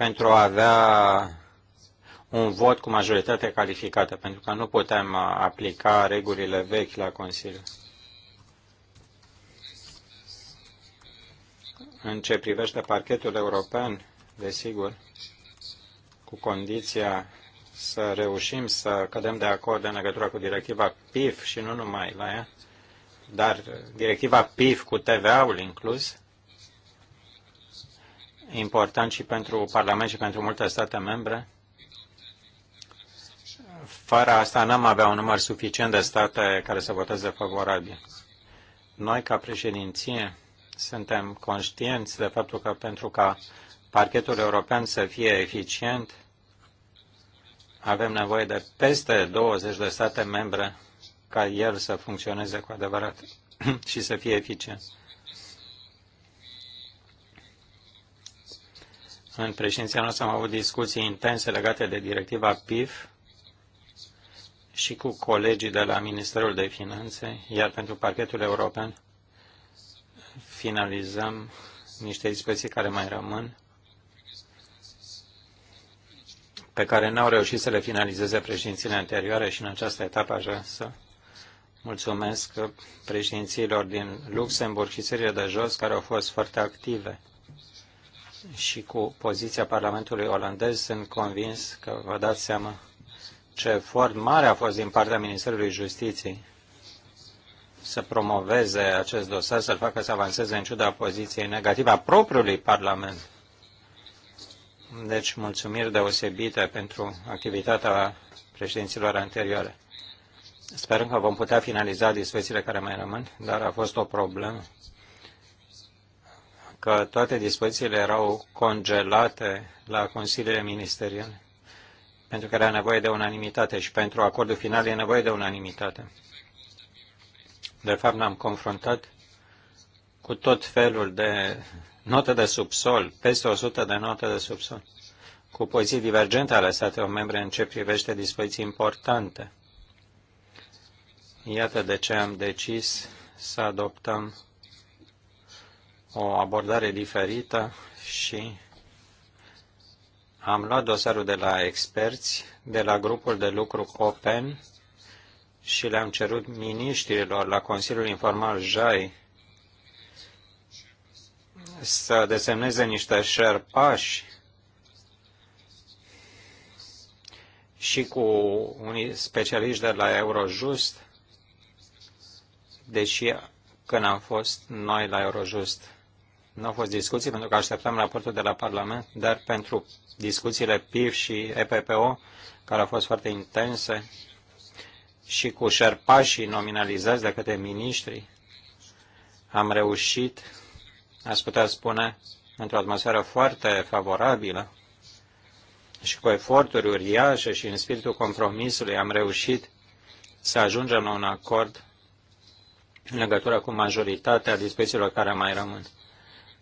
pentru a avea un vot cu majoritate calificată, pentru că nu putem uh, aplica regulile vechi la Consiliu. În ce privește parchetul european, desigur, cu condiția să reușim să cădem de acord în legătură cu directiva PIF și nu numai la ea, dar directiva PIF cu TVA-ul inclus, important și pentru Parlament și pentru multe state membre. Fără asta n-am avea un număr suficient de state care să voteze favorabil. Noi, ca președinție, suntem conștienți de faptul că pentru ca parchetul european să fie eficient, avem nevoie de peste 20 de state membre ca el să funcționeze cu adevărat și să fie eficient. În președinția noastră am avut discuții intense legate de directiva PIF și cu colegii de la Ministerul de Finanțe, iar pentru parchetul european finalizăm niște dispoziții care mai rămân, pe care n-au reușit să le finalizeze președințile anterioare și în această etapă aș vrea să mulțumesc președințiilor din Luxemburg și țările de jos care au fost foarte active și cu poziția Parlamentului olandez, sunt convins că vă dați seama ce efort mare a fost din partea Ministerului Justiției să promoveze acest dosar, să-l facă să avanseze în ciuda poziției negative a propriului Parlament. Deci, mulțumiri deosebite pentru activitatea președinților anterioare. Sperăm că vom putea finaliza discuțiile care mai rămân, dar a fost o problemă că toate dispozițiile erau congelate la Consiliile Ministeriale, pentru că era nevoie de unanimitate și pentru acordul final e nevoie de unanimitate. De fapt, ne-am confruntat cu tot felul de note de subsol, peste 100 de note de subsol, cu poziții divergente ale statelor membre în ce privește dispoziții importante. Iată de ce am decis să adoptăm o abordare diferită și am luat dosarul de la experți, de la grupul de lucru Open și le-am cerut miniștrilor la Consiliul Informal JAI să desemneze niște șerpași și cu unii specialiști de la Eurojust, deși când am fost noi la Eurojust, nu au fost discuții pentru că așteptam raportul de la Parlament, dar pentru discuțiile PIF și EPPO, care au fost foarte intense și cu șerpașii nominalizați de către miniștri, am reușit, aș putea spune, într-o atmosferă foarte favorabilă și cu eforturi uriașe și în spiritul compromisului am reușit să ajungem la un acord în legătură cu majoritatea dispozițiilor care mai rămân.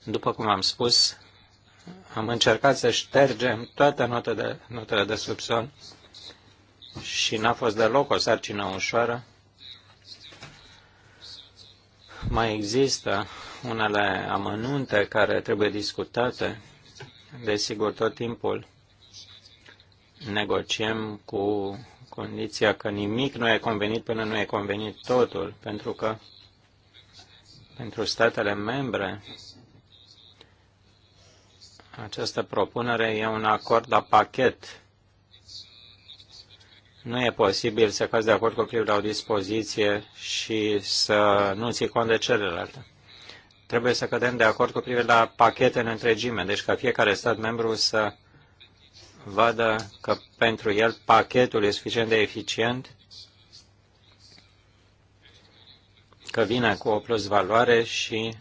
După cum am spus, am încercat să ștergem toate notele, notele de subson și n-a fost deloc o sarcină ușoară. Mai există unele amănunte care trebuie discutate. Desigur, tot timpul negociem cu condiția că nimic nu e convenit până nu e convenit totul, pentru că pentru statele membre această propunere e un acord la pachet. Nu e posibil să cazi de acord cu privire la o dispoziție și să nu ții cont de celelalte. Trebuie să cădem de acord cu privire la pachete în întregime, deci ca fiecare stat membru să vadă că pentru el pachetul e suficient de eficient, că vine cu o plus valoare și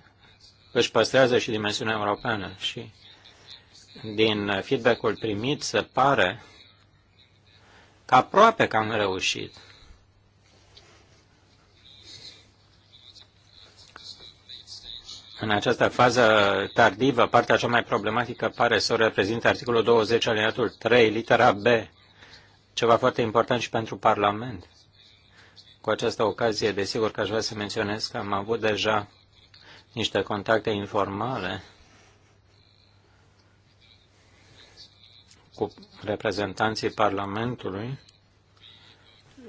își păstrează și dimensiunea europeană și din feedback-ul primit se pare că aproape că am reușit. În această fază tardivă, partea cea mai problematică pare să o reprezinte articolul 20 alineatul 3, litera B, ceva foarte important și pentru Parlament. Cu această ocazie, desigur că aș vrea să menționez că am avut deja niște contacte informale cu reprezentanții Parlamentului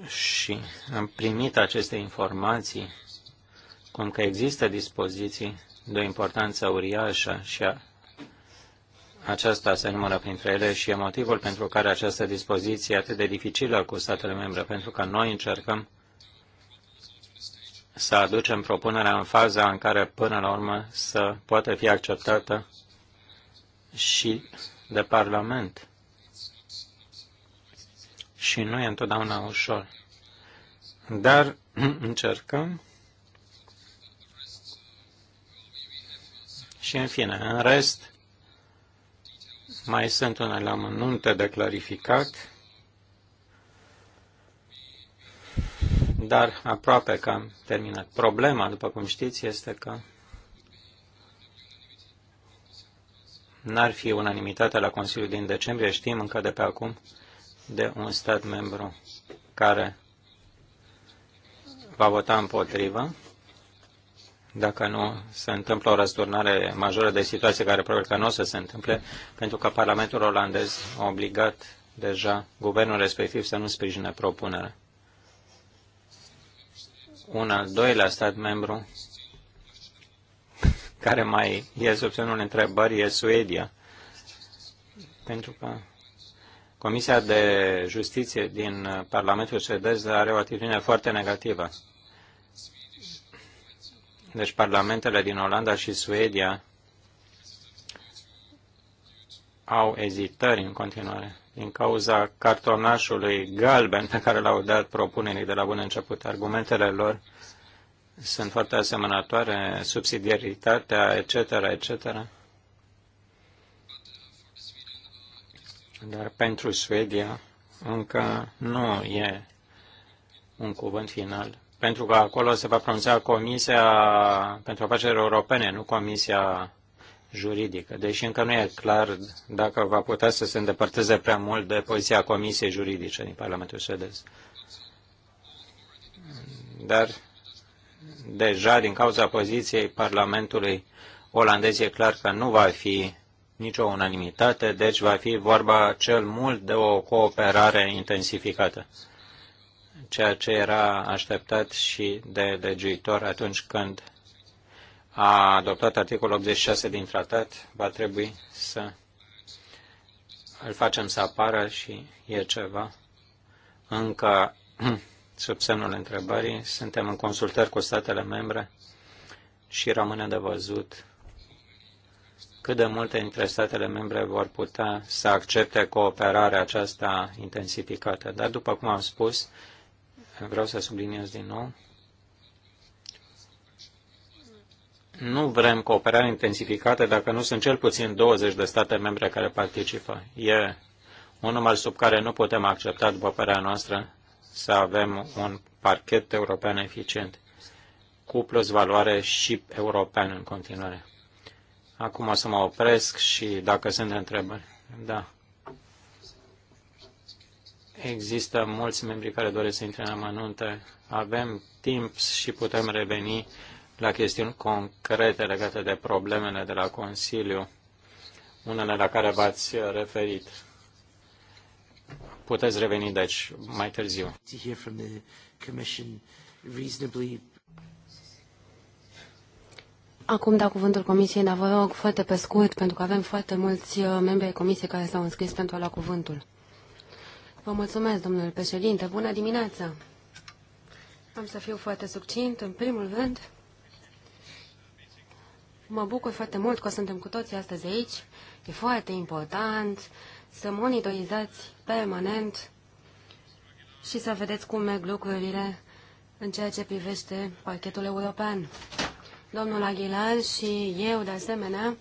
și am primit aceste informații cum că există dispoziții de o importanță uriașă și a, aceasta se numără printre ele și e motivul pentru care această dispoziție e atât de dificilă cu statele membre, pentru că noi încercăm să aducem propunerea în faza în care până la urmă să poată fi acceptată și de Parlament și nu e întotdeauna ușor. Dar încercăm. Și în fine, în rest, mai sunt unele amănunte de clarificat, dar aproape că am terminat. Problema, după cum știți, este că n-ar fi unanimitate la Consiliul din decembrie, știm încă de pe acum, de un stat membru care va vota împotrivă, dacă nu se întâmplă o răsturnare majoră de situație care probabil că nu o să se întâmple, pentru că Parlamentul olandez a obligat deja guvernul respectiv să nu sprijine propunerea. Un al doilea stat membru care mai e sub semnul întrebării e Suedia, pentru că Comisia de Justiție din Parlamentul suedez are o atitudine foarte negativă. Deci parlamentele din Olanda și Suedia au ezitări în continuare din cauza cartonașului galben pe care l-au dat propunerii de la bun început. Argumentele lor sunt foarte asemănătoare, subsidiaritatea, etc., etc. dar pentru Suedia încă nu e un cuvânt final, pentru că acolo se va pronunța Comisia pentru Afaceri Europene, nu Comisia juridică, deși încă nu e clar dacă va putea să se îndepărteze prea mult de poziția Comisiei Juridice din Parlamentul Suedez. Dar deja din cauza poziției Parlamentului olandez e clar că nu va fi nicio unanimitate, deci va fi vorba cel mult de o cooperare intensificată, ceea ce era așteptat și de legiuitor atunci când a adoptat articolul 86 din tratat, va trebui să îl facem să apară și e ceva încă sub semnul întrebării. Suntem în consultări cu statele membre și rămâne de văzut cât de multe dintre statele membre vor putea să accepte cooperarea aceasta intensificată. Dar, după cum am spus, vreau să subliniez din nou, nu vrem cooperare intensificată dacă nu sunt cel puțin 20 de state membre care participă. E un număr sub care nu putem accepta, după părerea noastră, să avem un parchet european eficient cu plus valoare și european în continuare. Acum o să mă opresc și dacă sunt întrebări. Da. Există mulți membri care doresc să intre în amănunte. Avem timp și putem reveni la chestiuni concrete legate de problemele de la Consiliu, unele la care v-ați referit. Puteți reveni, deci, mai târziu. Acum dau cuvântul Comisiei, dar vă rog foarte pe scurt, pentru că avem foarte mulți uh, membri ai Comisiei care s-au înscris pentru a lua cuvântul. Vă mulțumesc, domnule președinte. Bună dimineața! Am să fiu foarte succint. În primul rând, mă bucur foarte mult că suntem cu toții astăzi aici. E foarte important să monitorizați permanent și să vedeți cum merg lucrurile în ceea ce privește parchetul european. Domnul Aguilar și eu, de asemenea,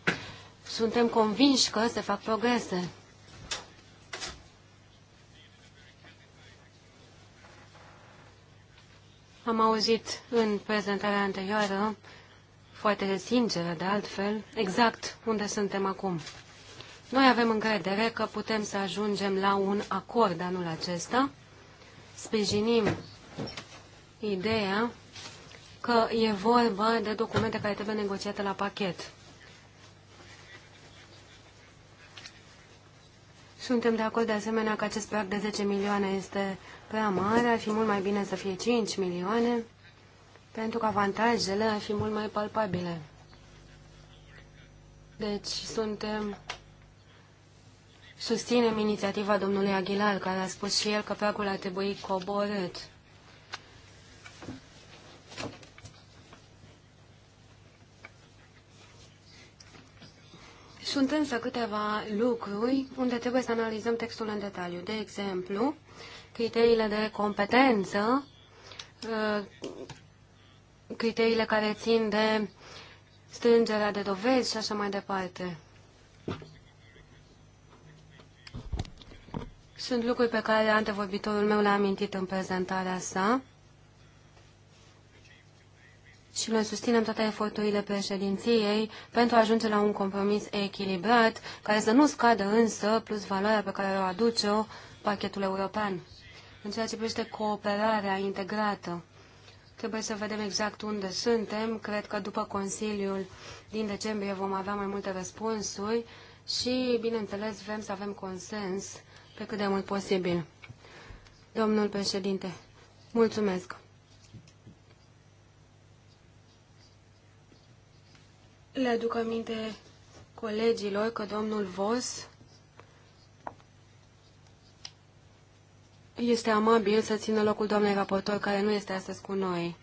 suntem convinși că se fac progrese. Am auzit în prezentarea anterioară, foarte sinceră de altfel, exact unde suntem acum. Noi avem încredere că putem să ajungem la un acord anul acesta. Sprijinim ideea că e vorba de documente care trebuie negociate la pachet. Suntem de acord de asemenea că acest prag de 10 milioane este prea mare, ar fi mult mai bine să fie 5 milioane, pentru că avantajele ar fi mult mai palpabile. Deci suntem susținem inițiativa domnului Aguilar, care a spus și el că pragul ar trebui coborât. Sunt însă câteva lucruri unde trebuie să analizăm textul în detaliu. De exemplu, criteriile de competență, uh, criteriile care țin de strângerea de dovezi și așa mai departe. Sunt lucruri pe care antevorbitorul meu le-a amintit în prezentarea sa și noi susținem toate eforturile președinției pentru a ajunge la un compromis echilibrat, care să nu scadă însă plus valoarea pe care o aduce pachetul european. În ceea ce privește cooperarea integrată, trebuie să vedem exact unde suntem. Cred că după Consiliul din decembrie vom avea mai multe răspunsuri și, bineînțeles, vrem să avem consens pe cât de mult posibil. Domnul președinte, mulțumesc! Le aduc aminte colegilor că domnul Vos este amabil să țină locul doamnei raportor care nu este astăzi cu noi.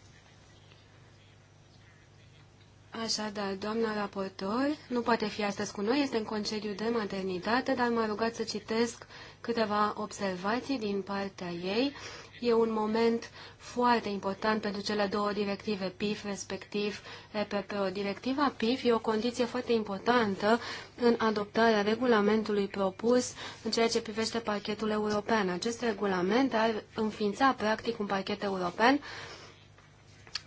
Așadar, doamna raportor nu poate fi astăzi cu noi, este în concediu de maternitate, dar m-a rugat să citesc câteva observații din partea ei E un moment foarte important pentru cele două directive PIF, respectiv EPPO. Directiva PIF e o condiție foarte importantă în adoptarea regulamentului propus în ceea ce privește pachetul european. Acest regulament ar înființa practic un pachet european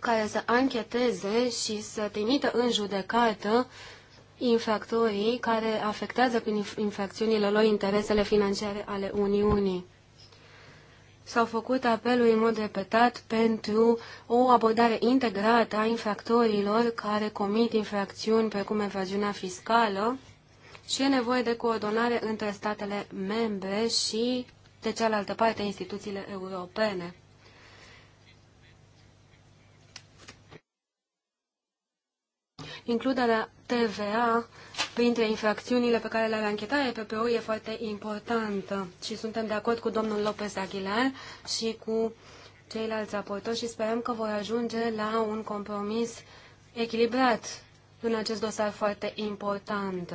care să ancheteze și să trimită în judecată infractorii care afectează prin infracțiunile lor interesele financiare ale Uniunii s-au făcut apeluri în mod repetat pentru o abordare integrată a infractorilor care comit infracțiuni precum evaziunea fiscală și e nevoie de coordonare între statele membre și, de cealaltă parte, instituțiile europene. Includerea TVA printre infracțiunile pe care le are anchetarea EPPO e foarte importantă și suntem de acord cu domnul Lopez Aguilar și cu ceilalți raportori și sperăm că vor ajunge la un compromis echilibrat în acest dosar foarte important.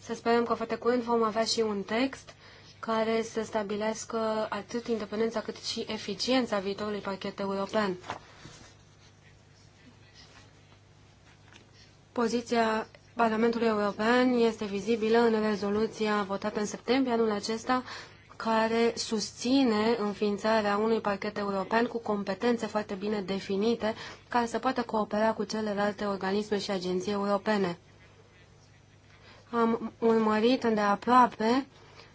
Să sperăm că foarte curând vom avea și un text care să stabilească atât independența cât și eficiența viitorului pachet european. Poziția Parlamentului European este vizibilă în rezoluția votată în septembrie anul acesta, care susține înființarea unui parchet european cu competențe foarte bine definite, care să poată coopera cu celelalte organisme și agenții europene. Am urmărit îndeaproape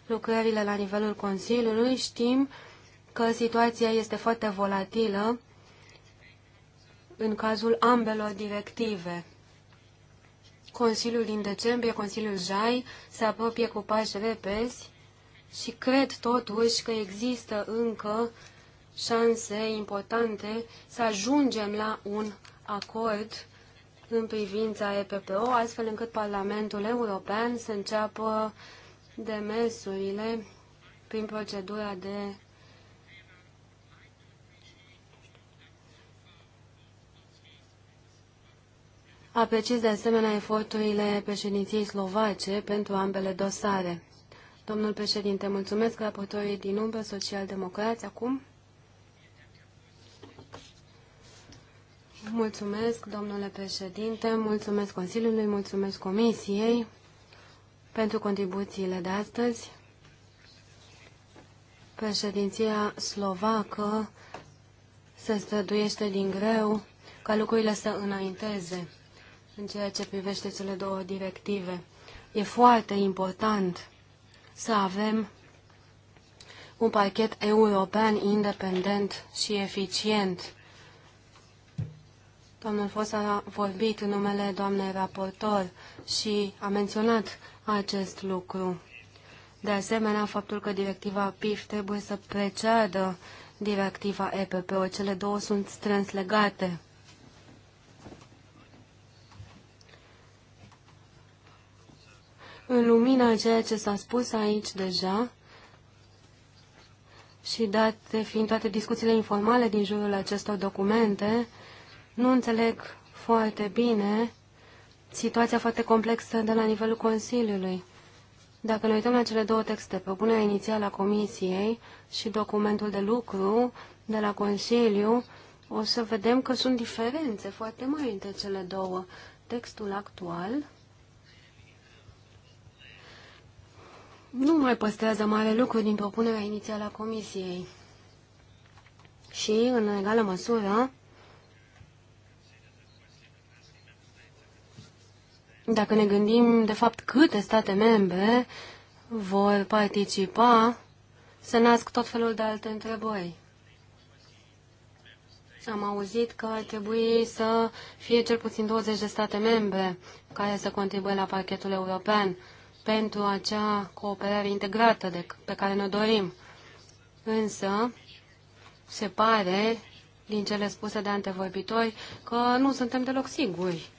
lucrările la nivelul Consiliului, știm că situația este foarte volatilă în cazul ambelor directive. Consiliul din decembrie, Consiliul JAI, se apropie cu pași repezi și cred totuși că există încă șanse importante să ajungem la un acord în privința EPPO, astfel încât Parlamentul European să înceapă demersurile prin procedura de Apreciez de asemenea eforturile președinției slovace pentru ambele dosare. Domnul președinte, mulțumesc raportorii din umbră social-democrați acum. Mulțumesc, domnule președinte, mulțumesc Consiliului, mulțumesc Comisiei pentru contribuțiile de astăzi. Președinția slovacă se străduiește din greu ca lucrurile să înainteze în ceea ce privește cele două directive. E foarte important să avem un pachet european independent și eficient. Domnul Fos a vorbit în numele doamnei raportor și a menționat acest lucru. De asemenea, faptul că directiva PIF trebuie să preceadă directiva EPPO. Cele două sunt strâns legate. În lumina ceea ce s-a spus aici deja și date fiind toate discuțiile informale din jurul acestor documente, nu înțeleg foarte bine situația foarte complexă de la nivelul Consiliului. Dacă ne uităm la cele două texte, propunerea inițială a Comisiei și documentul de lucru de la Consiliu, o să vedem că sunt diferențe foarte mari între cele două. Textul actual nu mai păstrează mare lucru din propunerea inițială a Comisiei. Și, în egală măsură, dacă ne gândim, de fapt, câte state membre vor participa, se nasc tot felul de alte întrebări. Am auzit că ar trebui să fie cel puțin 20 de state membre care să contribuie la parchetul european pentru acea cooperare integrată de, pe care ne dorim. Însă, se pare, din cele spuse de antevorbitori, că nu suntem deloc siguri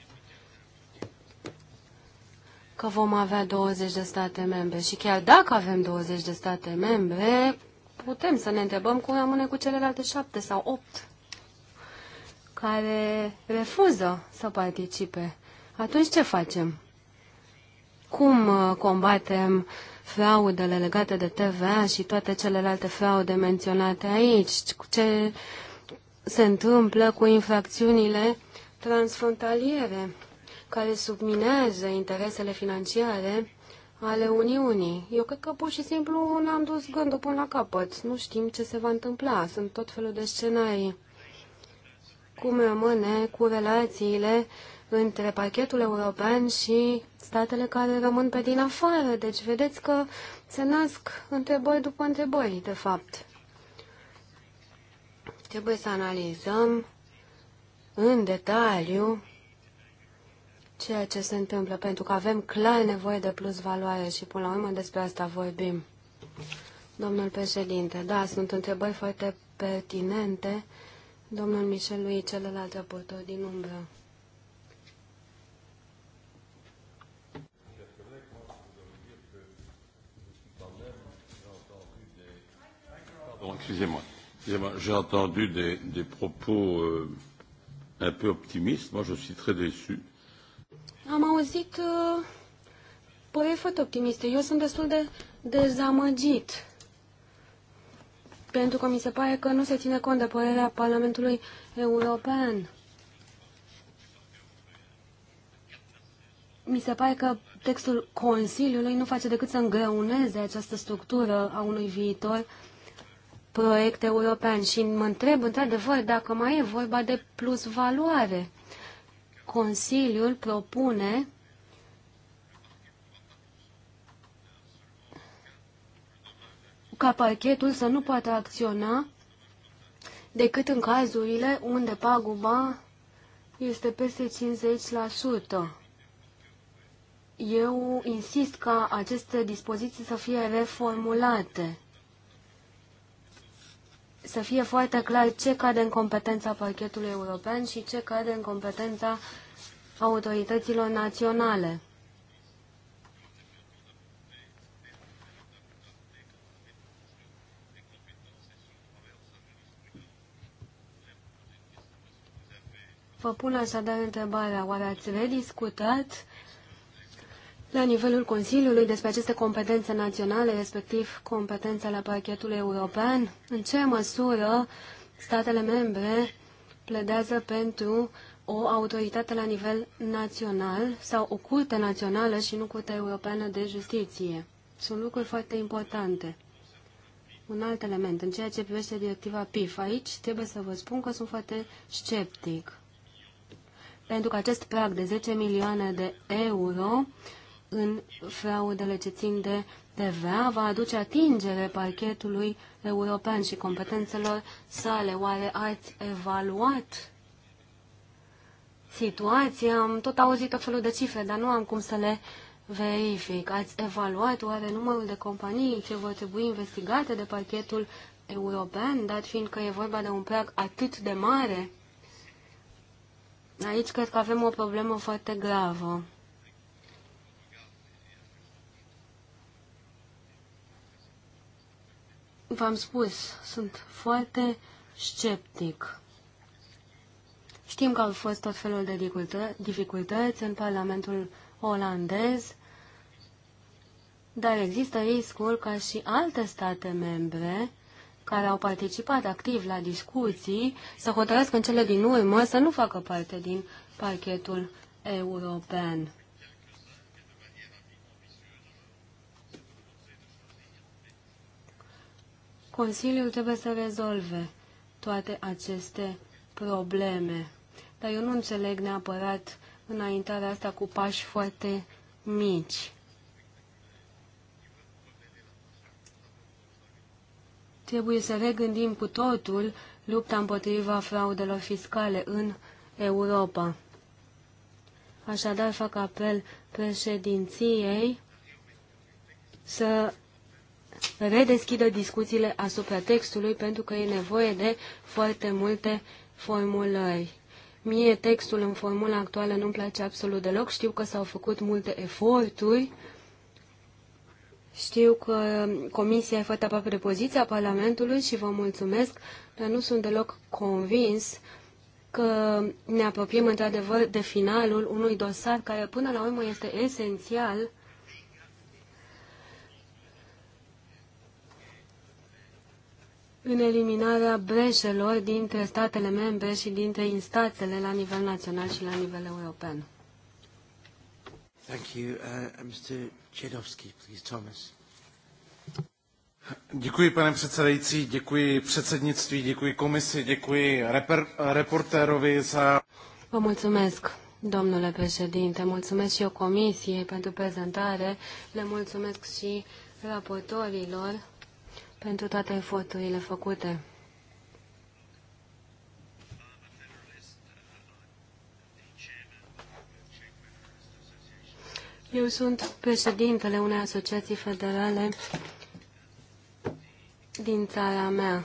că vom avea 20 de state membre. Și chiar dacă avem 20 de state membre, putem să ne întrebăm cum rămâne cu celelalte șapte sau opt care refuză să participe. Atunci ce facem? cum uh, combatem fraudele legate de TVA și toate celelalte fraude menționate aici, ce se întâmplă cu infracțiunile transfrontaliere care subminează interesele financiare ale Uniunii. Eu cred că pur și simplu n-am dus gândul până la capăt. Nu știm ce se va întâmpla. Sunt tot felul de scenarii. Cum rămâne cu relațiile între pachetul european și statele care rămân pe din afară. Deci vedeți că se nasc întrebări după întrebări, de fapt. Trebuie să analizăm în detaliu ceea ce se întâmplă, pentru că avem clar nevoie de plus valoare și până la urmă despre asta vorbim. Domnul președinte, da, sunt întrebări foarte pertinente. Domnul Michel lui celălalt raportor din umbră. pardon, excusez-moi. Excusez-moi, j'ai entendu des, des propos euh, un peu optimistes. Moi, je suis très déçu. Am auzit uh, foarte optimiste. Eu sunt destul de dezamăgit pentru că mi se pare că nu se ține cont de părerea Parlamentului European. Mi se pare că textul Consiliului nu face decât să îngreuneze această structură a unui viitor proiect european și mă întreb într-adevăr dacă mai e vorba de plus valoare. Consiliul propune ca parchetul să nu poată acționa decât în cazurile unde paguba este peste 50%. Eu insist ca aceste dispoziții să fie reformulate să fie foarte clar ce cade în competența parchetului european și ce cade în competența autorităților naționale. Vă pun așadar întrebarea, oare ați rediscutat la nivelul Consiliului despre aceste competențe naționale, respectiv competențele parchetului european? În ce măsură statele membre pledează pentru o autoritate la nivel național sau o curte națională și nu curte Europeană de Justiție? Sunt lucruri foarte importante. Un alt element, în ceea ce privește directiva PIF, aici trebuie să vă spun că sunt foarte sceptic. Pentru că acest prag de 10 milioane de euro în fraudele ce țin de TVA va aduce atingere parchetului european și competențelor sale. Oare ați evaluat situația? Am tot auzit tot felul de cifre, dar nu am cum să le verific. Ați evaluat oare numărul de companii ce vor trebui investigate de parchetul european, dat fiind că e vorba de un prag atât de mare? Aici cred că avem o problemă foarte gravă. v-am spus, sunt foarte sceptic. Știm că au fost tot felul de dificultăți în Parlamentul olandez, dar există riscul ca și alte state membre care au participat activ la discuții să hotărăsc în cele din urmă să nu facă parte din parchetul european. Consiliul trebuie să rezolve toate aceste probleme. Dar eu nu înțeleg neapărat înaintarea asta cu pași foarte mici. Trebuie să regândim cu totul lupta împotriva fraudelor fiscale în Europa. Așadar, fac apel președinției să redeschidă discuțiile asupra textului, pentru că e nevoie de foarte multe formulări. Mie textul în formula actuală nu-mi place absolut deloc. Știu că s-au făcut multe eforturi. Știu că comisia e foarte aproape de poziția Parlamentului și vă mulțumesc, dar nu sunt deloc convins că ne apropiem într-adevăr de finalul unui dosar care până la urmă este esențial în eliminarea breșelor dintre statele membre și dintre instanțele la nivel național și la nivel european. Thank you. Uh, uh Mr. Chedowski, please, Thomas. Děkuji, pane předsedající, děkuji předsednictví, děkuji komisi, děkuji reper, reportérovi za... Vă mulțumesc, domnule președinte, mulțumesc și o comisiei pentru prezentare, le mulțumesc și raportorilor pentru toate eforturile făcute. Eu sunt președintele unei asociații federale din țara mea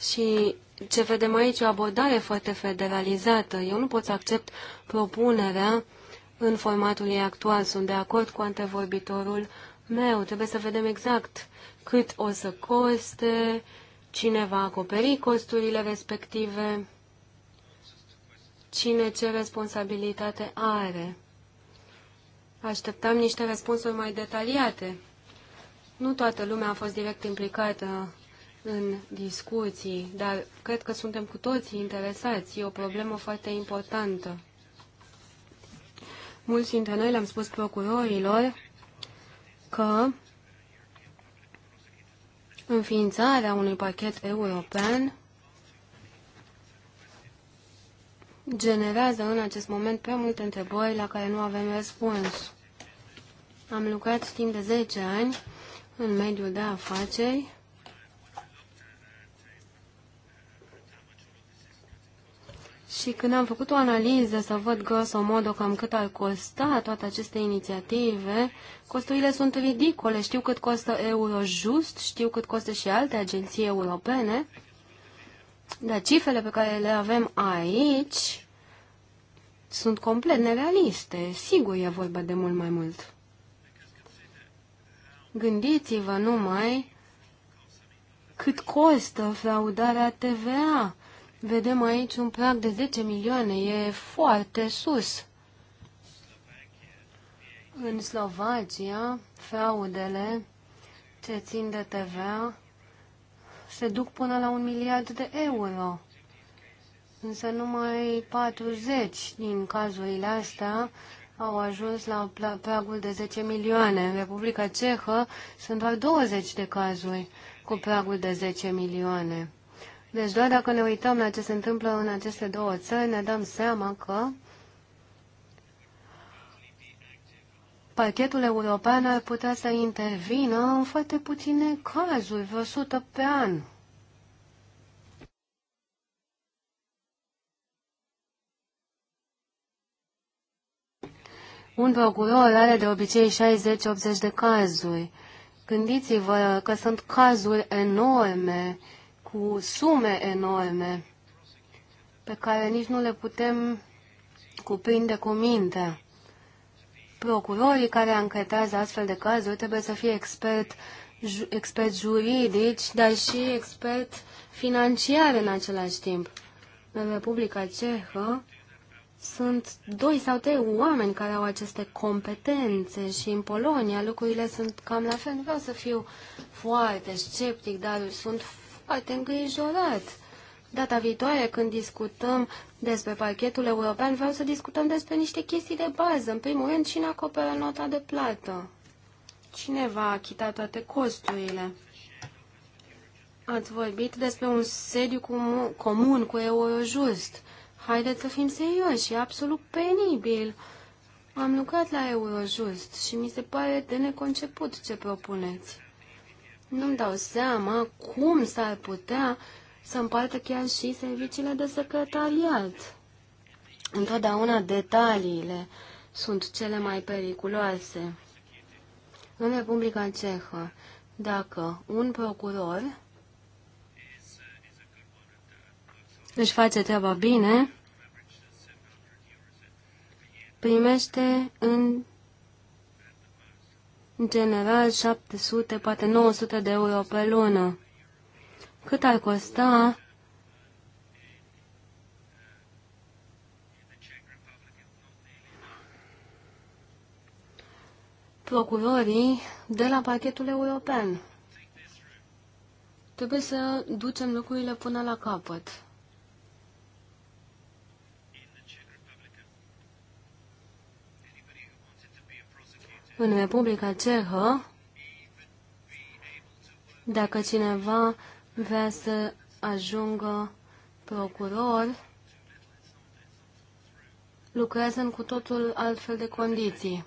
și ce vedem aici o abordare foarte federalizată. Eu nu pot să accept propunerea în formatul ei actual. Sunt de acord cu antevorbitorul meu. Trebuie să vedem exact cât o să coste, cine va acoperi costurile respective, cine ce responsabilitate are. Așteptam niște răspunsuri mai detaliate. Nu toată lumea a fost direct implicată în discuții, dar cred că suntem cu toții interesați. E o problemă foarte importantă. Mulți dintre noi le-am spus procurorilor că înființarea unui pachet european generează în acest moment prea multe întrebări la care nu avem răspuns. Am lucrat timp de 10 ani în mediul de afaceri Și când am făcut o analiză să văd modo cam cât ar costa toate aceste inițiative, costurile sunt ridicole. Știu cât costă just, știu cât costă și alte agenții europene, dar cifrele pe care le avem aici sunt complet nerealiste. Sigur e vorba de mult mai mult. Gândiți-vă numai cât costă fraudarea TVA Vedem aici un prag de 10 milioane, e foarte sus. În Slovacia, fraudele ce țin de TVA se duc până la un miliard de euro. Însă numai 40 din cazurile astea au ajuns la pragul de 10 milioane. În Republica Cehă sunt doar 20 de cazuri cu pragul de 10 milioane. Deci doar dacă ne uităm la ce se întâmplă în aceste două țări, ne dăm seama că parchetul european ar putea să intervină în foarte puține cazuri, vreo sută pe an. Un procuror are de obicei 60-80 de cazuri. Gândiți-vă că sunt cazuri enorme cu sume enorme pe care nici nu le putem cuprinde cu minte. Procurorii care anchetează astfel de cazuri trebuie să fie expert, ju, expert juridici, dar și expert financiar în același timp. În Republica Cehă sunt doi sau trei oameni care au aceste competențe și în Polonia lucrurile sunt cam la fel. Nu vreau să fiu foarte sceptic, dar sunt poate îngrijorat. Data viitoare, când discutăm despre parchetul european, vreau să discutăm despre niște chestii de bază. În primul rând, cine acoperă nota de plată? Cine va achita toate costurile? Ați vorbit despre un sediu comun cu Eurojust. Haideți să fim serioși, e absolut penibil. Am lucrat la Eurojust și mi se pare de neconceput ce propuneți nu-mi dau seama cum s-ar putea să împartă chiar și serviciile de secretariat. Întotdeauna detaliile sunt cele mai periculoase. În Republica Cehă, dacă un procuror își face treaba bine, primește în în general 700, poate 900 de euro pe lună. Cât ar costa procurorii de la parchetul european? Trebuie să ducem lucrurile până la capăt. În Republica Cehă, dacă cineva vrea să ajungă procuror, lucrează în cu totul altfel de condiții.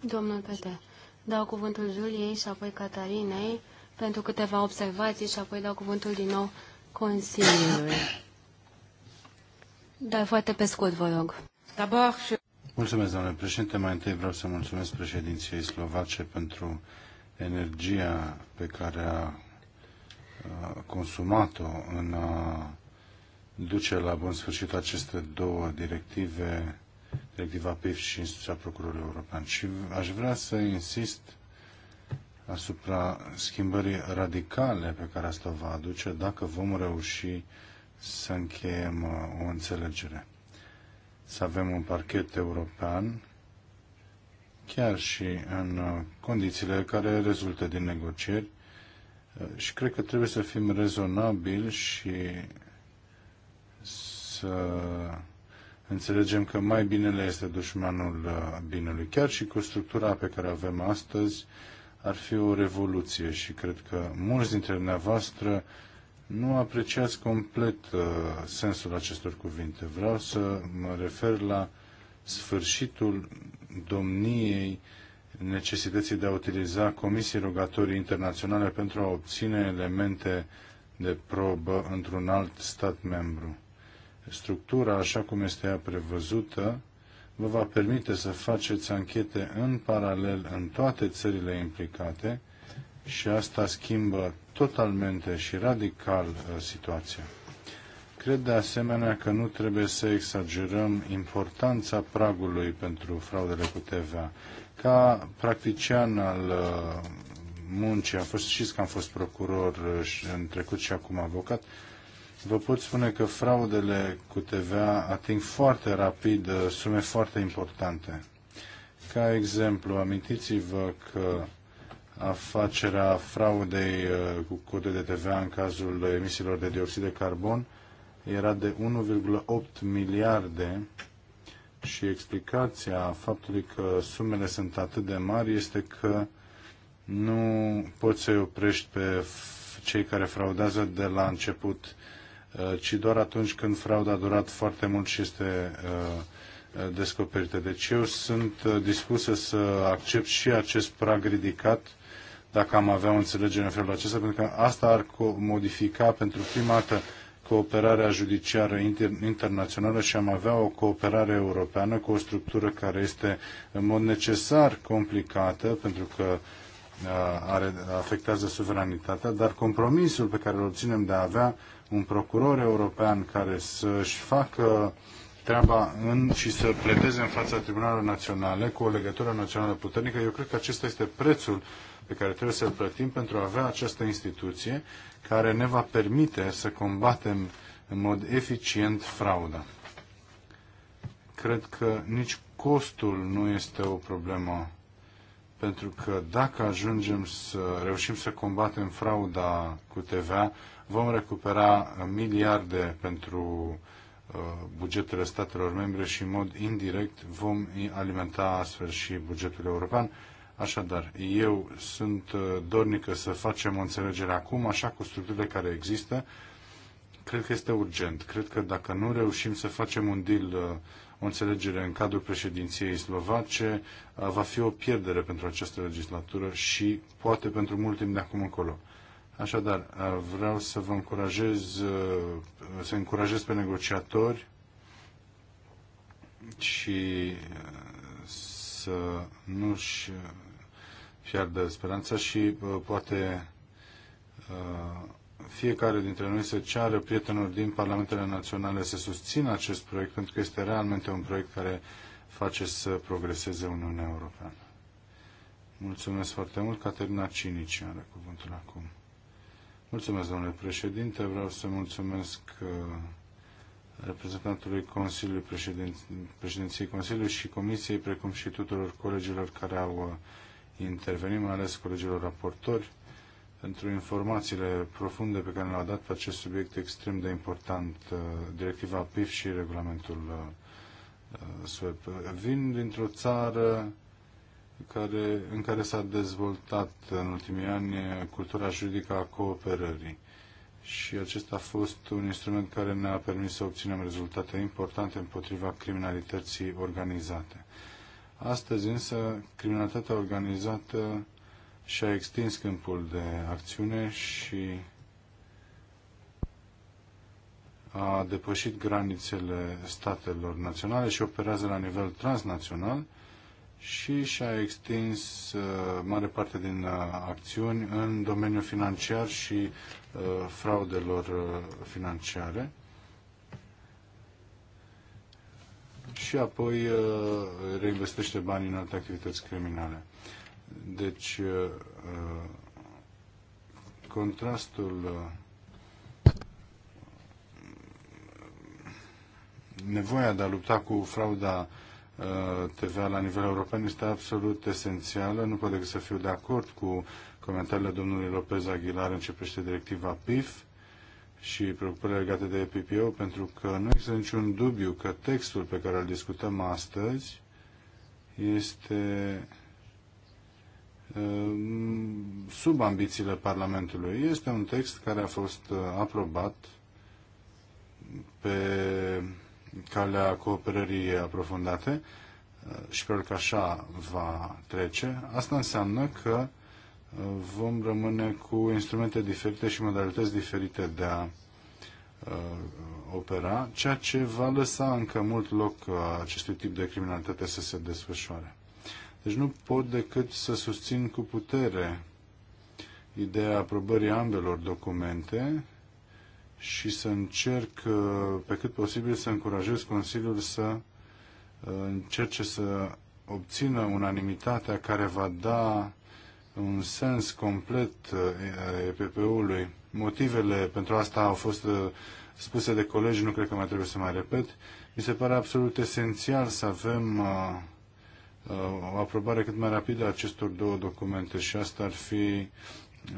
Domnul Petre. Dau cuvântul Juliei și apoi Catarinei pentru câteva observații și apoi dau cuvântul din nou Consiliului. Dar foarte pe scurt, vă rog. Mulțumesc, doamne președinte. Mai întâi vreau să mulțumesc președinției slovace pentru energia pe care a consumat-o în a duce la bun sfârșit aceste două directive directiva PIF și instituția Procurorului European. Și aș vrea să insist asupra schimbării radicale pe care asta va aduce dacă vom reuși să încheiem uh, o înțelegere. Să avem un parchet european chiar și în uh, condițiile care rezultă din negocieri uh, și cred că trebuie să fim rezonabili și să înțelegem că mai binele este dușmanul uh, binelui. Chiar și cu structura pe care avem astăzi, ar fi o revoluție și cred că mulți dintre dumneavoastră nu apreciați complet uh, sensul acestor cuvinte. Vreau să mă refer la sfârșitul domniei necesității de a utiliza comisii rogatorii internaționale pentru a obține elemente de probă într-un alt stat membru structura, așa cum este ea prevăzută, vă va permite să faceți anchete în paralel în toate țările implicate și asta schimbă totalmente și radical uh, situația. Cred de asemenea că nu trebuie să exagerăm importanța pragului pentru fraudele cu TVA. Ca practician al uh, muncii, a fost, știți că am fost procuror uh, în trecut și acum avocat, vă pot spune că fraudele cu TVA ating foarte rapid uh, sume foarte importante. Ca exemplu, amintiți-vă că afacerea fraudei uh, cu cote de TVA în cazul emisiilor de dioxid de carbon era de 1,8 miliarde și explicația faptului că sumele sunt atât de mari este că nu poți să-i oprești pe cei care fraudează de la început Uh, ci doar atunci când frauda a durat foarte mult și este uh, uh, descoperită. Deci eu sunt dispusă să accept și acest prag ridicat dacă am avea o înțelegere în felul acesta, pentru că asta ar modifica pentru prima dată cooperarea judiciară inter- internațională și am avea o cooperare europeană cu o structură care este în mod necesar complicată, pentru că are, afectează suveranitatea, dar compromisul pe care îl obținem de a avea un procuror european care să-și facă treaba în, și să pledeze în fața tribunalelor naționale cu o legătură națională puternică, eu cred că acesta este prețul pe care trebuie să-l plătim pentru a avea această instituție care ne va permite să combatem în mod eficient frauda. Cred că nici costul nu este o problemă, pentru că dacă ajungem să reușim să combatem frauda cu TVA, vom recupera miliarde pentru uh, bugetele statelor membre și în mod indirect vom alimenta astfel și bugetul european. Așadar, eu sunt uh, dornică să facem o înțelegere acum, așa cu structurile care există. Cred că este urgent. Cred că dacă nu reușim să facem un deal, uh, o înțelegere în cadrul președinției slovace, va fi o pierdere pentru această legislatură și poate pentru mult timp de acum încolo. Așadar, vreau să vă încurajez, să încurajez pe negociatori și să nu-și piardă speranța și poate fiecare dintre noi să ceară prietenilor din Parlamentele Naționale să susțină acest proiect, pentru că este realmente un proiect care face să progreseze Uniunea Europeană. Mulțumesc foarte mult. Caterina Cinici are cuvântul acum. Mulțumesc, domnule președinte. Vreau să mulțumesc uh, reprezentantului Consiliului, președinției Consiliului și Comisiei, precum și tuturor colegilor care au uh, intervenit, mai ales colegilor raportori, pentru informațiile profunde pe care le-au dat pe acest subiect extrem de important, uh, directiva PIF și regulamentul SWEP. Vin dintr-o țară care, în care s-a dezvoltat în ultimii ani cultura juridică a cooperării. Și acesta a fost un instrument care ne-a permis să obținem rezultate importante împotriva criminalității organizate. Astăzi însă, criminalitatea organizată și-a extins câmpul de acțiune și a depășit granițele statelor naționale și operează la nivel transnațional, și și-a extins uh, mare parte din uh, acțiuni în domeniul financiar și uh, fraudelor financiare. Și apoi reinvestește banii în alte activități criminale. Deci, contrastul nevoia de a lupta cu frauda Eh, TVA la nivel european este absolut esențială. Nu pot decât să fiu de acord cu comentariile domnului Lopez Aguilar în ce privește directiva PIF și preocupările legate de PPO, pentru că nu există niciun dubiu că textul pe care îl discutăm astăzi este eh, sub ambițiile Parlamentului. Este un text care a fost eh, aprobat pe calea cooperării aprofundate uh, și probabil că așa va trece. Asta înseamnă că uh, vom rămâne cu instrumente diferite și modalități diferite de a uh, opera, ceea ce va lăsa încă mult loc acestui tip de criminalitate să se desfășoare. Deci nu pot decât să susțin cu putere ideea aprobării ambelor documente și să încerc uh, pe cât posibil să încurajez Consiliul să uh, încerce să obțină unanimitatea care va da un sens complet uh, EPP-ului. Motivele pentru asta au fost spuse de colegi, nu cred că mai trebuie să mai repet. Mi se pare absolut esențial să avem o aprobare cât mai rapidă a acestor două documente și asta ar fi,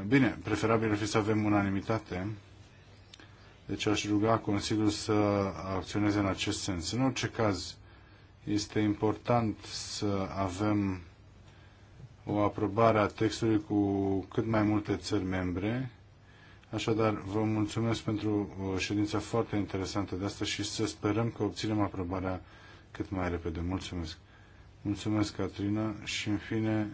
bine, preferabil ar fi să avem unanimitate, deci aș ruga Consiliul să acționeze în acest sens. În orice caz, este important să avem o aprobare a textului cu cât mai multe țări membre. Așadar, vă mulțumesc pentru o ședință foarte interesantă de asta și să sperăm că obținem aprobarea cât mai repede. Mulțumesc! Mulțumesc, Catrina, și în fine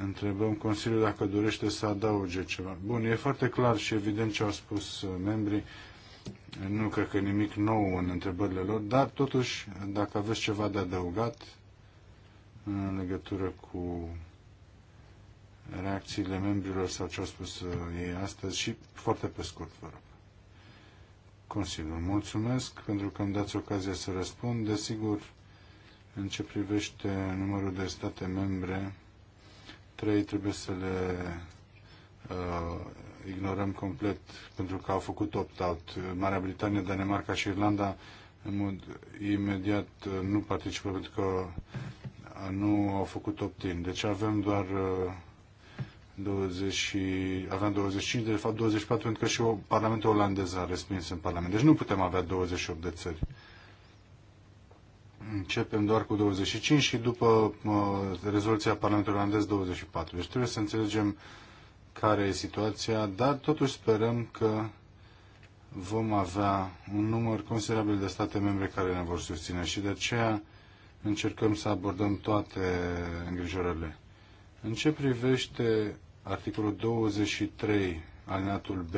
întrebăm Consiliul dacă dorește să adauge ceva. Bun, e foarte clar și evident ce au spus uh, membrii. Nu cred că nimic nou în întrebările lor, dar totuși, dacă aveți ceva de adăugat în legătură cu reacțiile membrilor sau ce au spus uh, ei astăzi și foarte pe scurt, vă rog. Consiliul, mulțumesc pentru că îmi dați ocazia să răspund. Desigur, în ce privește numărul de state membre, trei trebuie să le uh, ignorăm complet pentru că au făcut opt-out. Marea Britanie, Danemarca și Irlanda în mod imediat uh, nu participă pentru că uh, nu au făcut opt-in. Deci avem doar uh, 20 și, aveam 25, de fapt 24 pentru că și o, Parlamentul olandez a respins în Parlament. Deci nu putem avea 28 de țări. Începem doar cu 25 și după rezoluția Parlamentului Olandez 24. Deci trebuie să înțelegem care e situația, dar totuși sperăm că vom avea un număr considerabil de state membre care ne vor susține și de aceea încercăm să abordăm toate îngrijorările. În ce privește articolul 23, alineatul B,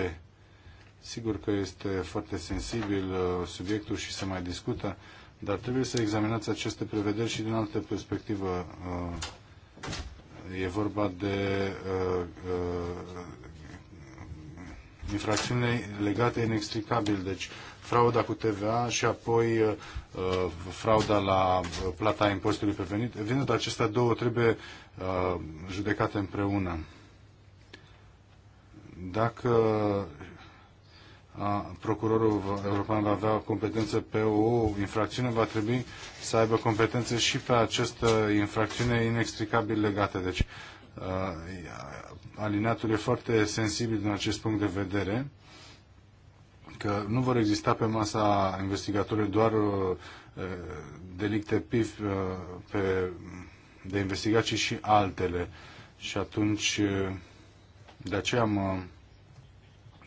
sigur că este foarte sensibil uh, subiectul și se mai discută, dar trebuie să examinați aceste prevederi și din altă perspectivă. Uh, e vorba de uh, uh, infracțiunile legate inextricabil, deci frauda cu TVA și apoi frauda la plata impozitului pe venit. Evident, acestea două trebuie judecate împreună. Dacă procurorul european va avea competență pe o infracțiune, va trebui să aibă competențe și pe această infracțiune inextricabil legată. Deci, alineatul e foarte sensibil din acest punct de vedere, că nu vor exista pe masa investigatorului doar delicte PIF pe, de investigații și altele. Și atunci, de aceea am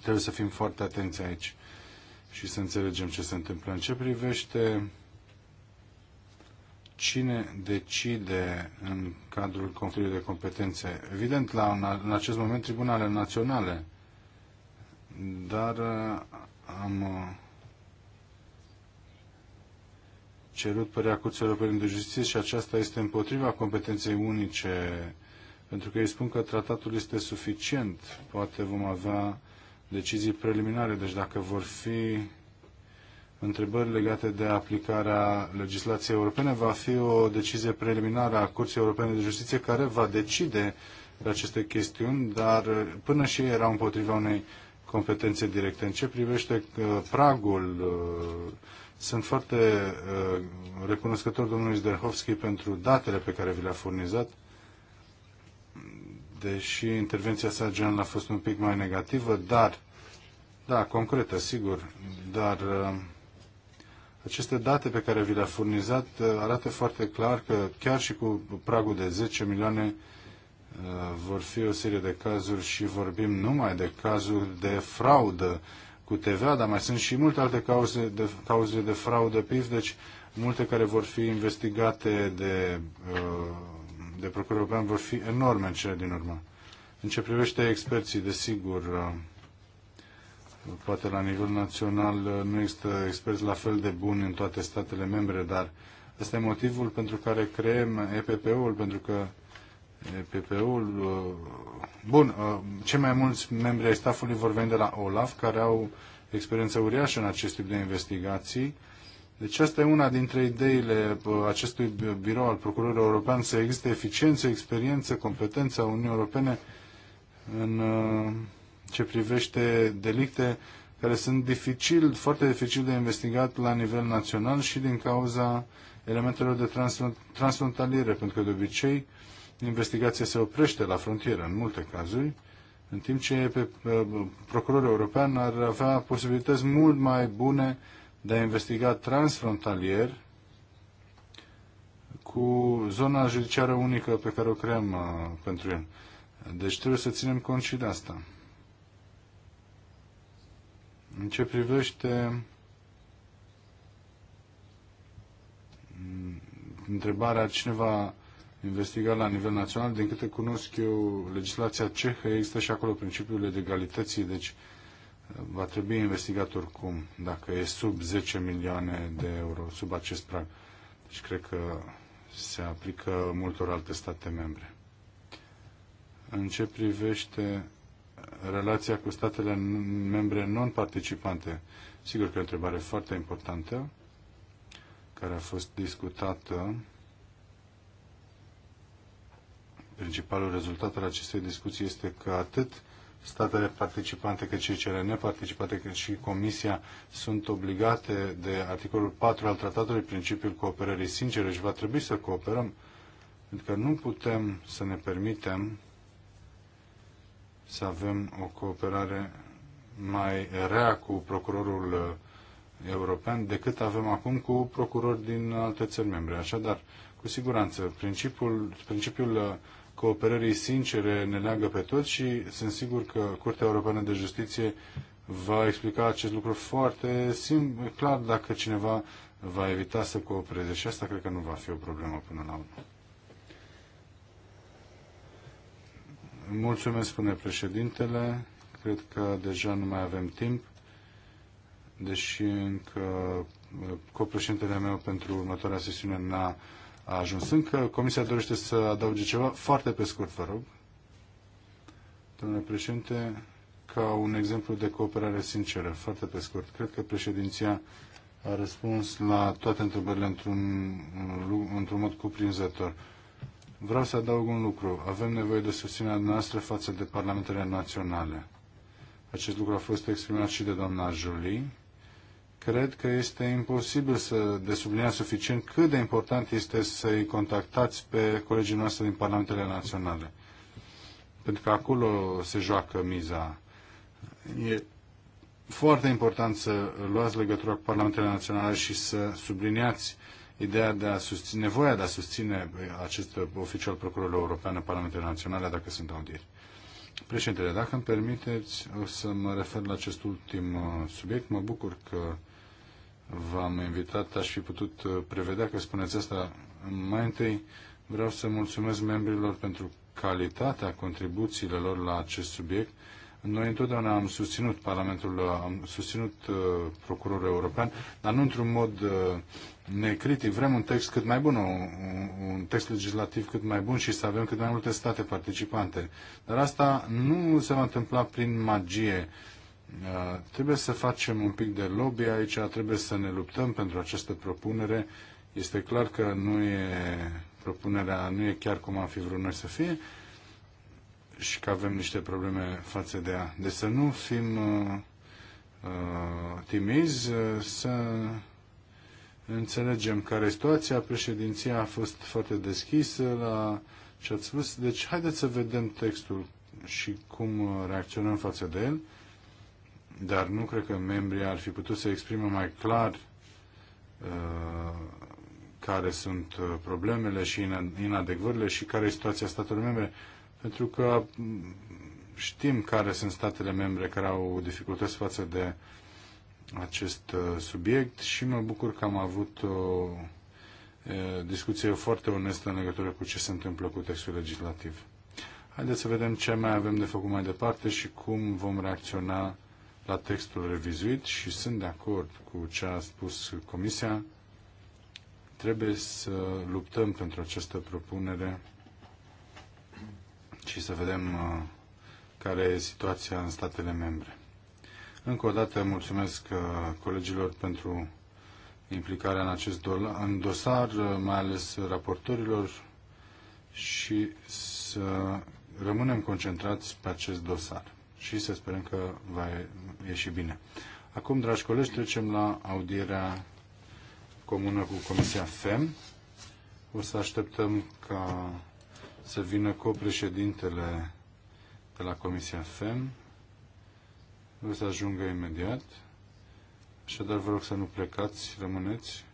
trebuie să fim foarte atenți aici și să înțelegem ce se întâmplă. În ce privește cine decide în cadrul conflictului de competențe? Evident, la, în acest moment, tribunale naționale. Dar uh, am uh, cerut părerea Curții Europene de Justiție și aceasta este împotriva competenței unice, pentru că ei spun că tratatul este suficient. Poate vom avea decizii preliminare, deci dacă vor fi întrebări legate de aplicarea legislației europene, va fi o decizie preliminară a Curții Europene de Justiție care va decide pe aceste chestiuni, dar până și ei erau împotriva unei competențe directe. În ce privește uh, pragul, uh, sunt foarte uh, recunoscător domnului Zderhovski pentru datele pe care vi le-a furnizat deși intervenția sa generală a fost un pic mai negativă, dar, da, concretă, sigur, dar uh, aceste date pe care vi le-a furnizat uh, arată foarte clar că chiar și cu pragul de 10 milioane uh, vor fi o serie de cazuri și vorbim numai de cazuri de fraudă cu TVA, dar mai sunt și multe alte cauze de, cauze de fraudă PIF, deci multe care vor fi investigate de uh, de procuror european vor fi enorme în cele din urmă. În ce privește experții, desigur, poate la nivel național nu există experți la fel de buni în toate statele membre, dar ăsta e motivul pentru care creăm EPP-ul, pentru că EPP-ul... Bun, cei mai mulți membri ai staffului vor veni de la OLAF, care au experiență uriașă în acest tip de investigații deci asta e una dintre ideile acestui birou al Procurorului European, să existe eficiență, experiență, competența Uniunii Europene în uh, ce privește delicte care sunt dificil, foarte dificil de investigat la nivel național și din cauza elementelor de transfrontaliere, pentru că de obicei investigația se oprește la frontieră în multe cazuri, în timp ce pe, pe, procurorul european ar avea posibilități mult mai bune de a investiga transfrontalier cu zona judiciară unică pe care o creăm uh, pentru el. Deci trebuie să ținem cont și de asta. În ce privește mm, întrebarea cine va investiga la nivel național, din câte cunosc eu legislația cehă, există și acolo principiul legalității, deci uh, va trebui investigat oricum dacă e sub 10 milioane de euro, sub acest prag. Deci cred că se aplică multor alte state membre. În ce privește relația cu statele membre non-participante, sigur că e o întrebare foarte importantă care a fost discutată. Principalul rezultat al acestei discuții este că atât statele participante, cât și cele neparticipate, cât și Comisia sunt obligate de articolul 4 al tratatului, principiul cooperării sincere și va trebui să cooperăm, pentru că nu putem să ne permitem să avem o cooperare mai rea cu procurorul uh, european decât avem acum cu procurori din alte țări membre. Așadar, cu siguranță, principiul, principiul uh, cooperării sincere ne leagă pe toți și sunt sigur că Curtea Europeană de Justiție va explica acest lucru foarte simplu, clar dacă cineva va evita să coopereze și asta cred că nu va fi o problemă până la urmă. Mulțumesc, spune președintele. Cred că deja nu mai avem timp, deși încă eh, copreședintele meu pentru următoarea sesiune n-a a ajuns încă. Comisia dorește să adauge ceva foarte pe scurt, vă rog. Domnule președinte, ca un exemplu de cooperare sinceră, foarte pe scurt. Cred că președinția a răspuns la toate întrebările într-un, într-un mod cuprinzător. Vreau să adaug un lucru. Avem nevoie de susținerea noastră față de parlamentele naționale. Acest lucru a fost exprimat și de doamna Julie. Cred că este imposibil să desubliniem suficient cât de important este să-i contactați pe colegii noastre din Parlamentele Naționale. Pentru că acolo se joacă miza. E foarte important să luați legătura cu Parlamentele Naționale și să subliniați ideea de a susține, nevoia de a susține acest oficial procurorul european în Parlamentele Naționale dacă sunt audieri. Președintele, dacă îmi permiteți, o să mă refer la acest ultim uh, subiect. Mă bucur că v-am invitat, aș fi putut uh, prevedea că spuneți asta. Mai întâi vreau să mulțumesc membrilor pentru calitatea contribuțiilor lor la acest subiect. Noi întotdeauna am susținut Parlamentul, uh, am susținut uh, Procurorul European, dar nu într-un mod uh, necritic. Vrem un text cât mai bun, un, un text legislativ cât mai bun și să avem cât mai multe state participante. Dar asta nu se va întâmpla prin magie Uh, trebuie să facem un pic de lobby aici, trebuie să ne luptăm pentru această propunere. Este clar că nu e propunerea, nu e chiar cum am fi vrut noi să fie și că avem niște probleme față de ea. Deci să nu fim uh, uh timizi, uh, să înțelegem care e situația. Președinția a fost foarte deschisă la ce ați spus. Deci haideți să vedem textul și cum reacționăm față de el dar nu cred că membrii ar fi putut să exprime mai clar uh, care sunt uh, problemele și inadecvările și care e situația statelor membre, pentru că știm care sunt statele membre care au dificultăți față de acest uh, subiect și mă bucur că am avut o discuție foarte onestă în legătură cu ce se întâmplă cu textul legislativ. Haideți să vedem ce mai avem de făcut mai departe și cum vom reacționa la textul revizuit și sunt de acord cu ce a spus Comisia. Trebuie să luptăm pentru această propunere și să vedem uh, care e situația în statele membre. Încă o dată mulțumesc uh, colegilor pentru implicarea în acest în dosar, uh, mai ales raportorilor și să rămânem concentrați pe acest dosar și să sperăm că va ieși bine. Acum, dragi colegi, trecem la audierea comună cu Comisia FEM. O să așteptăm ca să vină copreședintele de la Comisia FEM. O să ajungă imediat. Așadar, vă rog să nu plecați, rămâneți.